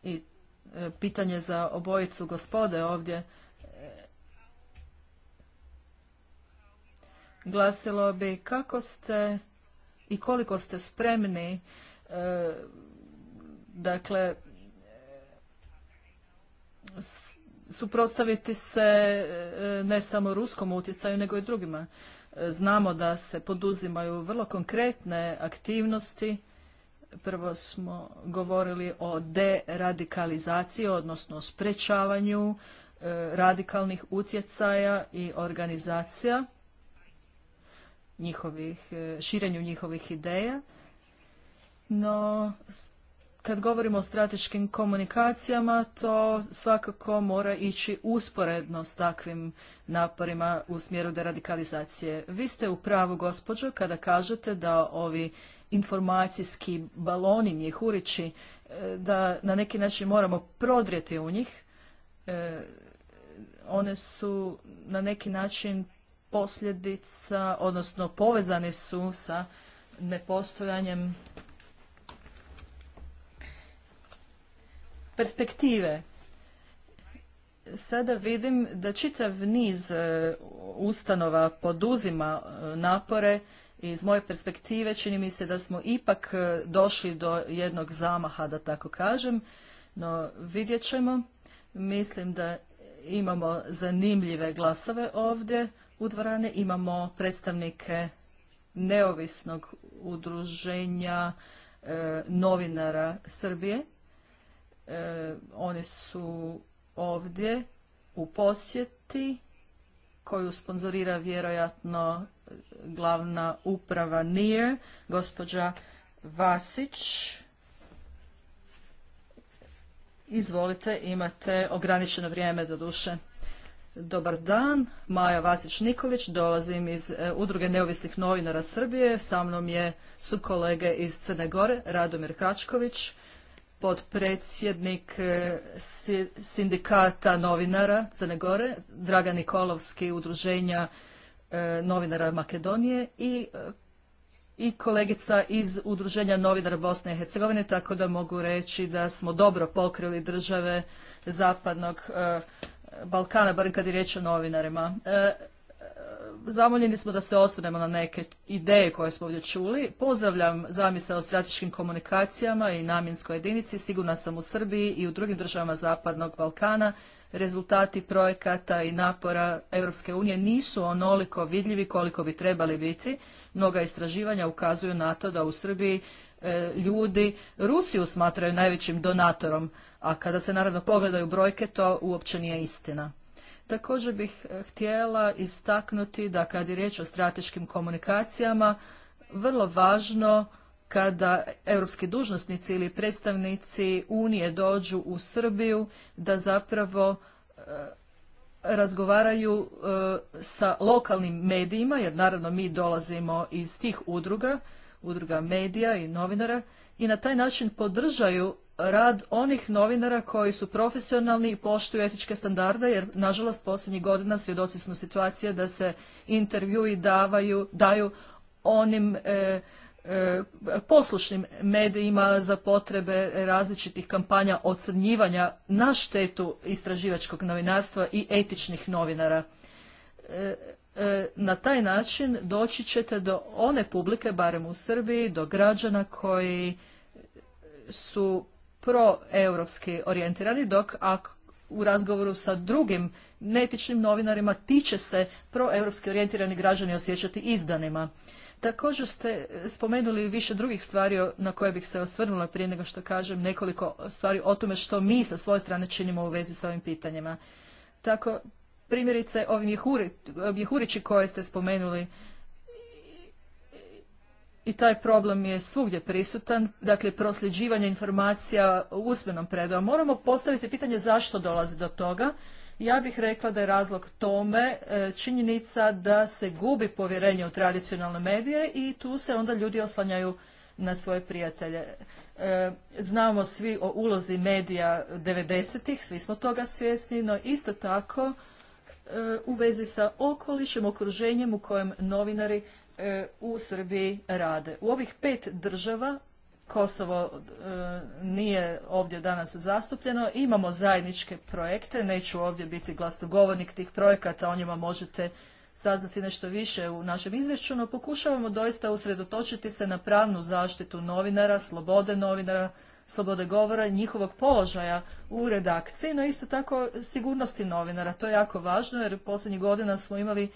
i pitanje za obojicu gospode ovdje glasilo bi kako ste i koliko ste spremni e, dakle suprotstaviti se e, ne samo ruskom utjecaju nego i drugima. E, znamo da se poduzimaju vrlo konkretne aktivnosti. Prvo smo govorili o deradikalizaciji, odnosno sprečavanju radikalnih utjecaja i organizacija njihovih, e, širenju njihovih ideja. No, kad govorimo o strateškim komunikacijama, to svakako mora ići usporedno s takvim naporima u smjeru deradikalizacije. Vi ste u pravu, gospođo, kada kažete da ovi informacijski baloni, njihurići e, da na neki način moramo prodrijeti u njih. E, one su na neki način posljedica, odnosno povezani su sa nepostojanjem perspektive. Sada vidim da čitav niz e, ustanova poduzima e, napore iz moje perspektive čini mi se da smo ipak e, došli do jednog zamaha, da tako kažem, no vidjet ćemo. Mislim da imamo zanimljive glasove ovdje u Imamo predstavnike neovisnog udruženja e, novinara Srbije. E, oni su ovdje u posjeti koju sponzorira vjerojatno glavna uprava NIR, gospođa Vasić. Izvolite, imate ograničeno vrijeme do duše. Dobar dan, Maja Vasić-Nikolić, dolazim iz e, Udruge neovisnih novinara Srbije, sa mnom je su kolege iz Crne Gore, Radomir Kračković, podpredsjednik e, sindikata novinara Crne Gore, Draga Nikolovski, udruženja e, novinara Makedonije i i kolegica iz Udruženja novinara Bosne i Hercegovine, tako da mogu reći da smo dobro pokrili države zapadnog Balkana, barem kad je riječ o novinarima. E, e, zamoljeni smo da se osvrnemo na neke ideje koje smo ovdje čuli. Pozdravljam zamisle o strateškim komunikacijama i namjenskoj jedinici. Sigurna sam u Srbiji i u drugim državama Zapadnog Balkana rezultati projekata i napora Europske unije nisu onoliko vidljivi koliko bi trebali biti. Mnoga istraživanja ukazuju na to da u Srbiji e, ljudi Rusiju smatraju najvećim donatorom a kada se naravno pogledaju brojke to uopće nije istina. Također bih eh, htjela istaknuti da kad je riječ o strateškim komunikacijama, vrlo važno kada europski dužnosnici ili predstavnici Unije dođu u Srbiju da zapravo eh, razgovaraju eh, sa lokalnim medijima, jer naravno mi dolazimo iz tih udruga, udruga medija i novinara, i na taj način podržaju rad onih novinara koji su profesionalni i poštuju etičke standarde, jer nažalost posljednjih godina svjedoci smo situacije da se intervjui davaju, daju onim e, e, poslušnim medijima za potrebe različitih kampanja ocrnjivanja na štetu istraživačkog novinarstva i etičnih novinara. E, na taj način doći ćete do one publike, barem u Srbiji, do građana koji su proeuropski orijentirani, dok ako u razgovoru sa drugim netičnim novinarima tiče se proeuropski orijentirani građani osjećati izdanima. Također ste spomenuli više drugih stvari na koje bih se osvrnula prije nego što kažem nekoliko stvari o tome što mi sa svoje strane činimo u vezi sa ovim pitanjima. Tako, primjerice, ovi mjehurići koje ste spomenuli, i taj problem je svugdje prisutan, dakle prosljeđivanje informacija usmenom predajom. Moramo postaviti pitanje zašto dolazi do toga. Ja bih rekla da je razlog tome e, činjenica da se gubi povjerenje u tradicionalne medije i tu se onda ljudi oslanjaju na svoje prijatelje. E, znamo svi o ulozi medija 90-ih, svi smo toga svjesni, no isto tako e, u vezi sa okolišem, okruženjem u kojem novinari E, u Srbiji rade. U ovih pet država Kosovo e, nije ovdje danas zastupljeno. Imamo zajedničke projekte, neću ovdje biti glasnogovornik tih projekata, o njima možete saznati nešto više u našem izvješću, no pokušavamo doista usredotočiti se na pravnu zaštitu novinara, slobode novinara, slobode govora, njihovog položaja u redakciji, no isto tako sigurnosti novinara. To je jako važno jer posljednjih godina smo imali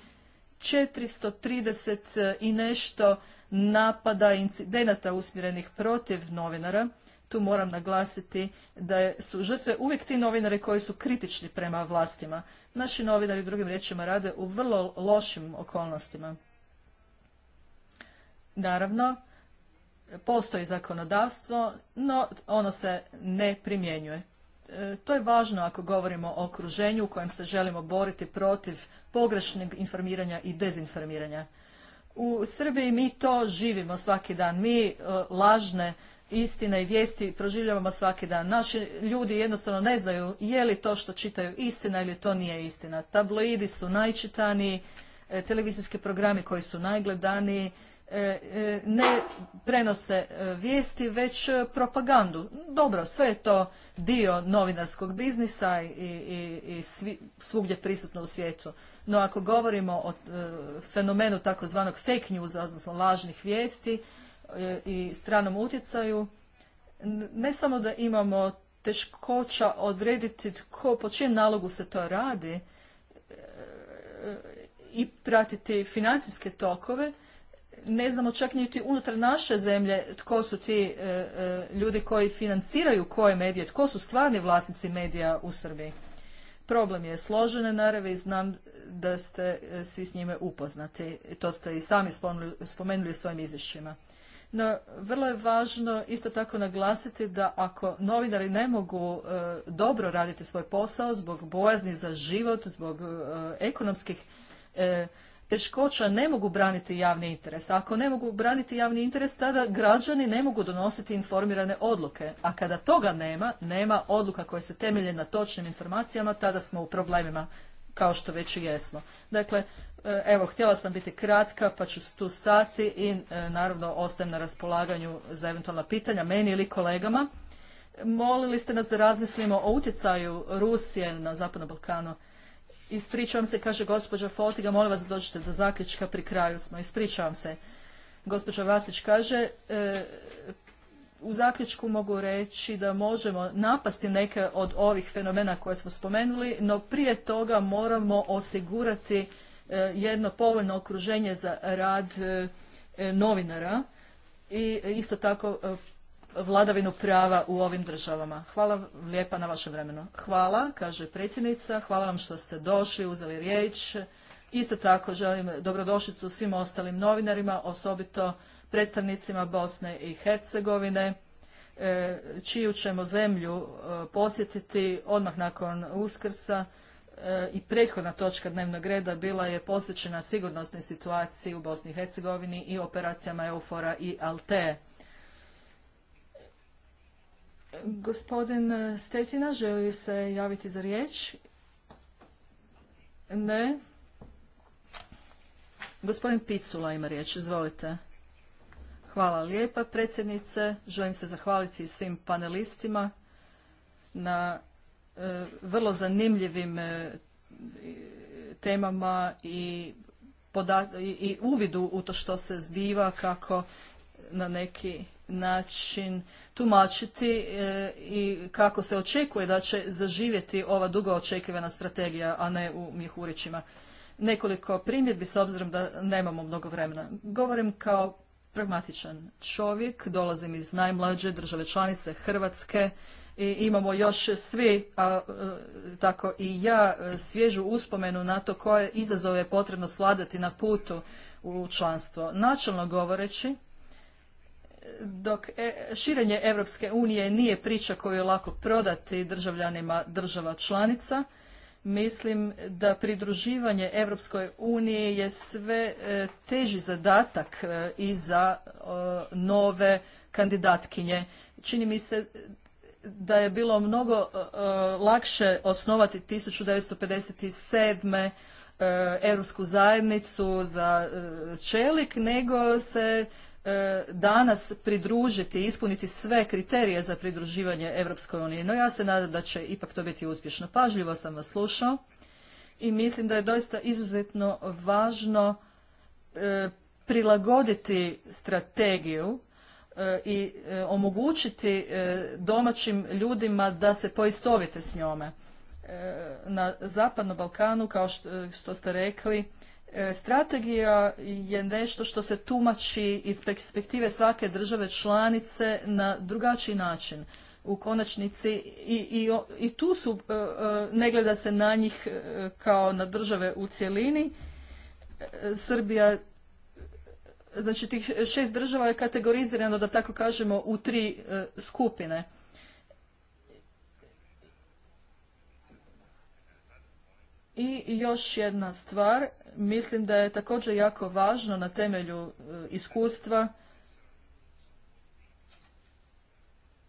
430 e, i nešto napada incidenata usmjerenih protiv novinara. Tu moram naglasiti da su žrtve uvijek ti novinari koji su kritični prema vlastima. Naši novinari, drugim riječima, rade u vrlo lošim okolnostima. Naravno, postoji zakonodavstvo, no ono se ne primjenjuje. E, to je važno ako govorimo o okruženju u kojem se želimo boriti protiv pogrešnog informiranja i dezinformiranja. U Srbiji mi to živimo svaki dan. Mi e, lažne istine i vijesti proživljavamo svaki dan. Naši ljudi jednostavno ne znaju je li to što čitaju istina ili to nije istina. Tabloidi su najčitaniji, e, televizijski programi koji su najgledaniji e, ne prenose vijesti, već propagandu. Dobro, sve je to dio novinarskog biznisa i, i svugdje prisutno u svijetu. No ako govorimo o e, fenomenu takozvanog fake news, odnosno lažnih vijesti e, i stranom utjecaju, ne samo da imamo teškoća odrediti tko, po čijem nalogu se to radi e, i pratiti financijske tokove, ne znamo čak niti unutar naše zemlje tko su ti ljudi koji financiraju koje medije, tko su stvarni vlasnici medija u Srbiji. Problem je složene naravi, znam da ste e, svi s njime upoznati. To ste i sami spomenuli u svojim izvješćima. No, vrlo je važno isto tako naglasiti da ako novinari ne mogu e, dobro raditi svoj posao zbog bojazni za život, zbog e, ekonomskih teškoća, ne mogu braniti javni interes. Ako ne mogu braniti javni interes, tada građani ne mogu donositi informirane odluke. A kada toga nema, nema odluka koje se temelje na točnim informacijama, tada smo u problemima kao što već i jesmo. Dakle, e, evo, htjela sam biti kratka, pa ću tu stati i e, naravno ostajem na raspolaganju za eventualna pitanja meni ili kolegama. Molili ste nas da razmislimo o utjecaju Rusije na Zapadnom Balkanu. Ispričavam se, kaže gospođa Fotiga, molim vas da dođete do zaključka, pri kraju smo. Ispričavam se. Gospođa Vasić kaže, e, u zaključku mogu reći da možemo napasti neke od ovih fenomena koje smo spomenuli, no prije toga moramo osigurati e, jedno povoljno okruženje za rad e, e, novinara i isto tako vladavinu prava u ovim državama. Hvala lijepa na vaše vremenu. Hvala, kaže predsjednica, hvala vam što ste došli, uzeli riječ. Isto tako želim dobrodošlicu svim ostalim novinarima, osobito predstavnicima Bosne i Hercegovine, e, čiju ćemo zemlju e, posjetiti odmah nakon Uskrsa e, i prethodna točka dnevnog reda bila je posvećena sigurnosnoj situaciji u Bosni i Hercegovini i operacijama Eufora i Alte. Gospodin Stetina, želi se javiti za riječ? Ne. Gospodin Picula ima riječ, izvolite. Hvala lijepa predsjednice. Želim se zahvaliti svim panelistima na e, vrlo zanimljivim e, temama i, i uvidu u to što se zbiva kako na neki način tumačiti e, i kako se očekuje da će zaživjeti ova dugo očekivana strategija, a ne u mihurićima. Nekoliko primjedbi s obzirom da nemamo mnogo vremena. Govorim kao pragmatičan čovjek, dolazim iz najmlađe države članice Hrvatske i imamo još svi, a tako i ja, e, svježu uspomenu na to koje izazove je potrebno sladati na putu u članstvo. Načelno govoreći, dok e, širenje Europske unije nije priča koju je lako prodati državljanima država članica, Mislim da pridruživanje Europskoj uniji je sve e, teži zadatak e, i za e, nove kandidatkinje. Čini mi se da je bilo mnogo lakše osnovati 1957. Europsku zajednicu za čelik nego se E, danas pridružiti, ispuniti sve kriterije za pridruživanje Europskoj uniji. No ja se nadam da će ipak to biti uspješno. Pažljivo sam vas slušao i mislim da je doista izuzetno važno e, prilagoditi strategiju e, i omogućiti domaćim ljudima da se poistovite s njome. Na Zapadnom Balkanu, kao što ste rekli, E, strategija je nešto što se tumači iz perspektive svake države članice na drugačiji način. U konačnici i, i, tu su, e, e, ne gleda se na njih kao na države u cjelini. Srbija, znači tih šest država je kategorizirano, da tako kažemo, u tri skupine. I još jedna stvar, mislim da je također jako važno na temelju e, iskustva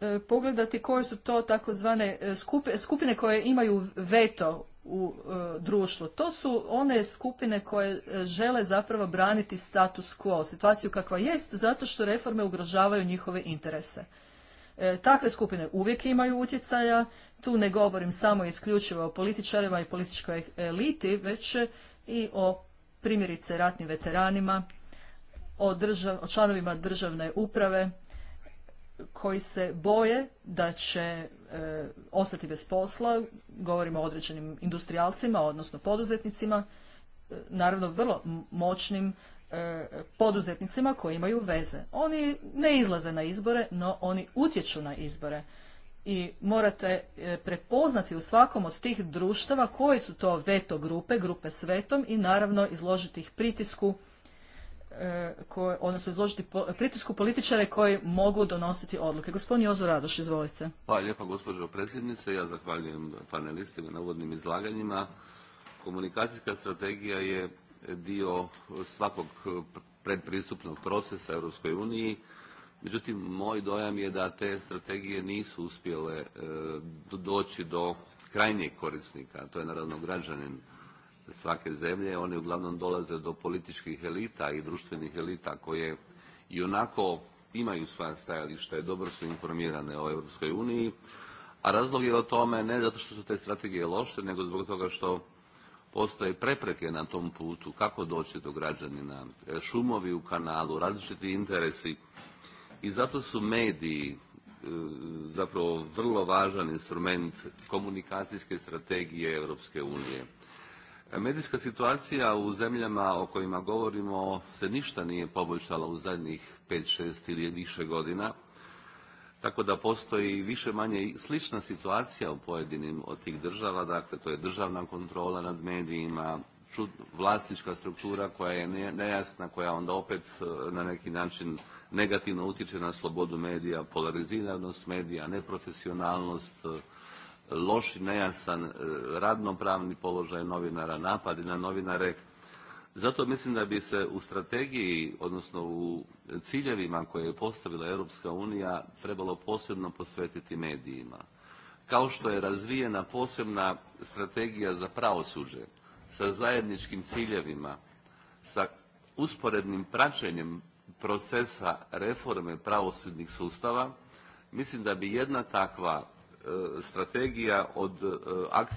e, pogledati koje su to takozvane e, skupine koje imaju veto u društvu. To su one skupine koje žele zapravo braniti status quo, situaciju kakva jest, zato što reforme ugrožavaju njihove interese. takve skupine uvijek imaju utjecaja, tu ne govorim samo isključivo o političarima i političkoj eliti, već i o primjerice ratnim veteranima, o, članovima državne uprave koji se boje da će e, ostati bez posla, govorimo o određenim industrijalcima, odnosno poduzetnicima, e, naravno vrlo moćnim e, poduzetnicima koji imaju veze. Oni ne izlaze na izbore, no oni utječu na izbore i morate e, prepoznati u svakom od tih društava koje su to veto grupe, grupe s vetom i naravno izložiti ih pritisku e, koje, odnosno izložiti pritisku političare koji mogu donositi odluke. Gospodin Jozo Radoš, izvolite. Hvala pa, lijepa gospođo predsjednice. Ja zahvaljujem panelistima na uvodnim izlaganjima. Komunikacijska strategija je dio svakog predpristupnog procesa Europskoj uniji Međutim, moj dojam je da te strategije nisu uspjele e, doći do krajnjeg korisnika, to je naravno građanin svake zemlje. Oni uglavnom dolaze do političkih elita i društvenih elita koje i onako imaju svoja stajališta i dobro su informirane o Europskoj uniji, a razlog je o tome ne zato što su te strategije loše, nego zbog toga što postoje prepreke na tom putu, kako doći do građanina, e, šumovi u kanalu, različiti interesi i zato su mediji e, zapravo vrlo važan instrument komunikacijske strategije Europske unije. Medijska situacija u zemljama o kojima govorimo se ništa nije poboljšala u zadnjih 5, 6 ili više godina, tako da postoji više manje slična situacija u pojedinim od tih država, dakle to je državna kontrola nad medijima, vlasnička struktura koja je nejasna, koja onda opet e, na neki način negativno utječe na slobodu medija, polariziranost medija, neprofesionalnost, e, loš i nejasan e, radnopravni položaj novinara, napadi na novinare. Zato mislim da bi se u strategiji, odnosno u ciljevima koje je postavila Europska unija, trebalo posebno posvetiti medijima. Kao što je razvijena posebna strategija za pravosuđe, sa zajedničkim ciljevima, sa usporednim praćenjem procesa reforme pravosudnih sustava, mislim da bi jedna takva e, strategija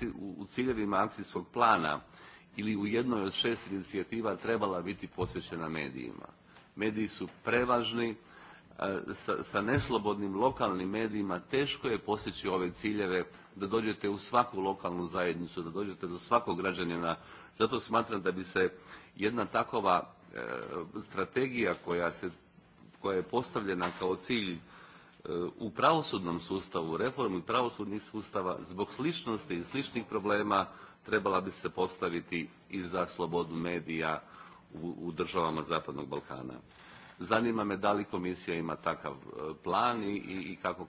e, u ciljevima akcijskog plana ili u jednoj od šest inicijativa trebala biti posvećena medijima. Mediji su prevažni sa, neslobodnim lokalnim medijima teško je postići ove ciljeve da dođete u svaku lokalnu zajednicu, da dođete do svakog građanina. Zato smatram da bi se jedna takova e, strategija koja, se, koja je postavljena kao cilj e, u pravosudnom sustavu, reformi pravosudnih sustava, zbog sličnosti i sličnih problema trebala bi se postaviti i za slobodu medija u državama Zapadnog Balkana. Zanima me da li komisija ima takav e, plan i, i kako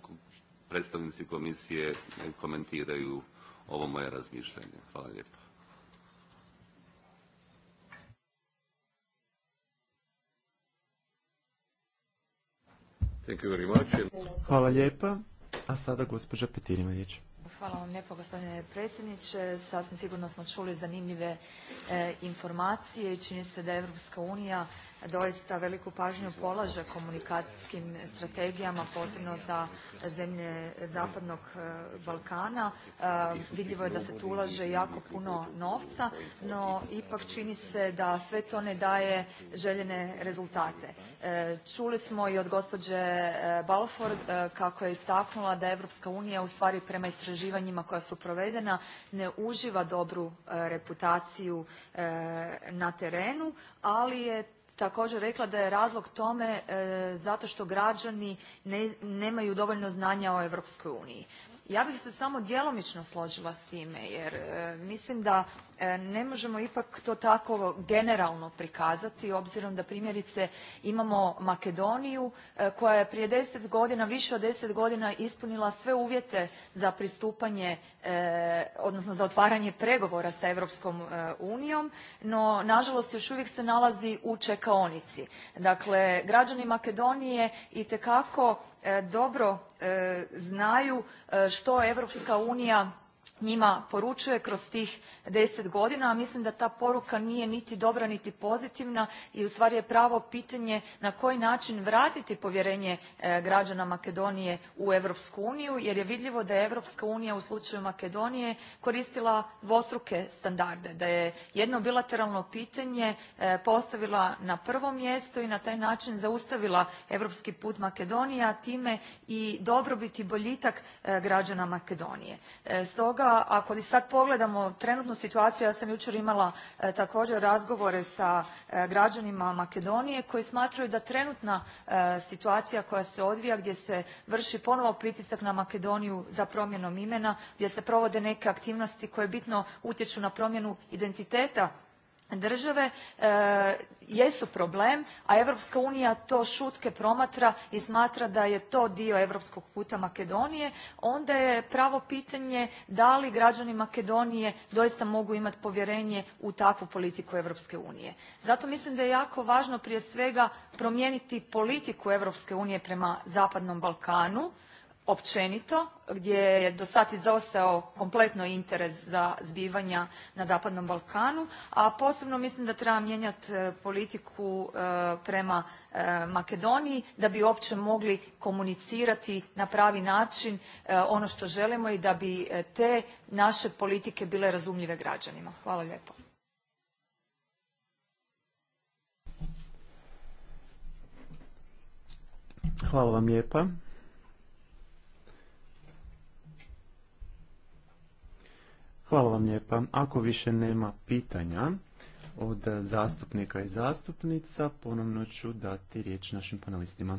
predstavnici komisije e, komentiraju ovo moje razmišljanje. Hvala lijepo. Thank you very much. Hvala lijepa. A sada gospođa Petirima riječ. Hvala vam lijepo gospodine predsjedniče. Sasvim sigurno smo čuli zanimljive e, informacije i čini se da Europska unija doista veliku pažnju polaže komunikacijskim strategijama posebno za zemlje zapadnog e, Balkana. E, vidljivo je da se tu ulaže jako puno novca, no ipak čini se da sve to ne daje željene rezultate. E, čuli smo i od gospođe Balfour kako je istaknula da Europska unija u stvari prema istraživanjima koja su provedena ne uživa dobru reputaciju na terenu, ali je također rekla da je razlog tome e, zato što građani nemaju dovoljno znanja o europskoj uniji. Ja bih se samo djelomično složila s time jer e, mislim da e, ne možemo ipak to tako generalno prikazati obzirom da primjerice imamo Makedoniju e, koja je prije deset godina, više od deset godina ispunila sve uvjete za pristupanje odnosno za otvaranje pregovora sa Europskom unijom, no nažalost još uvijek se nalazi u čekaonici. Dakle, građani Makedonije itekako dobro E, znaju e, što Europska unija njima poručuje kroz tih deset godina a mislim da ta poruka nije niti dobra niti pozitivna i ustvari je pravo pitanje na koji način vratiti povjerenje e, građana makedonije u europsku uniju jer je vidljivo da je europska unija u slučaju makedonije koristila dvostruke standarde da je jedno bilateralno pitanje e, postavila na prvo mjesto i na taj način zaustavila europski put makedonije a time i dobrobit i boljitak e, građana makedonije. stoga ako i sad pogledamo trenutnu situaciju, ja sam jučer imala e, također razgovore sa e, građanima Makedonije koji smatraju da trenutna e, situacija koja se odvija gdje se vrši ponovo pritisak na Makedoniju za promjenom imena, gdje se provode neke aktivnosti koje bitno utječu na promjenu identiteta države e, jesu problem a europska unija to šutke promatra i smatra da je to dio europskog puta makedonije onda je pravo pitanje da li građani makedonije doista mogu imati povjerenje u takvu politiku europske unije. zato mislim da je jako važno prije svega promijeniti politiku europske unije prema zapadnom balkanu općenito gdje je do sad izostao kompletno interes za zbivanja na zapadnom balkanu a posebno mislim da treba mijenjati e, politiku e, prema e, makedoniji da bi uopće mogli komunicirati na pravi način ono što želimo i da bi te naše politike bile razumljive građanima. hvala Hvala vam Hvala vam lijepa. Ako više nema pitanja od zastupnika i zastupnica, ponovno ću dati riječ našim panelistima.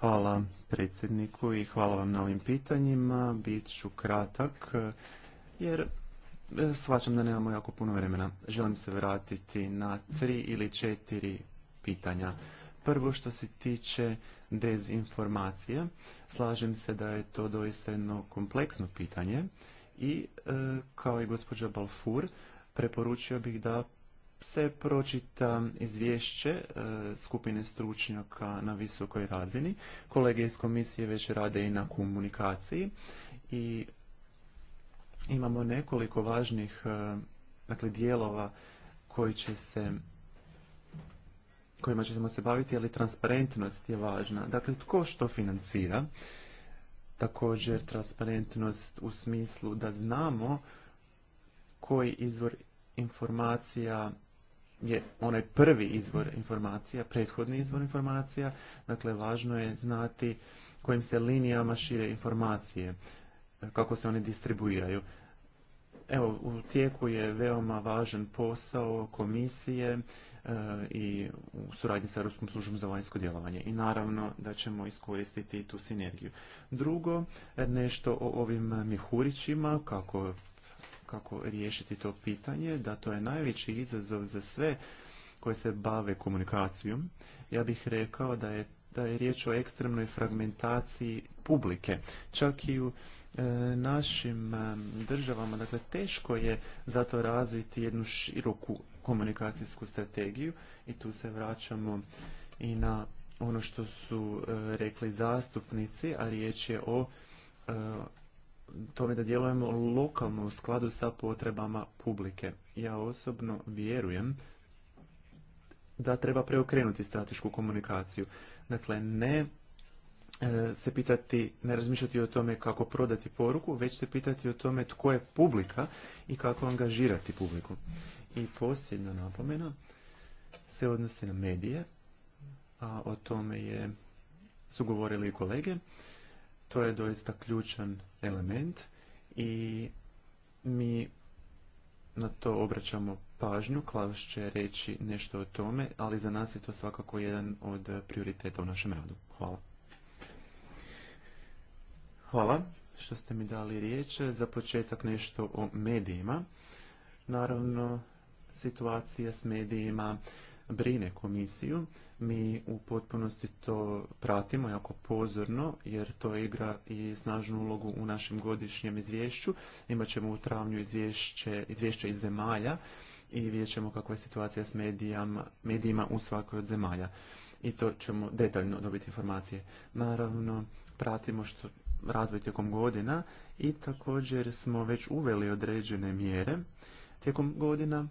Hvala predsjedniku i hvala vam na ovim pitanjima. Bit ću kratak jer e, shvaćam da nemamo jako puno vremena. Želim se vratiti na tri ili četiri pitanja. Prvo što se tiče dezinformacije, slažem se da je to doista jedno kompleksno pitanje i e, kao i gospođa Balfour preporučio bih da se pročita izvješće e, skupine stručnjaka na visokoj razini. Kolege iz komisije već rade i na komunikaciji i imamo nekoliko važnih e, dakle, dijelova koji će se kojima ćemo se baviti, ali transparentnost je važna. Dakle, tko što financira također transparentnost u smislu da znamo koji izvor informacija je onaj prvi izvor informacija, prethodni izvor informacija, dakle važno je znati kojim se linijama šire informacije, e, kako se one distribuiraju. Evo, u tijeku je veoma važan posao komisije E, i u suradnji sa Europskom službom za vanjsko djelovanje. I naravno da ćemo iskoristiti tu sinergiju. Drugo, nešto o ovim mihurićima, kako, kako riješiti to pitanje, da to je najveći izazov za sve koje se bave komunikacijom. Ja bih rekao da je, da je riječ o ekstremnoj fragmentaciji publike. Čak i u e, našim e, državama. Dakle, teško je zato razviti jednu široku komunikacijsku strategiju i tu se vraćamo i na ono što su e, rekli zastupnici, a riječ je o e, tome da djelujemo lokalno u skladu sa potrebama publike. Ja osobno vjerujem da treba preokrenuti stratešku komunikaciju. Dakle, ne e, se pitati, ne razmišljati o tome kako prodati poruku, već se pitati o tome tko je publika i kako angažirati publiku. I posljedna napomena se odnosi na medije, a o tome je, su govorili i kolege. To je doista ključan element i mi na to obraćamo pažnju. Klaus će reći nešto o tome, ali za nas je to svakako jedan od prioriteta u našem radu. Hvala. Hvala što ste mi dali riječ. Za početak nešto o medijima. Naravno, situacija s medijima brine komisiju. Mi u potpunosti to pratimo jako pozorno jer to igra i snažnu ulogu u našem godišnjem izvješću. Imaćemo u travnju izvješće, izvješće iz zemalja i vidjet ćemo kakva je situacija s medijima u svakoj od zemalja. I to ćemo detaljno dobiti informacije. Naravno, pratimo što razvoj tijekom godina i također smo već uveli određene mjere tijekom godina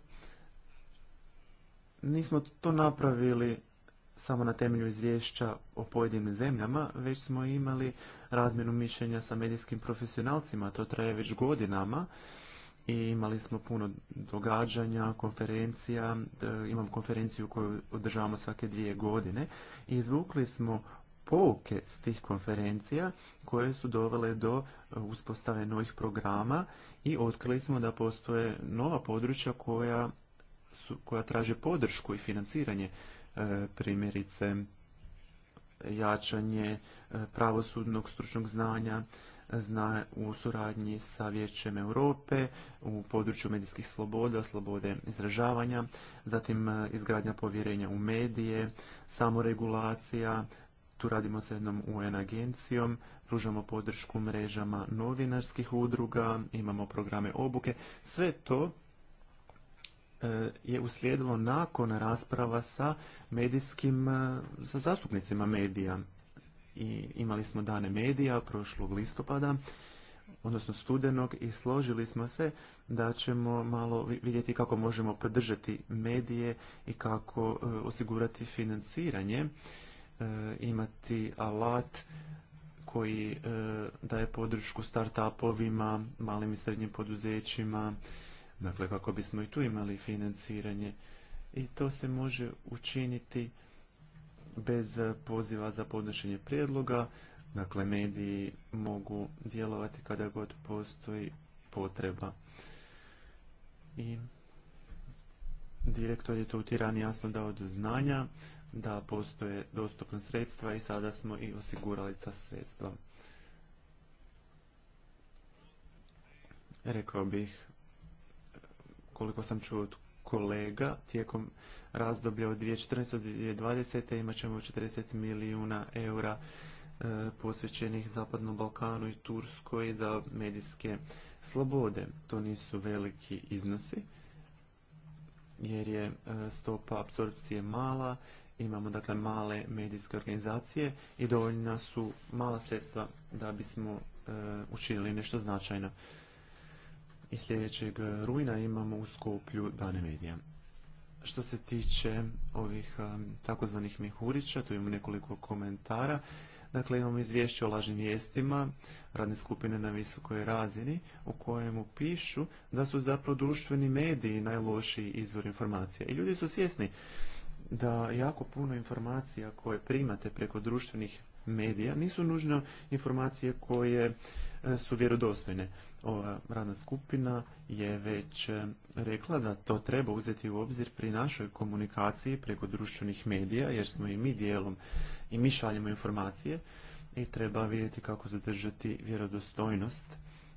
nismo to napravili samo na temelju izvješća o pojedinim zemljama, već smo imali razmjenu mišljenja sa medijskim profesionalcima, to traje već godinama i imali smo puno događanja, konferencija, e, imam konferenciju koju održavamo svake dvije godine i izvukli smo pouke s tih konferencija koje su dovele do e, uspostave novih programa i otkrili smo da postoje nova područja koja koja traže podršku i financiranje, e, primjerice jačanje e, pravosudnog stručnog znanja zna u suradnji sa Vijećem Europe u području medijskih sloboda, slobode izražavanja, zatim e, izgradnja povjerenja u medije, samoregulacija, tu radimo sa jednom UN agencijom, pružamo podršku mrežama novinarskih udruga, imamo programe obuke. Sve to E, je uslijedilo nakon rasprava sa medijskim, e, sa zastupnicima medija. I imali smo dane medija prošlog listopada, odnosno studenog i složili smo se da ćemo malo vidjeti kako možemo podržati medije i kako e, osigurati financiranje, imati alat koji daje podršku start-upovima, malim i srednjim poduzećima, Dakle, kako bismo i tu imali financiranje i to se može učiniti bez poziva za podnošenje prijedloga. Dakle, mediji mogu djelovati kada god postoji potreba. I direktor je to u Tirani jasno dao do znanja da postoje dostupna sredstva i sada smo i osigurali ta sredstva. Rekao bih koliko sam čuo od kolega, tijekom razdoblja od 2014. do 2020. imat ćemo 40 milijuna eura e, posvećenih Zapadnom Balkanu i Turskoj za medijske slobode. To nisu veliki iznosi jer je e, stopa apsorpcije mala, imamo dakle male medijske organizacije i dovoljna su mala sredstva da bismo e, učinili nešto značajno i sljedećeg rujna imamo u Skoplju dane medija. Što se tiče ovih takozvanih mihurića, tu imamo nekoliko komentara. Dakle, imamo izvješće o lažnim vijestima, radne skupine na visokoj razini, u kojemu pišu da su zapravo društveni mediji najlošiji izvor informacija. I ljudi su svjesni da jako puno informacija koje primate preko društvenih medija nisu nužno informacije koje e, su vjerodostojne ova radna skupina je već eh, rekla da to treba uzeti u obzir pri našoj komunikaciji preko društvenih medija, jer smo i mi dijelom i mi šaljemo informacije i treba vidjeti kako zadržati vjerodostojnost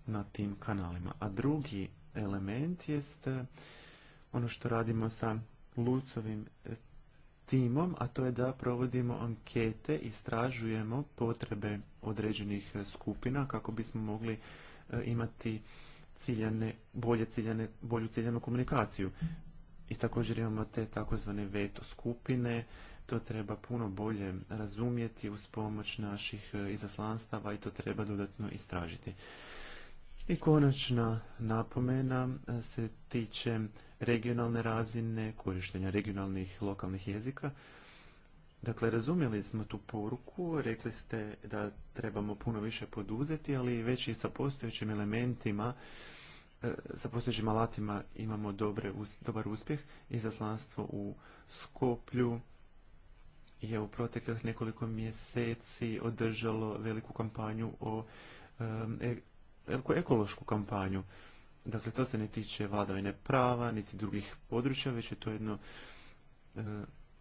na tim kanalima. A drugi element jest eh, ono što radimo sa Lucovim eh, timom, a to je da provodimo ankete, istražujemo potrebe određenih skupina kako bismo mogli E, imati ciljane, bolje ciljane, bolju ciljanu komunikaciju. I također imamo te takozvane veto skupine, to treba puno bolje razumjeti uz pomoć naših e, izaslanstava i to treba dodatno istražiti. I konačna napomena e, se tiče regionalne razine, korištenja regionalnih lokalnih jezika. Dakle, razumjeli smo tu poruku, rekli ste da trebamo puno više poduzeti, ali već i sa postojećim elementima, e, sa postojećim alatima imamo dobre, dobar uspjeh. Izaslanstvo u Skoplju je u proteklih nekoliko mjeseci održalo veliku kampanju o e, e, ekološku kampanju. Dakle, to se ne tiče vladavine prava, niti drugih područja, već je to jedno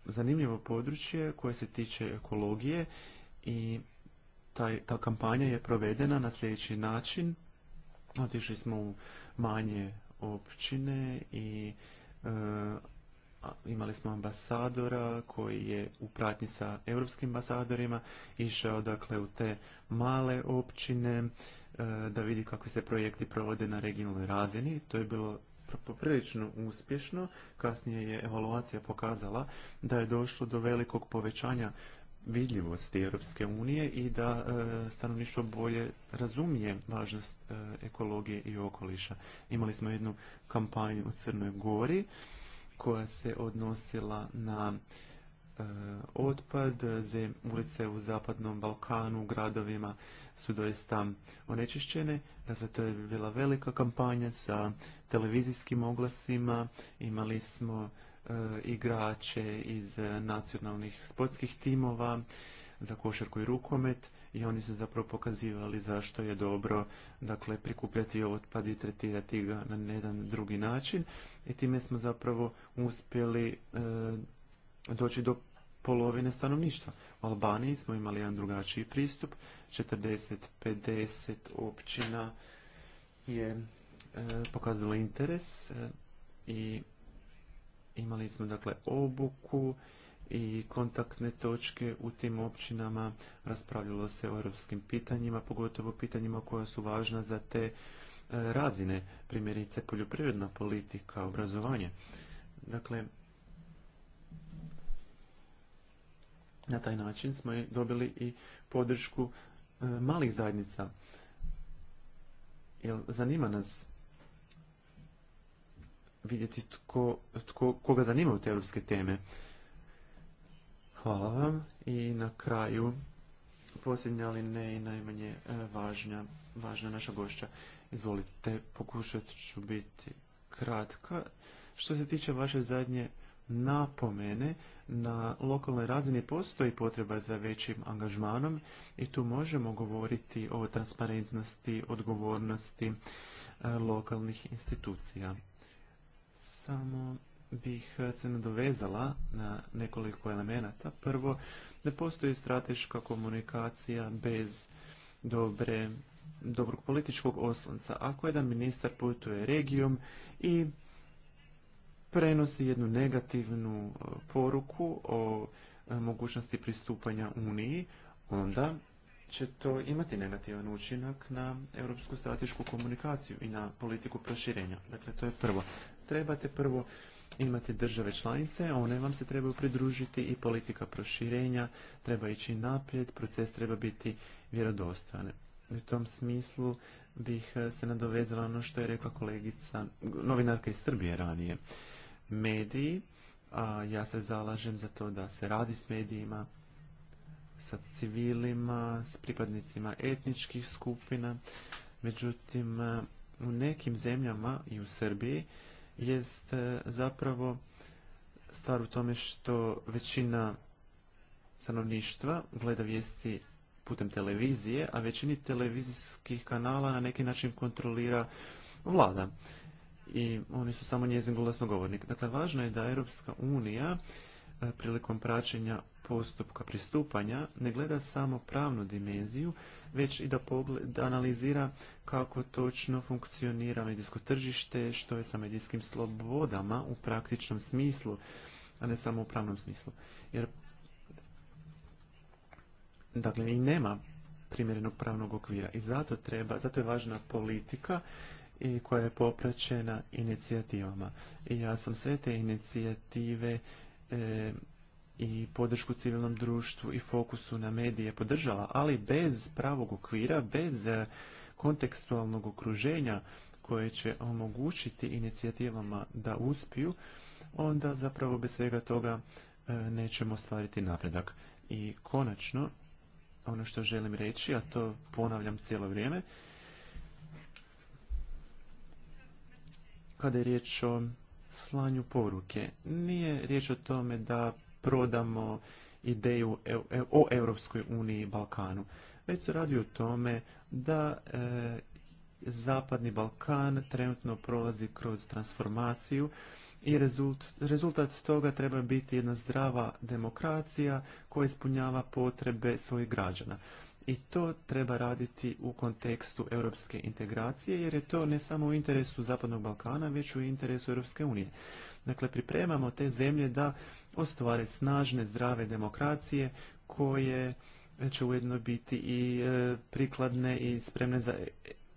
zanimljivo područje koje se tiče ekologije i taj, ta kampanja je provedena na sljedeći način. Otišli smo u manje općine i e, imali smo ambasadora koji je u pratnji sa europskim ambasadorima išao dakle u te male općine e, da vidi kakvi se projekti provode na regionalnoj razini. To je bilo poprilično uspješno. Kasnije je evaluacija pokazala da je došlo do velikog povećanja vidljivosti Europske unije i da e, stanovništvo bolje razumije važnost e, ekologije i okoliša. Imali smo jednu kampanju u Crnoj Gori koja se odnosila na E, otpad, e, ulice u zapadnom Balkanu, u gradovima su doista onečišćene. Dakle, to je bila velika kampanja sa televizijskim oglasima. Imali smo e, igrače iz nacionalnih sportskih timova za košarku i rukomet i oni su zapravo pokazivali zašto je dobro dakle, prikupljati otpad i tretirati ga na jedan drugi način i time smo zapravo uspjeli doći do polovine stanovništva. U Albaniji smo imali jedan drugačiji pristup, 40-50 općina je e, pokazalo interes e, i imali smo dakle obuku i kontaktne točke u tim općinama, raspravljalo se o europskim pitanjima, pogotovo pitanjima koja su važna za te e, razine, primjerice poljoprivredna politika, obrazovanje. Dakle, Na taj način smo dobili i podršku e, malih zajednica. Jer zanima nas vidjeti tko, tko, koga zanimaju te europske teme. Hvala vam i na kraju posljednja, ali ne i najmanje e, važnja, važna naša gošća. Izvolite, pokušat ću biti kratka. Što se tiče vaše zadnje napomene na lokalnoj razini postoji potreba za većim angažmanom i tu možemo govoriti o transparentnosti, odgovornosti e, lokalnih institucija. Samo bih se nadovezala na nekoliko elemenata. Prvo, ne postoji strateška komunikacija bez dobre dobrog političkog oslonca. Ako jedan ministar putuje regijom i prenosi jednu negativnu e, poruku o e, mogućnosti pristupanja Uniji, onda će to imati negativan učinak na europsku stratešku komunikaciju i na politiku proširenja. Dakle, to je prvo. Trebate prvo imati države članice, one vam se trebaju pridružiti i politika proširenja treba ići naprijed, proces treba biti vjerodostojan. U tom smislu bih e, se nadovezala ono što je rekla kolegica, novinarka iz Srbije ranije mediji, a ja se zalažem za to da se radi s medijima, sa civilima, s pripadnicima etničkih skupina. Međutim, u nekim zemljama i u Srbiji jest e, zapravo stvar u tome što većina stanovništva gleda vijesti putem televizije, a većini televizijskih kanala na neki način kontrolira vlada i oni su samo njezin glasnogovornik. Dakle, važno je da Europska unija e, prilikom praćenja postupka pristupanja ne gleda samo pravnu dimenziju, već i da, da analizira kako točno funkcionira medijsko tržište, što je sa medijskim slobodama u praktičnom smislu, a ne samo u pravnom smislu. Jer dakle i nema primjerenog pravnog okvira i zato treba, zato je važna politika i koja je popraćena inicijativama. I ja sam sve te inicijative e, i podršku civilnom društvu i fokusu na medije podržala, ali bez pravog okvira, bez e, kontekstualnog okruženja koje će omogućiti inicijativama da uspiju, onda zapravo bez svega toga e, nećemo ostvariti napredak. I konačno, ono što želim reći, a to ponavljam cijelo vrijeme, kada je riječ o slanju poruke. Nije riječ o tome da prodamo ideju e, e, o Europskoj uniji i Balkanu, već se radi o tome da e, Zapadni Balkan trenutno prolazi kroz transformaciju i rezultat toga treba biti jedna zdrava demokracija koja ispunjava potrebe svojih građana i to treba raditi u kontekstu europske integracije jer je to ne samo u interesu Zapadnog Balkana već u interesu Europske unije. Dakle, pripremamo te zemlje da ostvare snažne, zdrave demokracije koje će ujedno biti i e, prikladne i spremne za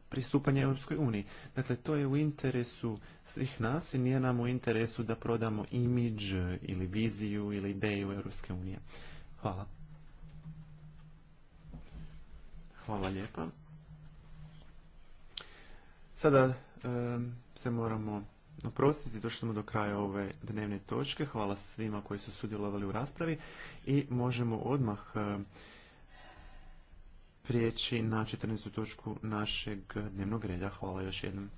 pristupanje Europskoj uniji. Dakle, to je u interesu svih nas i nije nam u interesu da prodamo imidž ili viziju ili ideju Europske unije. Hvala. Hvala lijepa. Sada se moramo oprostiti, došli smo do kraja ove dnevne točke. Hvala svima koji su sudjelovali u raspravi i možemo odmah prijeći na 14. točku našeg dnevnog reda. Hvala još jednom.